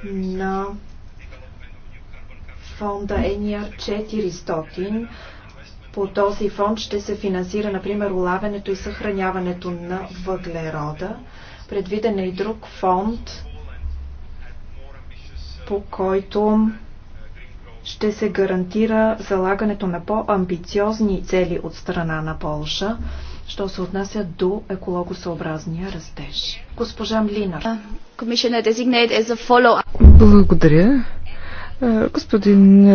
на фонда NR 400. По този фонд ще се финансира, например, улавянето и съхраняването на въглерода. Предвиден е и друг фонд, по който ще се гарантира залагането на по-амбициозни цели от страна на Полша, що се отнася до екологосъобразния растеж. Госпожа Млинар. Е е Благодаря. Господин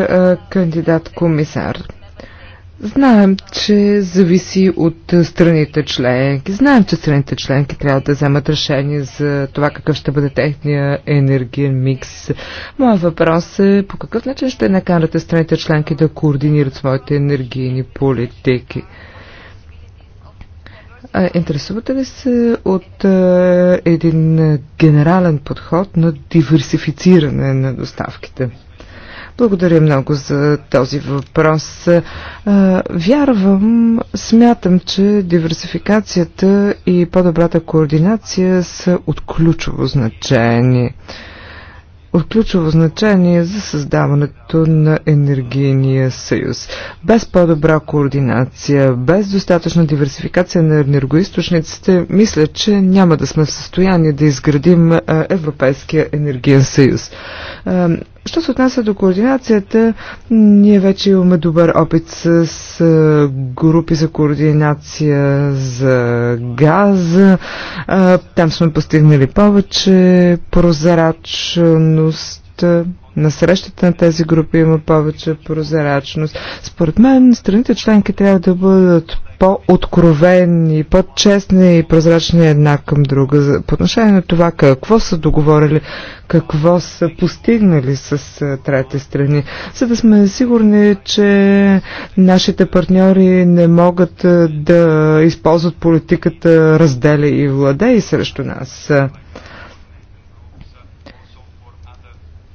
кандидат комисар, Знаем, че зависи от е, страните членки. Знаем, че страните членки трябва да вземат решение за това какъв ще бъде техния енергиен микс. Моя въпрос е по какъв начин ще накарате страните членки да координират своите енергийни политики? Интересувате ли се от е, един генерален подход на диверсифициране на доставките? Благодаря много за този въпрос. Вярвам, смятам, че диверсификацията и по-добрата координация са от ключово значение. От ключово значение за създаването на енергийния съюз. Без по-добра координация, без достатъчна диверсификация на енергоисточниците, мисля, че няма да сме в състояние да изградим Европейския енергиен съюз Що се отнася до координацията, ние вече имаме добър опит с, с групи за координация за газ. Там сме постигнали повече прозрачност на срещата на тези групи има повече прозрачност. Според мен страните членки трябва да бъдат по-откровени, по-честни и прозрачни една към друга. По отношение на това какво са договорили, какво са постигнали с трети страни, за да сме сигурни, че нашите партньори не могат да използват политиката разделя и и срещу нас.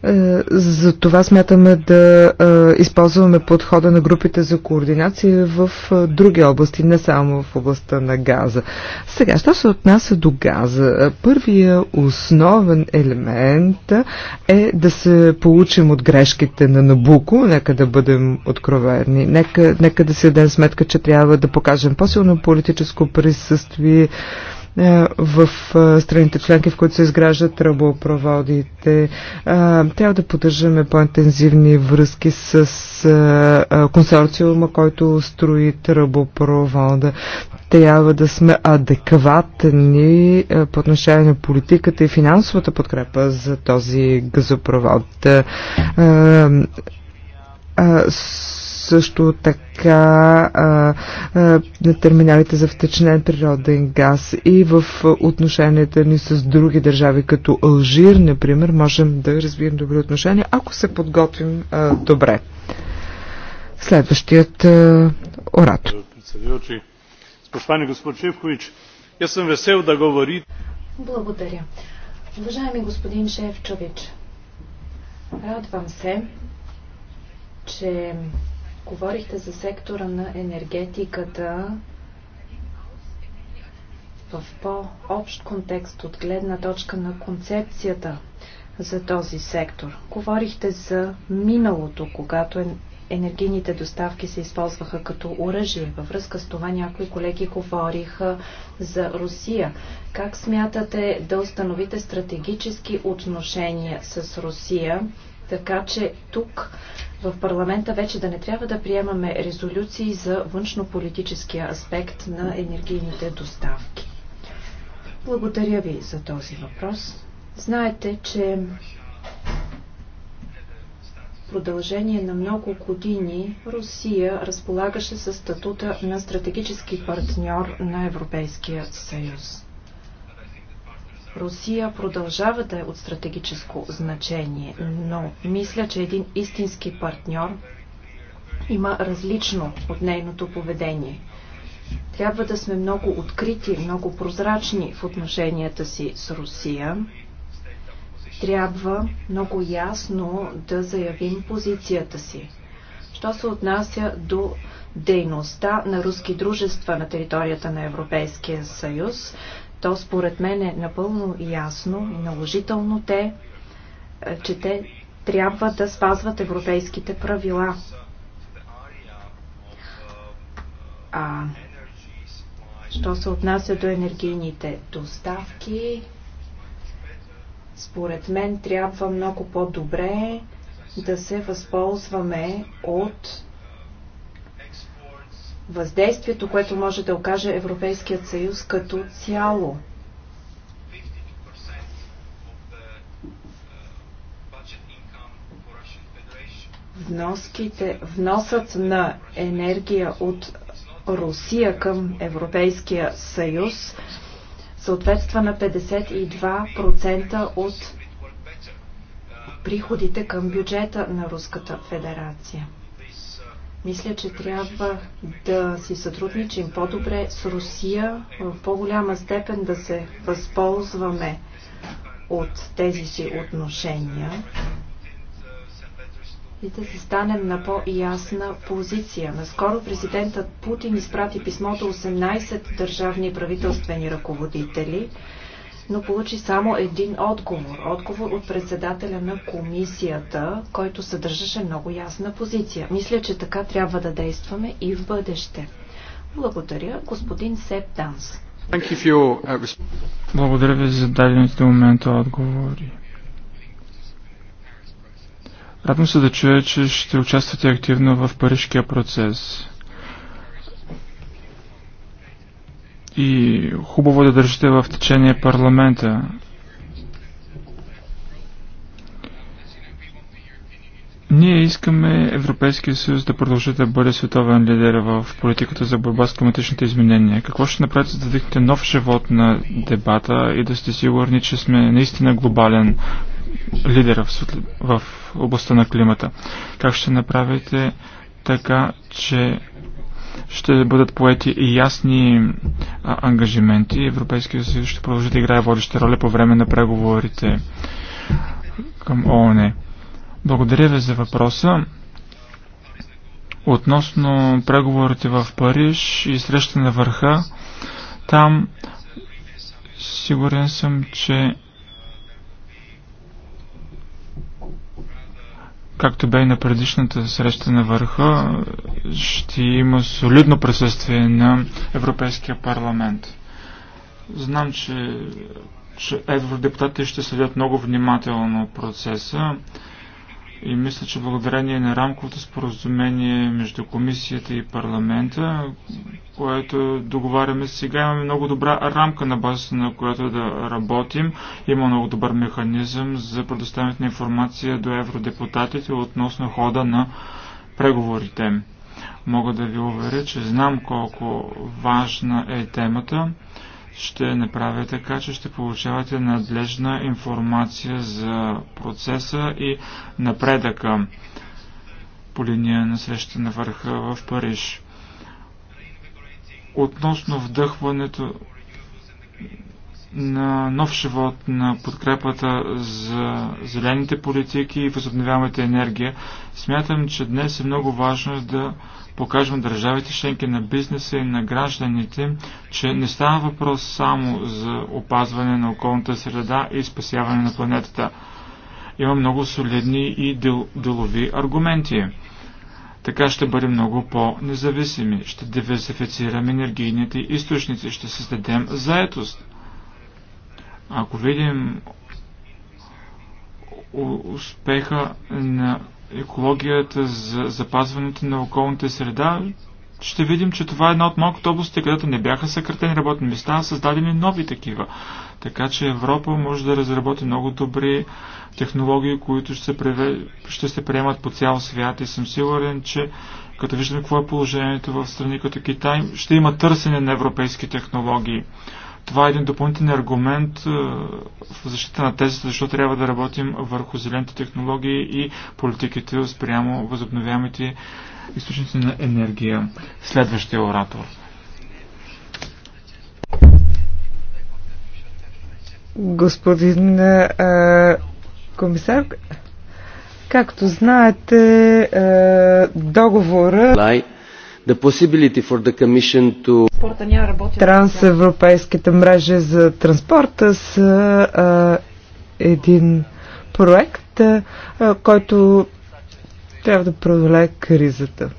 Е, за това смятаме да е, използваме подхода на групите за координация в е, други области, не само в областта на газа. Сега, що се отнася до газа? Първия основен елемент е да се получим от грешките на Набуко, нека да бъдем откровени, нека, нека да си дадем сметка, че трябва да покажем по-силно политическо присъствие, е, в е, страните членки, в които се изграждат тръбопроводите. Е, трябва да поддържаме по-интензивни връзки с консорциума, който строи тръбопровода. Трябва да сме адекватни по отношение на политиката и финансовата подкрепа за този газопровод също така а, а, на терминалите за втечнен природен газ и в отношенията ни с други държави, като Алжир, например, можем да развием добри отношения, ако се подготвим а, добре. Следващият а, оратор. господин Шевкович, я съм весел да говори. Благодаря. Уважаеми господин Шевчович, радвам се, че Говорихте за сектора на енергетиката в по-общ контекст от гледна точка на концепцията за този сектор. Говорихте за миналото, когато енергийните доставки се използваха като оръжие. Във връзка с това някои колеги говориха за Русия. Как смятате да установите стратегически отношения с Русия, така че тук в парламента вече да не трябва да приемаме резолюции за външнополитическия аспект на енергийните доставки. Благодаря ви за този въпрос. Знаете, че в продължение на много години Русия разполагаше с статута на стратегически партньор на Европейския съюз. Русия продължава да е от стратегическо значение, но мисля, че един истински партньор има различно от нейното поведение. Трябва да сме много открити, много прозрачни в отношенията си с Русия. Трябва много ясно да заявим позицията си. Що се отнася до дейността на руски дружества на територията на Европейския съюз, то според мен е напълно ясно и наложително те, е, че те трябва да спазват европейските правила. А що се отнася до енергийните доставки, според мен трябва много по-добре да се възползваме от въздействието, което може да окаже Европейският съюз като цяло. Вноските, вносът на енергия от Русия към Европейския съюз съответства на 52% от приходите към бюджета на Руската федерация. Мисля, че трябва да си сътрудничим по-добре с Русия, в по-голяма степен да се възползваме от тези си отношения и да се станем на по-ясна позиция. Наскоро президентът Путин изпрати писмо до 18 държавни правителствени ръководители, но получи само един отговор. Отговор от председателя на комисията, който съдържаше много ясна позиция. Мисля, че така трябва да действаме и в бъдеще. Благодаря, господин Сеп Данс. Uh, Благодаря ви за дадените момента отговори. Радвам се да чуя, че ще участвате активно в парижкия процес. и хубаво е да държите в течение парламента. Ние искаме Европейския съюз да продължи да бъде световен лидер в политиката за борба с климатичните изменения. Какво ще направите, за да вдихнете нов живот на дебата и да сте сигурни, че сме наистина глобален лидер в областта на климата? Как ще направите така, че ще бъдат поети и ясни а, ангажименти. Европейския съюз ще продължи да играе водеща роля по време на преговорите към ООН. Благодаря ви за въпроса. Относно преговорите в Париж и среща на върха, там сигурен съм, че както бе и на предишната среща на върха, ще има солидно присъствие на Европейския парламент. Знам, че, че евродепутатите ще следят много внимателно процеса. И мисля, че благодарение на рамковото споразумение между комисията и парламента, което договаряме сега, имаме много добра рамка на базата на която да работим. Има много добър механизъм за предоставянето на информация до евродепутатите относно хода на преговорите. Мога да ви уверя, че знам колко важна е темата ще направя така, че ще получавате надлежна информация за процеса и напредъка по линия на среща на върха в Париж. Относно вдъхването на нов живот на подкрепата за зелените политики и възобновяемата енергия, смятам, че днес е много важно да покажем държавите членки на бизнеса и на гражданите, че не става въпрос само за опазване на околната среда и спасяване на планетата. Има много солидни и дел, делови аргументи. Така ще бъдем много по-независими, ще диверсифицираме енергийните източници, ще създадем заетост. Ако видим успеха на екологията, за запазването на околната среда, ще видим, че това е една от малкото области, където не бяха съкратени работни места, а създадени нови такива. Така че Европа може да разработи много добри технологии, които ще се, преве... ще се приемат по цял свят и съм сигурен, че като виждаме какво е положението в страни като Китай, ще има търсене на европейски технологии. Това е един допълнителен аргумент е, в защита на тези, защото трябва да работим върху зелените технологии и политиките спрямо възобновяемите източници на енергия. Следващия оратор. Господин а, е, комисар, както знаете, а, е, договора Трансевропейската мрежа Трансевропейските мрежи за транспорта с а, един проект, а, който трябва да преодолее кризата.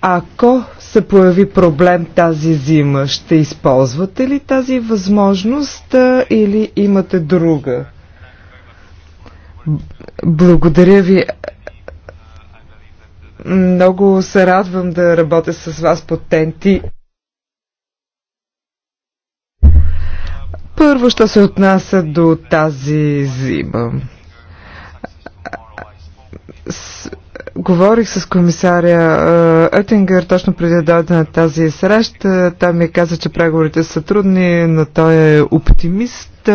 Ако се появи проблем тази зима, ще използвате ли тази възможност а, или имате друга? Благодаря ви много се радвам да работя с вас по тенти. Първо, що се отнася до тази зима. С... Говорих с комисаря Етингер точно преди дата на тази среща. Той ми каза, че преговорите са трудни, но той е оптимист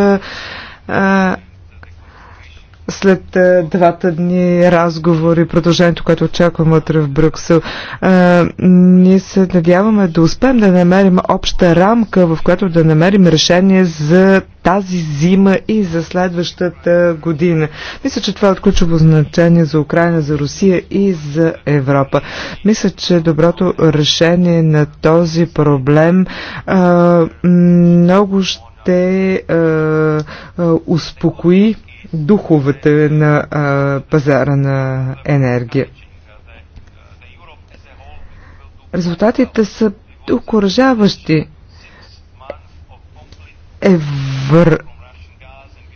след е, двата дни разговори, продължението, което очакваме утре в Брюксел. Е, ние се надяваме да успеем да намерим обща рамка, в която да намерим решение за тази зима и за следващата година. Мисля, че това е от ключово значение за Украина, за Русия и за Европа. Мисля, че доброто решение на този проблем е, много ще успокои духовете на а, пазара на енергия. Резултатите са окоръжаващи. Евр...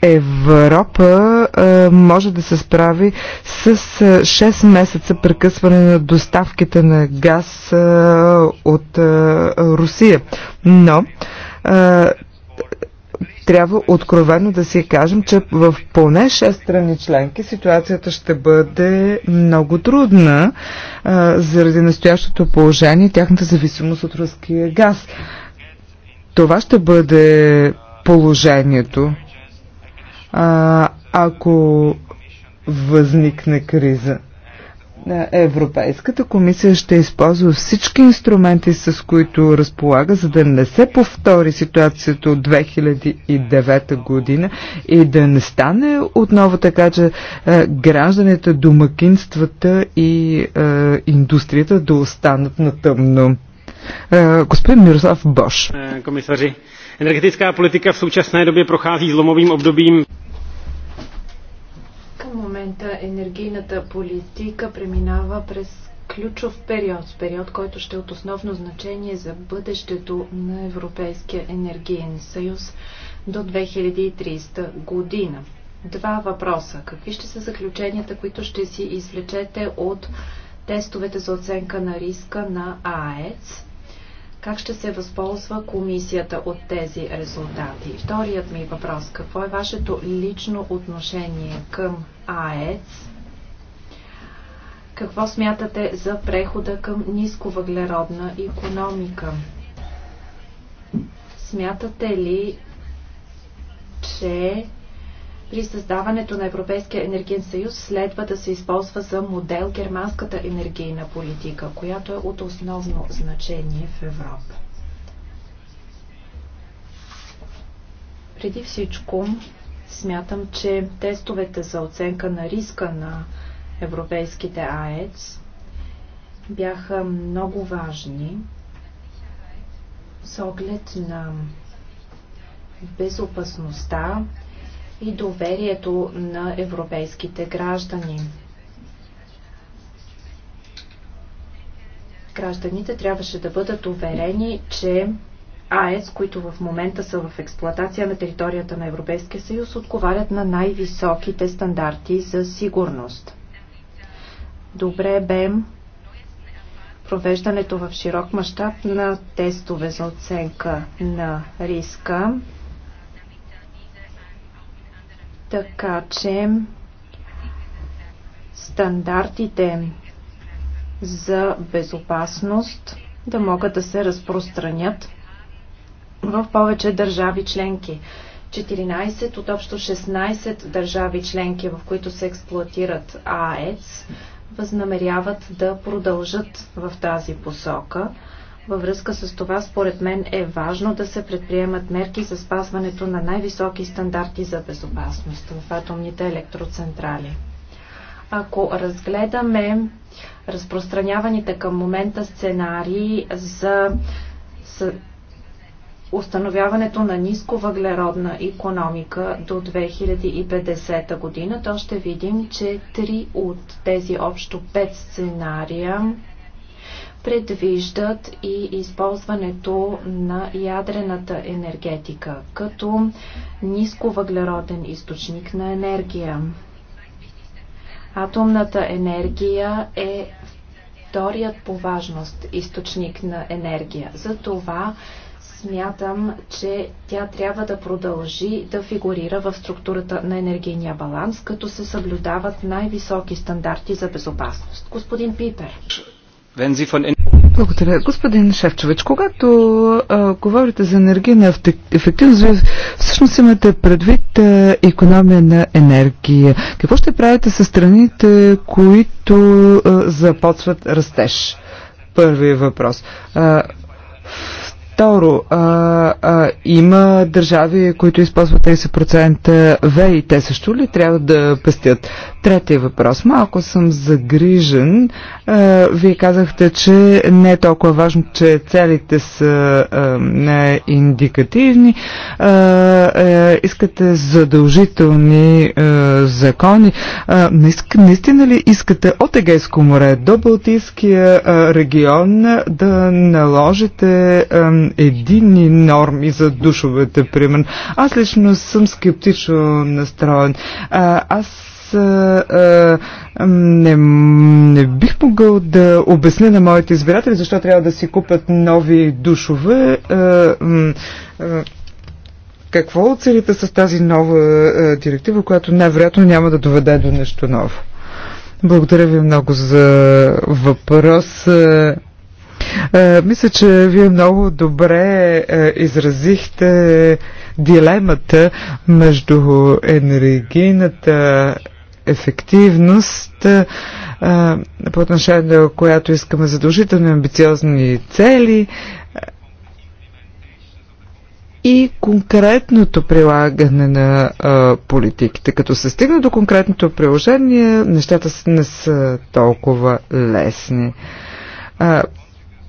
Европа а, може да се справи с а, 6 месеца прекъсване на доставките на газ а, от а, Русия. Но а, трябва откровено да си кажем, че в поне 6 страни членки ситуацията ще бъде много трудна а, заради настоящото положение, и тяхната зависимост от руския газ. Това ще бъде положението. А, ако възникне криза. Европейската комисия ще използва всички инструменти, с които разполага, за да не се повтори ситуацията от 2009 година и да не стане отново така, че е, гражданите, домакинствата и е, индустрията да останат на тъмно. Е, господин Мирослав Бош. Е, комисари, енергетická в v současné době прохази зломовим обдобием момента енергийната политика преминава през ключов период, период, който ще е от основно значение за бъдещето на Европейския енергиен съюз до 2030 година. Два въпроса. Какви ще са заключенията, които ще си извлечете от тестовете за оценка на риска на АЕЦ? Как ще се възползва комисията от тези резултати? Вторият ми въпрос. Какво е вашето лично отношение към АЕЦ? Какво смятате за прехода към нисковъглеродна економика? Смятате ли, че при създаването на Европейския енергиен съюз следва да се използва за модел германската енергийна политика, която е от основно значение в Европа. Преди всичко смятам, че тестовете за оценка на риска на европейските АЕЦ бяха много важни с оглед на безопасността и доверието на европейските граждани. Гражданите трябваше да бъдат уверени, че АЕС, които в момента са в експлоатация на територията на Европейския съюз, отговарят на най-високите стандарти за сигурност. Добре е, бе провеждането в широк мащаб на тестове за оценка на риска. Така че стандартите за безопасност да могат да се разпространят в повече държави членки. 14 от общо 16 държави членки, в които се експлуатират АЕЦ, възнамеряват да продължат в тази посока. Във връзка с това, според мен е важно да се предприемат мерки за спазването на най-високи стандарти за безопасност в атомните електроцентрали. Ако разгледаме разпространяваните към момента сценарии за установяването на ниско въглеродна економика до 2050 година, то ще видим, че три от тези общо пет сценария предвиждат и използването на ядрената енергетика като нисковъглероден източник на енергия. Атомната енергия е вторият по важност източник на енергия. Затова смятам, че тя трябва да продължи да фигурира в структурата на енергийния баланс, като се съблюдават най-високи стандарти за безопасност. Господин Пипер. Благодаря. Господин Шевчович, когато а, говорите за енергийна ефективност, всъщност имате предвид а, економия на енергия. Какво ще правите с страните, които а, започват растеж? Първи въпрос. А, Второ, а, а, има държави, които използват 30% В и Те също ли трябва да пестят? Третия въпрос. Малко съм загрижен. А, вие казахте, че не е толкова важно, че целите са а, не, индикативни. А, а, искате задължителни а, закони. А, наистина ли искате от Егейско море до Балтийския а, регион да наложите а, единни норми за душовете, примерно. Аз лично съм скептично настроен. А, аз не, не бих могъл да обясня на моите избиратели защо трябва да си купят нови душове. Какво целите с тази нова директива, която най-вероятно няма да доведе до нещо ново? Благодаря ви много за въпрос. Е, мисля, че вие много добре е, изразихте дилемата между енергийната ефективност, е, по отношение на която искаме задължителни амбициозни цели и конкретното прилагане на а, политиките. Като се стигна до конкретното приложение, нещата не са толкова лесни. А,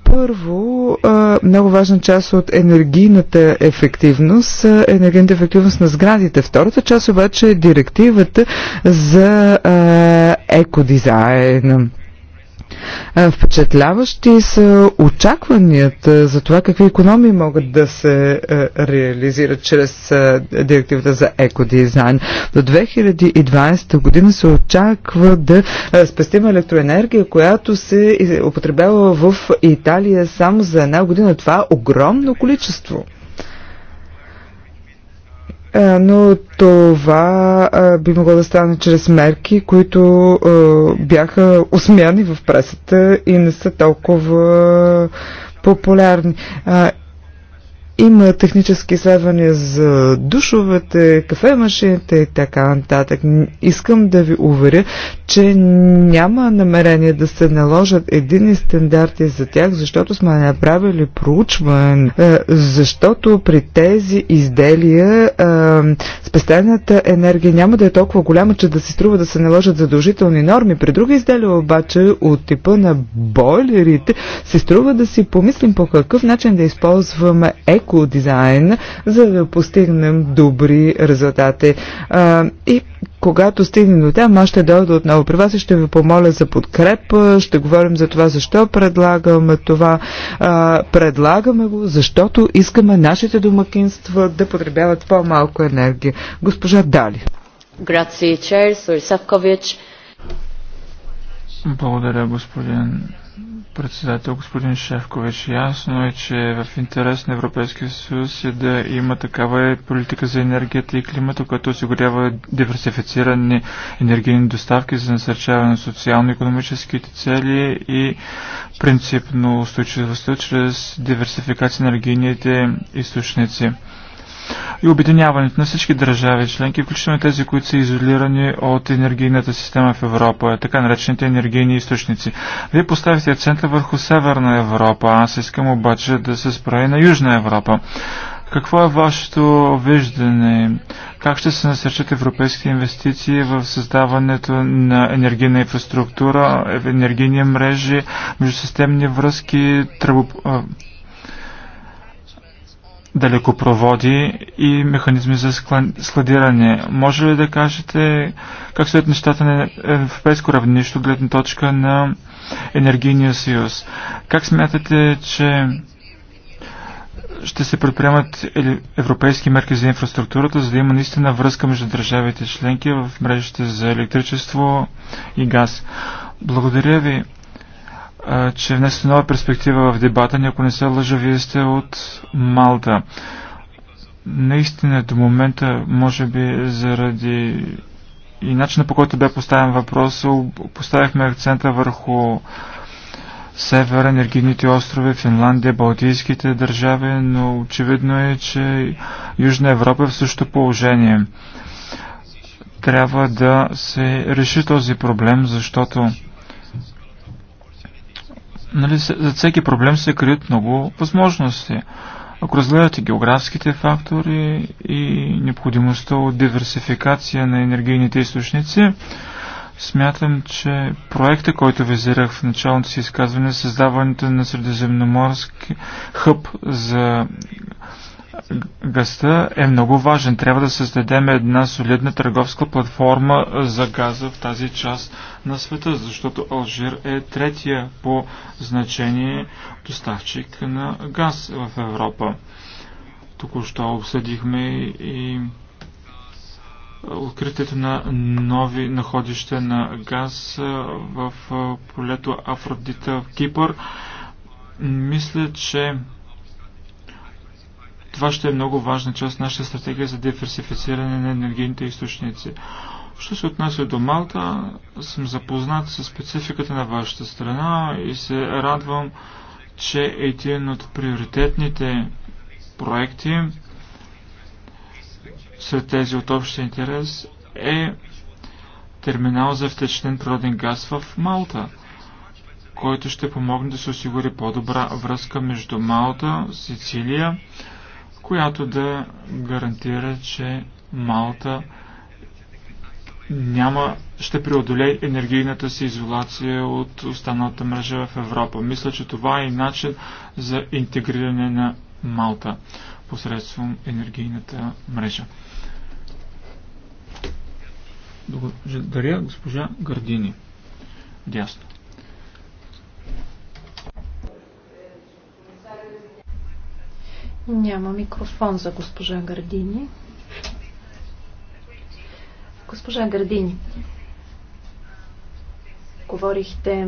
първо, много важна част от енергийната ефективност, енергийната ефективност на сградите. Втората част обаче е директивата за екодизайн е, впечатляващи са очакванията за това какви економии могат да се е, реализират чрез е, директивата за екодизайн. До 2020 година се очаква да спестим електроенергия, която се употребява в Италия само за една година. Това е огромно количество. Е, но това е, би могло да стане чрез мерки, които е, бяха осмяни в пресата и не са толкова популярни. Има технически изследвания за душовете, кафемашините и така нататък. Искам да ви уверя, че няма намерение да се наложат едини стандарти за тях, защото сме направили проучване, е, защото при тези изделия е, спестената енергия няма да е толкова голяма, че да се струва да се наложат задължителни норми. При други изделия обаче от типа на бойлерите се струва да си помислим по какъв начин да използваме ек дизайн, за да постигнем добри резултати. А, и когато стигнем до там, аз ще дойда отново при вас и ще ви помоля за подкрепа, ще говорим за това, защо предлагаме това. А, предлагаме го, защото искаме нашите домакинства да потребяват по-малко енергия. Госпожа Дали. Благодаря, господин председател господин Шефкович. Ясно е, че в интерес на Европейския съюз е да има такава политика за енергията и климата, която осигурява диверсифицирани енергийни доставки за насърчаване на социално-економическите цели и принципно устойчивостта чрез диверсификация на енергийните източници и обединяването на всички държави членки, включително тези, които са изолирани от енергийната система в Европа, така наречените енергийни източници. Вие поставите акцента върху Северна Европа, аз искам обаче да се справи и на Южна Европа. Какво е вашето виждане? Как ще се насърчат европейските инвестиции в създаването на енергийна инфраструктура, енергийни мрежи, междусистемни връзки, тръбо, далекопроводи и механизми за складиране. Може ли да кажете как стоят нещата на европейско равнище гледна точка на енергийния съюз? Как смятате, че ще се предприемат европейски мерки за инфраструктурата, за да има наистина връзка между държавите членки в мрежите за електричество и газ? Благодаря ви че е внесе нова перспектива в дебата. Ако не се лъжа, вие сте от Малта. Наистина до момента, може би заради и начина по който бе поставен въпрос, поставихме акцента върху север, енергийните острови, Финландия, Балтийските държави, но очевидно е, че Южна Европа е в същото положение. Трябва да се реши този проблем, защото нали, за всеки проблем се крият много възможности. Ако разгледате географските фактори и необходимостта от диверсификация на енергийните източници, смятам, че проекта, който визирах в началното си изказване, създаването на средиземноморски хъб за газта е много важен. Трябва да създадем една солидна търговска платформа за газа в тази част на света, защото Алжир е третия по значение доставчик на газ в Европа. Току-що обсъдихме и откритието на нови находища на газ в полето Афродита в Кипър. Мисля, че това ще е много важна част от нашата стратегия за диверсифициране на енергийните източници. Що се отнася до Малта, съм запознат с спецификата на вашата страна и се радвам, че е един от приоритетните проекти сред тези от общия интерес е терминал за втечнен природен газ в Малта, който ще помогне да се осигури по-добра връзка между Малта, Сицилия, която да гарантира, че Малта няма, ще преодолее енергийната си изолация от останалата мрежа в Европа. Мисля, че това е и начин за интегриране на Малта посредством енергийната мрежа. Благодаря, госпожа Гардини. Дясно. Няма микрофон за госпожа Гардини. Госпожа Гардини, говорихте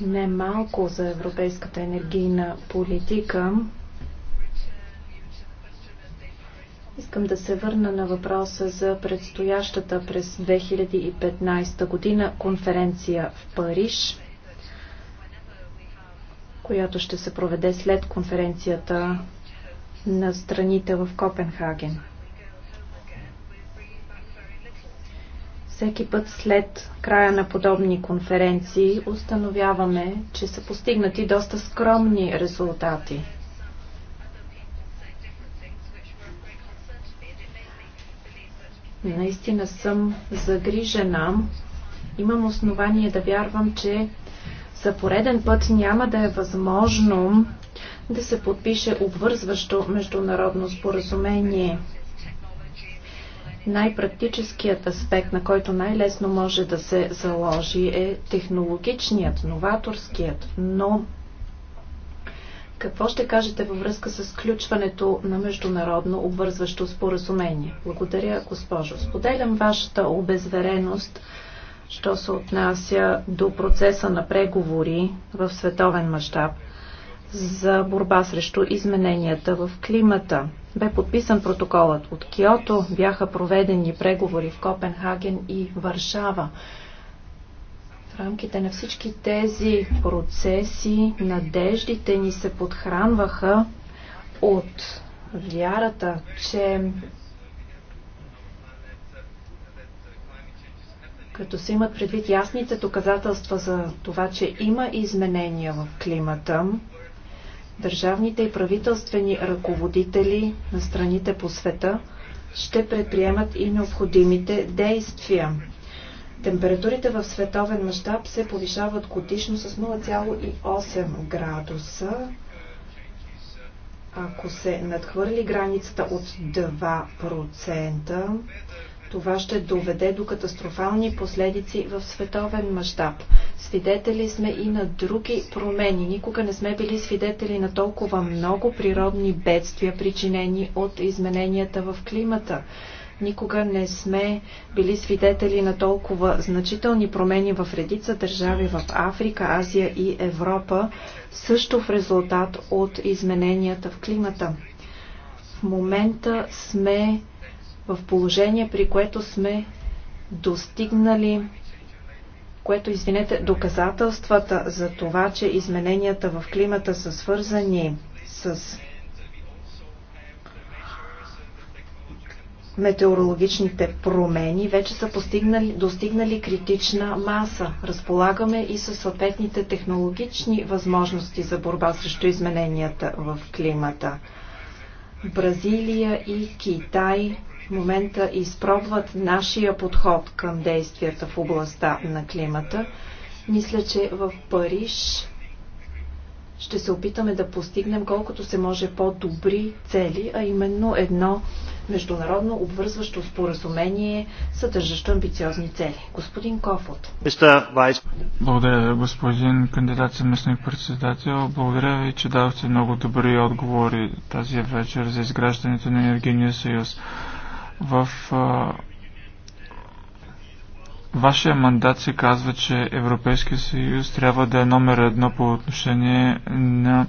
не малко за европейската енергийна политика. Искам да се върна на въпроса за предстоящата през 2015 година конференция в Париж която ще се проведе след конференцията на страните в Копенхаген. Всеки път след края на подобни конференции установяваме, че са постигнати доста скромни резултати. Наистина съм загрижена. Имам основание да вярвам, че за пореден път няма да е възможно да се подпише обвързващо международно споразумение. Най-практическият аспект, на който най-лесно може да се заложи е технологичният, новаторският, но какво ще кажете във връзка с включването на международно обвързващо споразумение? Благодаря, госпожо. Споделям вашата обезвереност що се отнася до процеса на преговори в световен мащаб за борба срещу измененията в климата. Бе подписан протоколът от Киото, бяха проведени преговори в Копенхаген и Варшава. В рамките на всички тези процеси надеждите ни се подхранваха от вярата, че Като се имат предвид ясните доказателства за това, че има изменения в климата, държавните и правителствени ръководители на страните по света ще предприемат и необходимите действия. Температурите в световен мащаб се повишават годишно с 0,8 градуса. Ако се надхвърли границата от 2%, това ще доведе до катастрофални последици в световен мащаб. Свидетели сме и на други промени. Никога не сме били свидетели на толкова много природни бедствия, причинени от измененията в климата. Никога не сме били свидетели на толкова значителни промени в редица държави в Африка, Азия и Европа, също в резултат от измененията в климата. В момента сме в положение, при което сме достигнали което, извинете, доказателствата за това, че измененията в климата са свързани с метеорологичните промени, вече са постигнали, достигнали критична маса. Разполагаме и със съответните технологични възможности за борба срещу измененията в климата. Бразилия и Китай в момента изпробват нашия подход към действията в областта на климата. Мисля, че в Париж ще се опитаме да постигнем колкото се може по-добри цели, а именно едно международно обвързващо споразумение, съдържащо амбициозни цели. Господин Кофот. Благодаря ви, господин кандидат съместник председател. Благодаря ви, че давате много добри отговори тази вечер за изграждането на енергийния съюз. В а, вашия мандат се казва, че Европейския съюз трябва да е номер едно по отношение на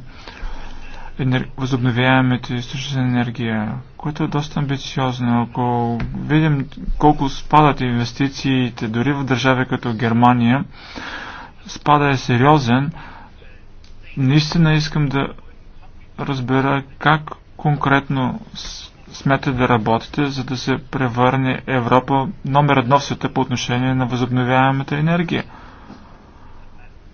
енер... възобновяемите източници на енергия, което е доста амбициозно. Ако видим колко спадат инвестициите дори в държави като Германия, спада е сериозен. Наистина искам да разбера как конкретно смята да работите, за да се превърне Европа номер едно в света по отношение на възобновяемата енергия?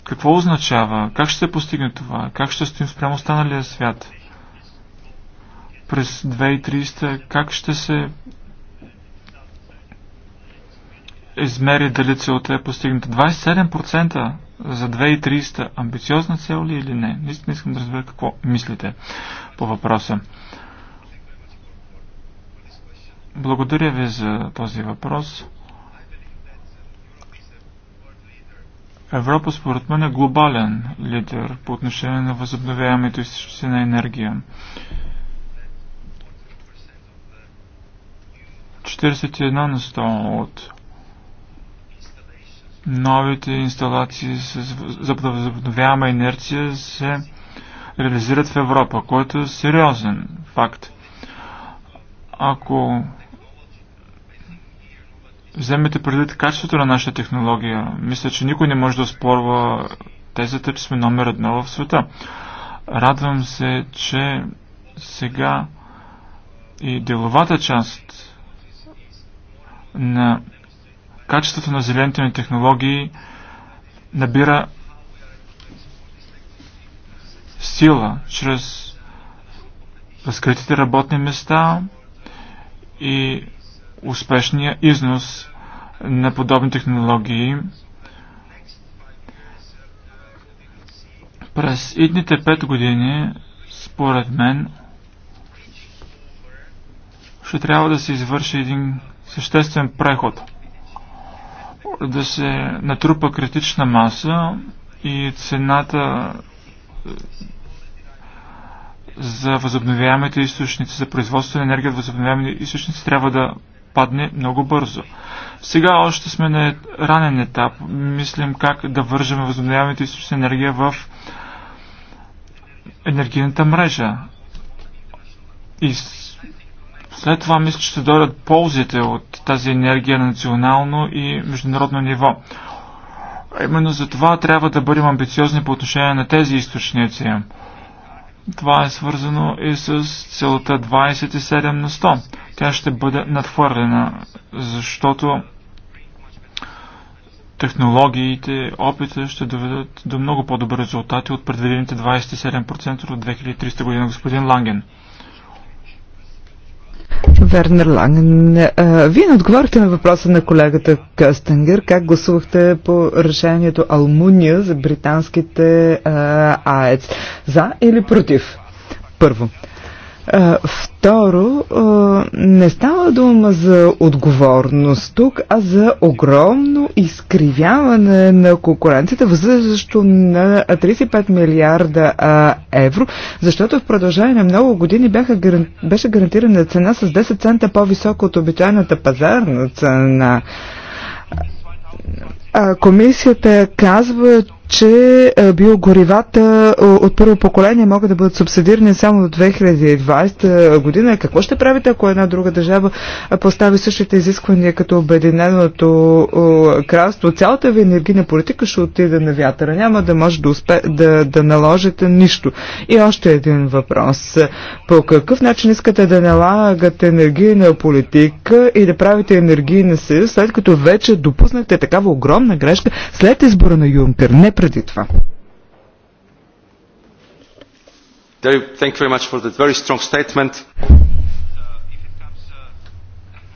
Какво означава? Как ще се постигне това? Как ще стоим спрямо останалия свят? През 2030 как ще се измери дали целта е постигната? 27% за 2030 амбициозна цел ли е или не? Наистина искам да разбера какво мислите по въпроса. Благодаря ви за този въпрос. Европа според мен е глобален лидер по отношение на възобновяемите източници на енергия. 41 на 100 от новите инсталации за възобновяема инерция се реализират в Европа, който е сериозен факт. Ако вземете предвид качеството на нашата технология. Мисля, че никой не може да спорва тезата, че сме номер едно в света. Радвам се, че сега и деловата част на качеството на зелените ни технологии набира сила чрез разкритите работни места и успешния износ на подобни технологии. През идните пет години, според мен, ще трябва да се извърши един съществен преход, да се натрупа критична маса и цената за възобновяемите източници, за производство на енергия от възобновяеми източници трябва да падне много бързо. Сега още сме на ранен етап. Мислим как да вържаме възобновяването източни енергия в енергийната мрежа. И след това мисля, че ще дойдат ползите от тази енергия на национално и международно ниво. Именно за това трябва да бъдем амбициозни по отношение на тези източници. Това е свързано и с целта 27 на 100. Тя ще бъде надхвърлена, защото технологиите, опита ще доведат до много по-добри резултати от предвидените 27% от 2300 година, господин Ланген. Вернер Ланген, е, вие не отговорихте на въпроса на колегата Къстенгер. Как гласувахте по решението Алмуния за британските а, е, АЕЦ? За или против? Първо. Второ, не става дума за отговорност тук, а за огромно изкривяване на конкуренцията, възлизащо на 35 милиарда евро, защото в продължение на много години бяха, беше гарантирана цена с 10 цента по-висока от обичайната пазарна цена. Комисията казва, че е, биогоривата е, от първо поколение могат да бъдат субсидирани само до 2020 е, година. Какво ще правите, ако една друга държава постави същите изисквания като Обединеното кралство? Цялата ви енергийна политика ще отиде на вятъра. Няма да може да, успе, да, да наложите нищо. И още един въпрос. По какъв начин искате да налагате енергийна политика и да правите енергийна съюз, след като вече допуснахте такава огромна грешка след избора на Юнкер? Не преди това.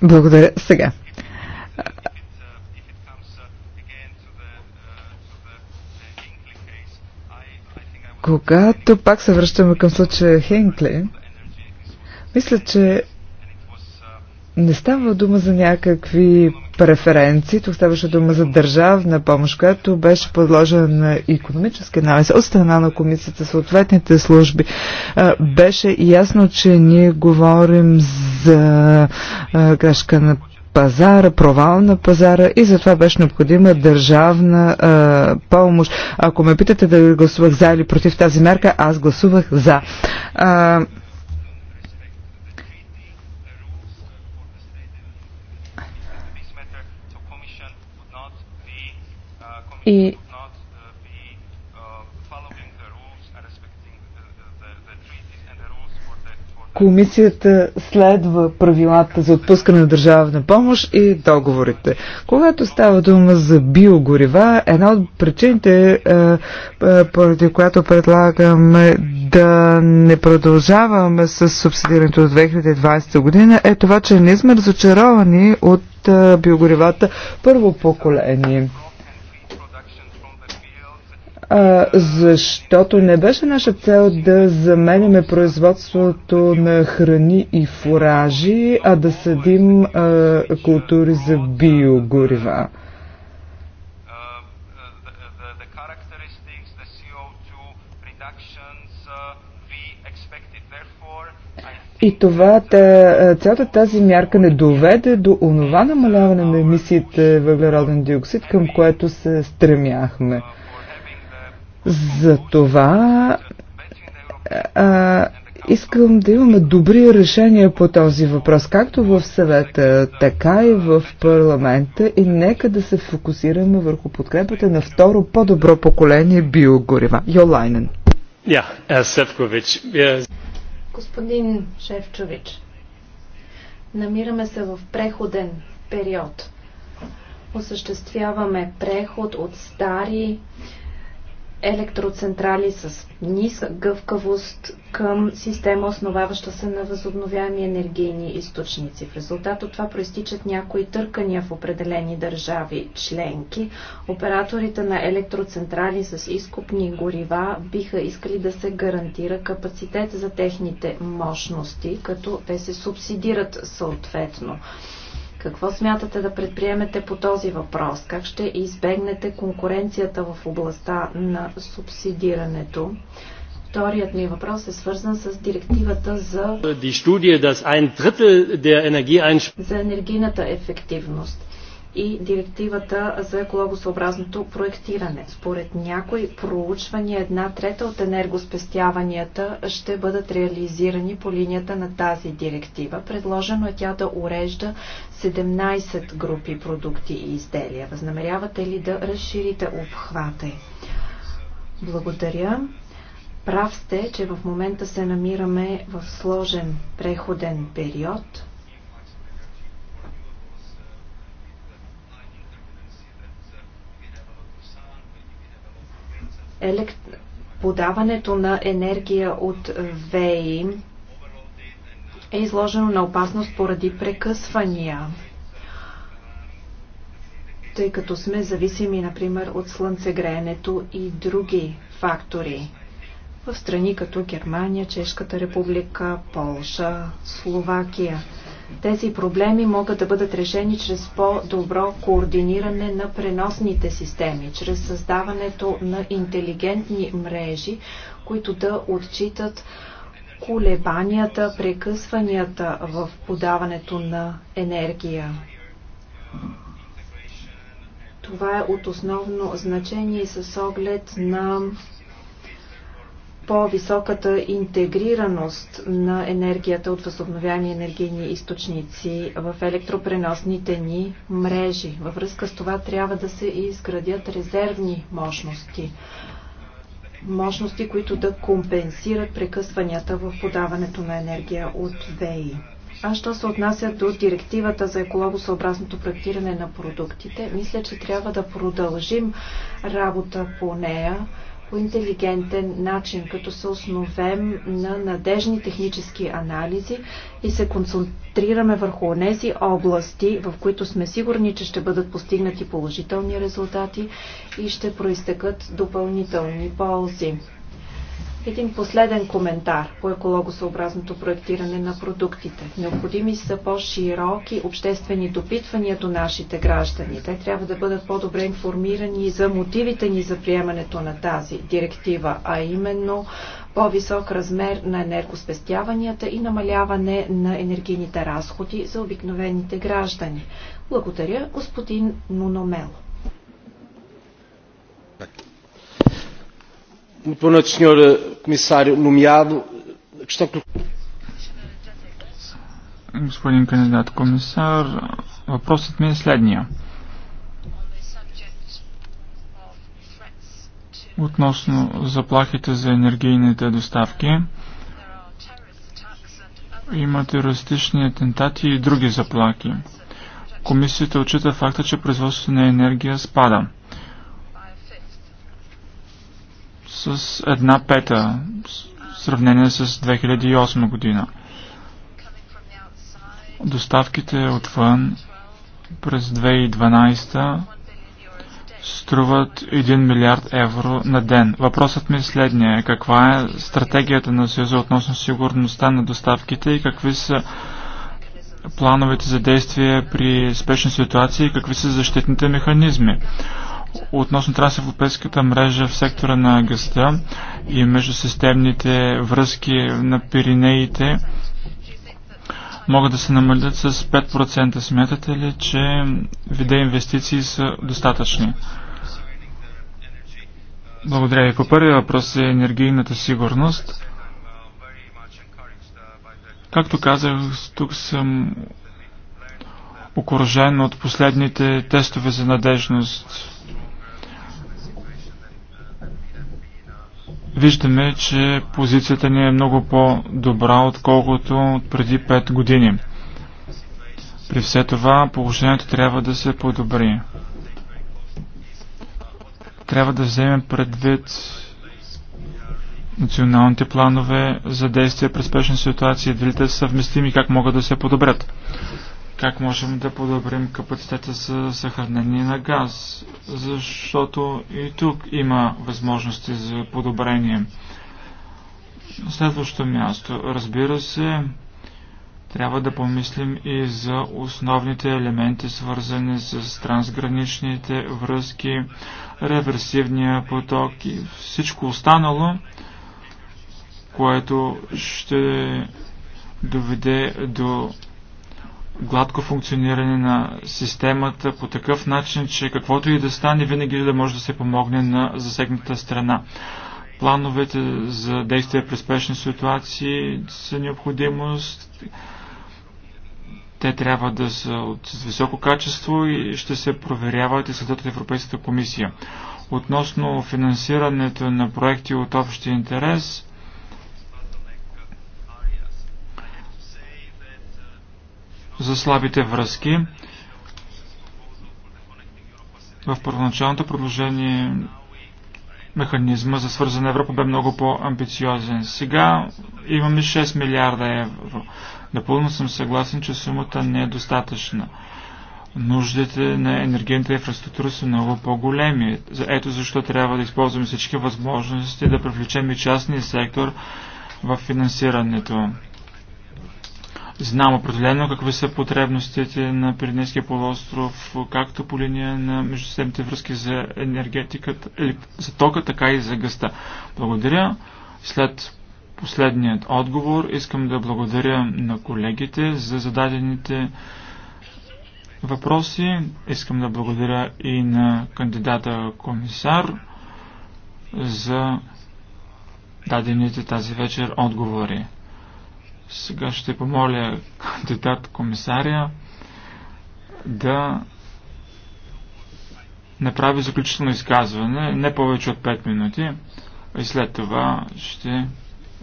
Благодаря. Сега. Когато пак се връщаме към случая Хенкли, мисля, че не става дума за някакви преференции. Тук ставаше дума за държавна помощ, която беше подложена на економически анализ от страна на комисията, съответните служби. Беше ясно, че ние говорим за грешка на пазара, провал на пазара и затова беше необходима държавна а, помощ. Ако ме питате дали гласувах за или против тази мерка, аз гласувах за. А, И комисията следва правилата за отпускане на държавна помощ и договорите. Когато става дума за биогорива, една от причините, е, е, поради която предлагаме да не продължаваме с субсидирането от 2020 година, е това, че ние сме разочаровани от е, биогоривата първо поколение а, защото не беше наша цел да заменяме производството на храни и фуражи, а да съдим а, култури за биогорива. Uh, и това, цялата тази мярка не доведе до онова намаляване на емисиите въглероден диоксид, към което се стремяхме. За това а, искам да имаме добри решения по този въпрос, както в съвета, така и в парламента и нека да се фокусираме върху подкрепата на второ по-добро поколение биогорива. Йолайнен. Yeah, Господин Шевчович, намираме се в преходен период. Осъществяваме преход от стари електроцентрали с ниска гъвкавост към система, основаваща се на възобновяеми енергийни източници. В резултат от това проистичат някои търкания в определени държави членки. Операторите на електроцентрали с изкупни горива биха искали да се гарантира капацитет за техните мощности, като те се субсидират съответно. Какво смятате да предприемете по този въпрос? Как ще избегнете конкуренцията в областта на субсидирането? Вторият ми въпрос е свързан с директивата за, за енергийната ефективност и директивата за екологосъобразното проектиране. Според някои проучвания, една трета от енергоспестяванията ще бъдат реализирани по линията на тази директива. Предложено е тя да урежда 17 групи продукти и изделия. Възнамерявате ли да разширите обхвата? Благодаря. Прав сте, че в момента се намираме в сложен преходен период – елект... подаването на енергия от ВЕИ е изложено на опасност поради прекъсвания, тъй като сме зависими, например, от слънцегреенето и други фактори в страни като Германия, Чешката република, Полша, Словакия. Тези проблеми могат да бъдат решени чрез по-добро координиране на преносните системи, чрез създаването на интелигентни мрежи, които да отчитат колебанията, прекъсванията в подаването на енергия. Това е от основно значение с оглед на по-високата интегрираност на енергията от възобновяеми енергийни източници в електропреносните ни мрежи. Във връзка с това трябва да се изградят резервни мощности. Мощности, които да компенсират прекъсванията в подаването на енергия от ВЕИ. А що се отнася до директивата за екологосъобразното проектиране на продуктите, мисля, че трябва да продължим работа по нея по интелигентен начин, като се основем на надежни технически анализи и се концентрираме върху тези области, в които сме сигурни, че ще бъдат постигнати положителни резултати и ще проистекат допълнителни ползи. Един последен коментар по екологосъобразното проектиране на продуктите. Необходими са по-широки обществени допитвания до нашите граждани. Те трябва да бъдат по-добре информирани за мотивите ни за приемането на тази директива, а именно по-висок размер на енергоспестяванията и намаляване на енергийните разходи за обикновените граждани. Благодаря, господин Нуномело. Comissário nomeado. A questão que... Господин кандидат комисар, въпросът ми е следния. Относно заплахите за енергийните доставки, има терористични атентати и други заплахи. Комисията отчита факта, че производството на енергия спада – с една пета в сравнение с 2008 година. Доставките отвън през 2012 струват 1 милиард евро на ден. Въпросът ми е следния. Каква е стратегията на Съюза относно сигурността на доставките и какви са плановете за действие при спешни ситуации и какви са защитните механизми? относно трансевропейската мрежа в сектора на гъста и междусистемните връзки на Пиринеите могат да се намалят с 5%. Смятате ли, че виде инвестиции са достатъчни? Благодаря ви. По първия въпрос е енергийната сигурност. Както казах, тук съм окоръжен от последните тестове за надежност виждаме, че позицията ни е много по-добра, отколкото преди 5 години. При все това положението трябва да се подобри. Трябва да вземем предвид националните планове за действие при спешни ситуации, дали те са съвместими и как могат да се подобрят как можем да подобрим капацитета за съхранение на газ, защото и тук има възможности за подобрение. следващото място. Разбира се, трябва да помислим и за основните елементи, свързани с трансграничните връзки, реверсивния поток и всичко останало, което ще доведе до гладко функциониране на системата по такъв начин, че каквото и да стане, винаги да може да се помогне на засегната страна. Плановете за действия при спешни ситуации са необходимост. Те трябва да са от високо качество и ще се проверяват и следват от Европейската комисия. Относно финансирането на проекти от общия интерес, за слабите връзки. В първоначалното предложение механизма за свързане Европа бе много по-амбициозен. Сега имаме 6 милиарда евро. Напълно съм съгласен, че сумата не е достатъчна. Нуждите на енергийната инфраструктура са много по-големи. Ето защо трябва да използваме всички възможности да привлечем и частния сектор в финансирането. Знам определено какви са потребностите на Пиренейския полуостров, както по линия на междусистемните връзки за енергетиката, за тока, така и за гъста. Благодаря. След последният отговор искам да благодаря на колегите за зададените въпроси. Искам да благодаря и на кандидата комисар за дадените тази вечер отговори. Сега ще помоля кандидат комисаря да направи заключително изказване, не повече от 5 минути, и след това ще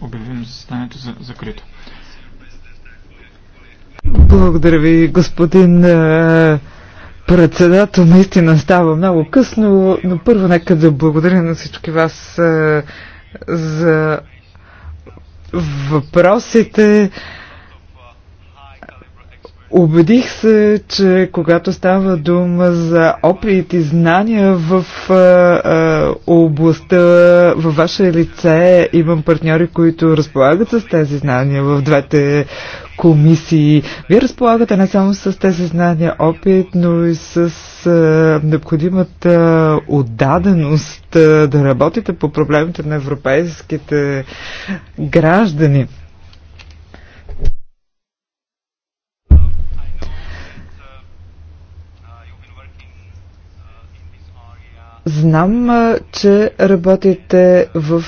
обявим заседанието за закрито. Благодаря ви, господин е, председател. Наистина става много късно, но първо нека да благодаря на всички вас е, за въпросите Убедих се, че когато става дума за опит и знания в а, а, областта, във ваше лице имам партньори, които разполагат с тези знания в двете комисии. Вие разполагате не само с тези знания, опит, но и с а, необходимата отдаденост а, да работите по проблемите на европейските граждани. Знам, че работите в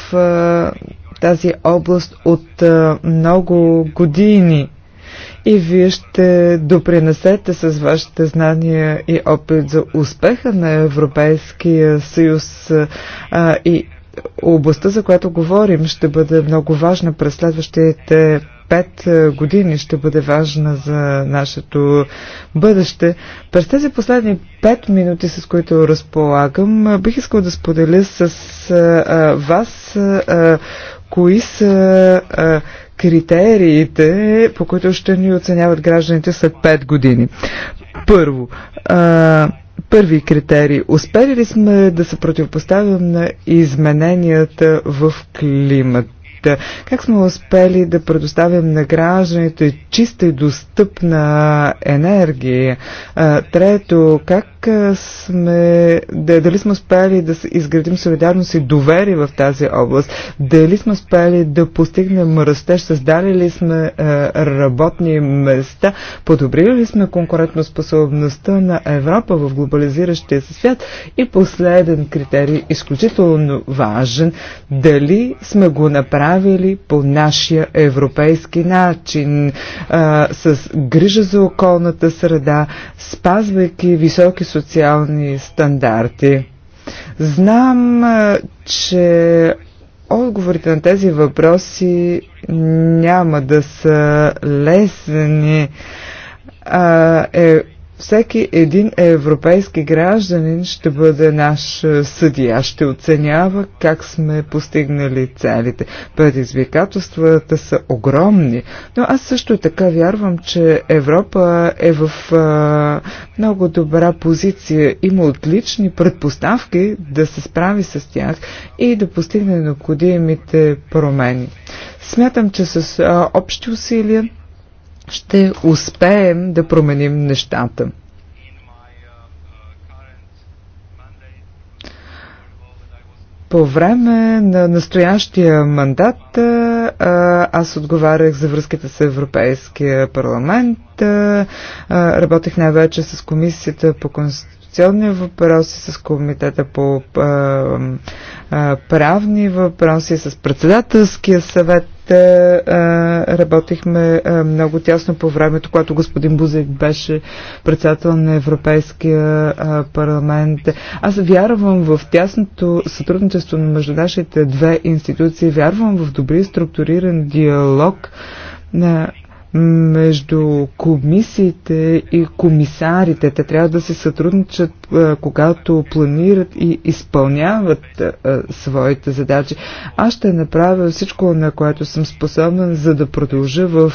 тази област от много години и вие ще допринесете с вашите знания и опит за успеха на Европейския съюз а, и областта, за която говорим, ще бъде много важна през следващите пет е, години ще бъде важна за нашето бъдеще. През тези последни пет минути, с които разполагам, е, бих искал да споделя с е, вас кои са критериите, по които ще ни оценяват гражданите след 5 години. Първо, а, първи критерий. Успели ли сме да се противопоставим на измененията в климата? помощта. Как сме успели да предоставим на гражданите чиста и достъпна енергия? Трето, как сме, да, дали сме успели да изградим солидарност и доверие в тази област? Дали сме успели да постигнем растеж? Създали ли сме работни места? Подобрили ли сме конкурентоспособността на Европа в глобализиращия се свят? И последен критерий, изключително важен, дали сме го направили правили по нашия европейски начин, а, с грижа за околната среда, спазвайки високи социални стандарти. Знам, че отговорите на тези въпроси няма да са лесни. А, е, всеки един европейски гражданин ще бъде наш е, съдия, ще оценява как сме постигнали целите. Предизвикателствата са огромни, но аз също така вярвам, че Европа е в а, е, много добра позиция, има отлични предпоставки да се справи с тях и да постигне необходимите промени. Смятам, че с а, е, общи усилия ще успеем да променим нещата. По време на настоящия мандат аз отговарях за връзките с Европейския парламент. Работех най-вече с Комисията по конституцията конституционни въпроси, с комитета по а, а, правни въпроси, с председателския съвет работихме много тясно по времето, когато господин Бузик беше председател на Европейския парламент. Аз вярвам в тясното сътрудничество между нашите две институции, вярвам в добри структуриран диалог на между комисиите и комисарите. Те трябва да се сътрудничат, когато планират и изпълняват своите задачи. Аз ще направя всичко, на което съм способен, за да продължа в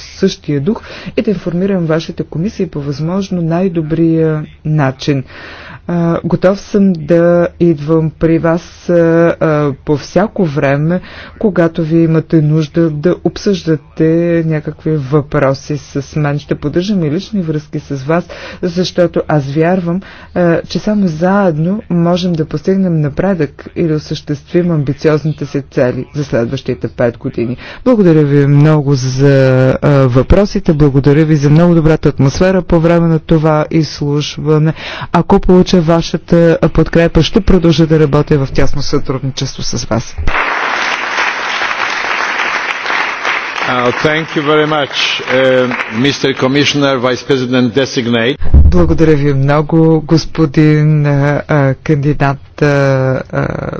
същия дух и да информирам вашите комисии по възможно най-добрия начин. А, готов съм да идвам при вас а, по всяко време, когато ви имате нужда да обсъждате някакви въпроси с мен. Ще поддържам и лични връзки с вас, защото аз вярвам, а, че само заедно можем да постигнем напредък и да осъществим амбициозните си цели за следващите 5 години. Благодаря ви много за а, въпросите, благодаря ви за много добрата атмосфера по време на това изслушване. Ако получа че вашата подкрепа ще продължа да работя в тясно сътрудничество с вас. Uh, uh, Благодаря ви много, господин uh, кандидат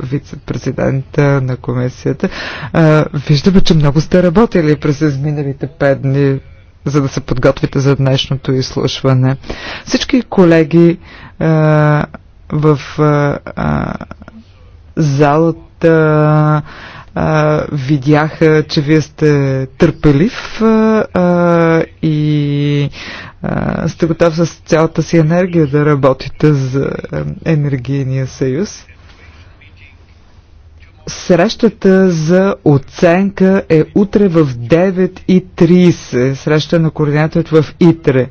вице-президент на комисията. Виждаме, че много сте работили през изминалите пет дни за да се подготвите за днешното изслушване. Всички колеги е, в е, залата а, видяха, че вие сте търпелив е, а, и а, сте готов с цялата си енергия да работите за енергийния съюз. Срещата за оценка е утре в 9.30. Среща на координатът в ИТРЕ.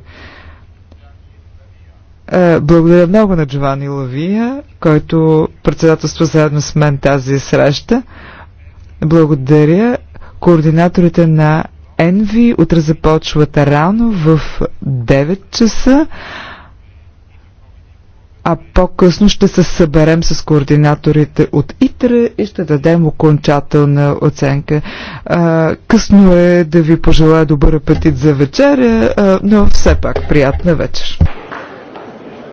Е, благодаря много на Джовани Лавия, който председателства заедно с мен тази среща. Благодаря координаторите на Енви. Утре започват рано в 9 часа, а по-късно ще се съберем с координаторите от ИТРА и ще дадем окончателна оценка. А, късно е да ви пожелая добър апетит за вечеря, а, но все пак приятна вечер.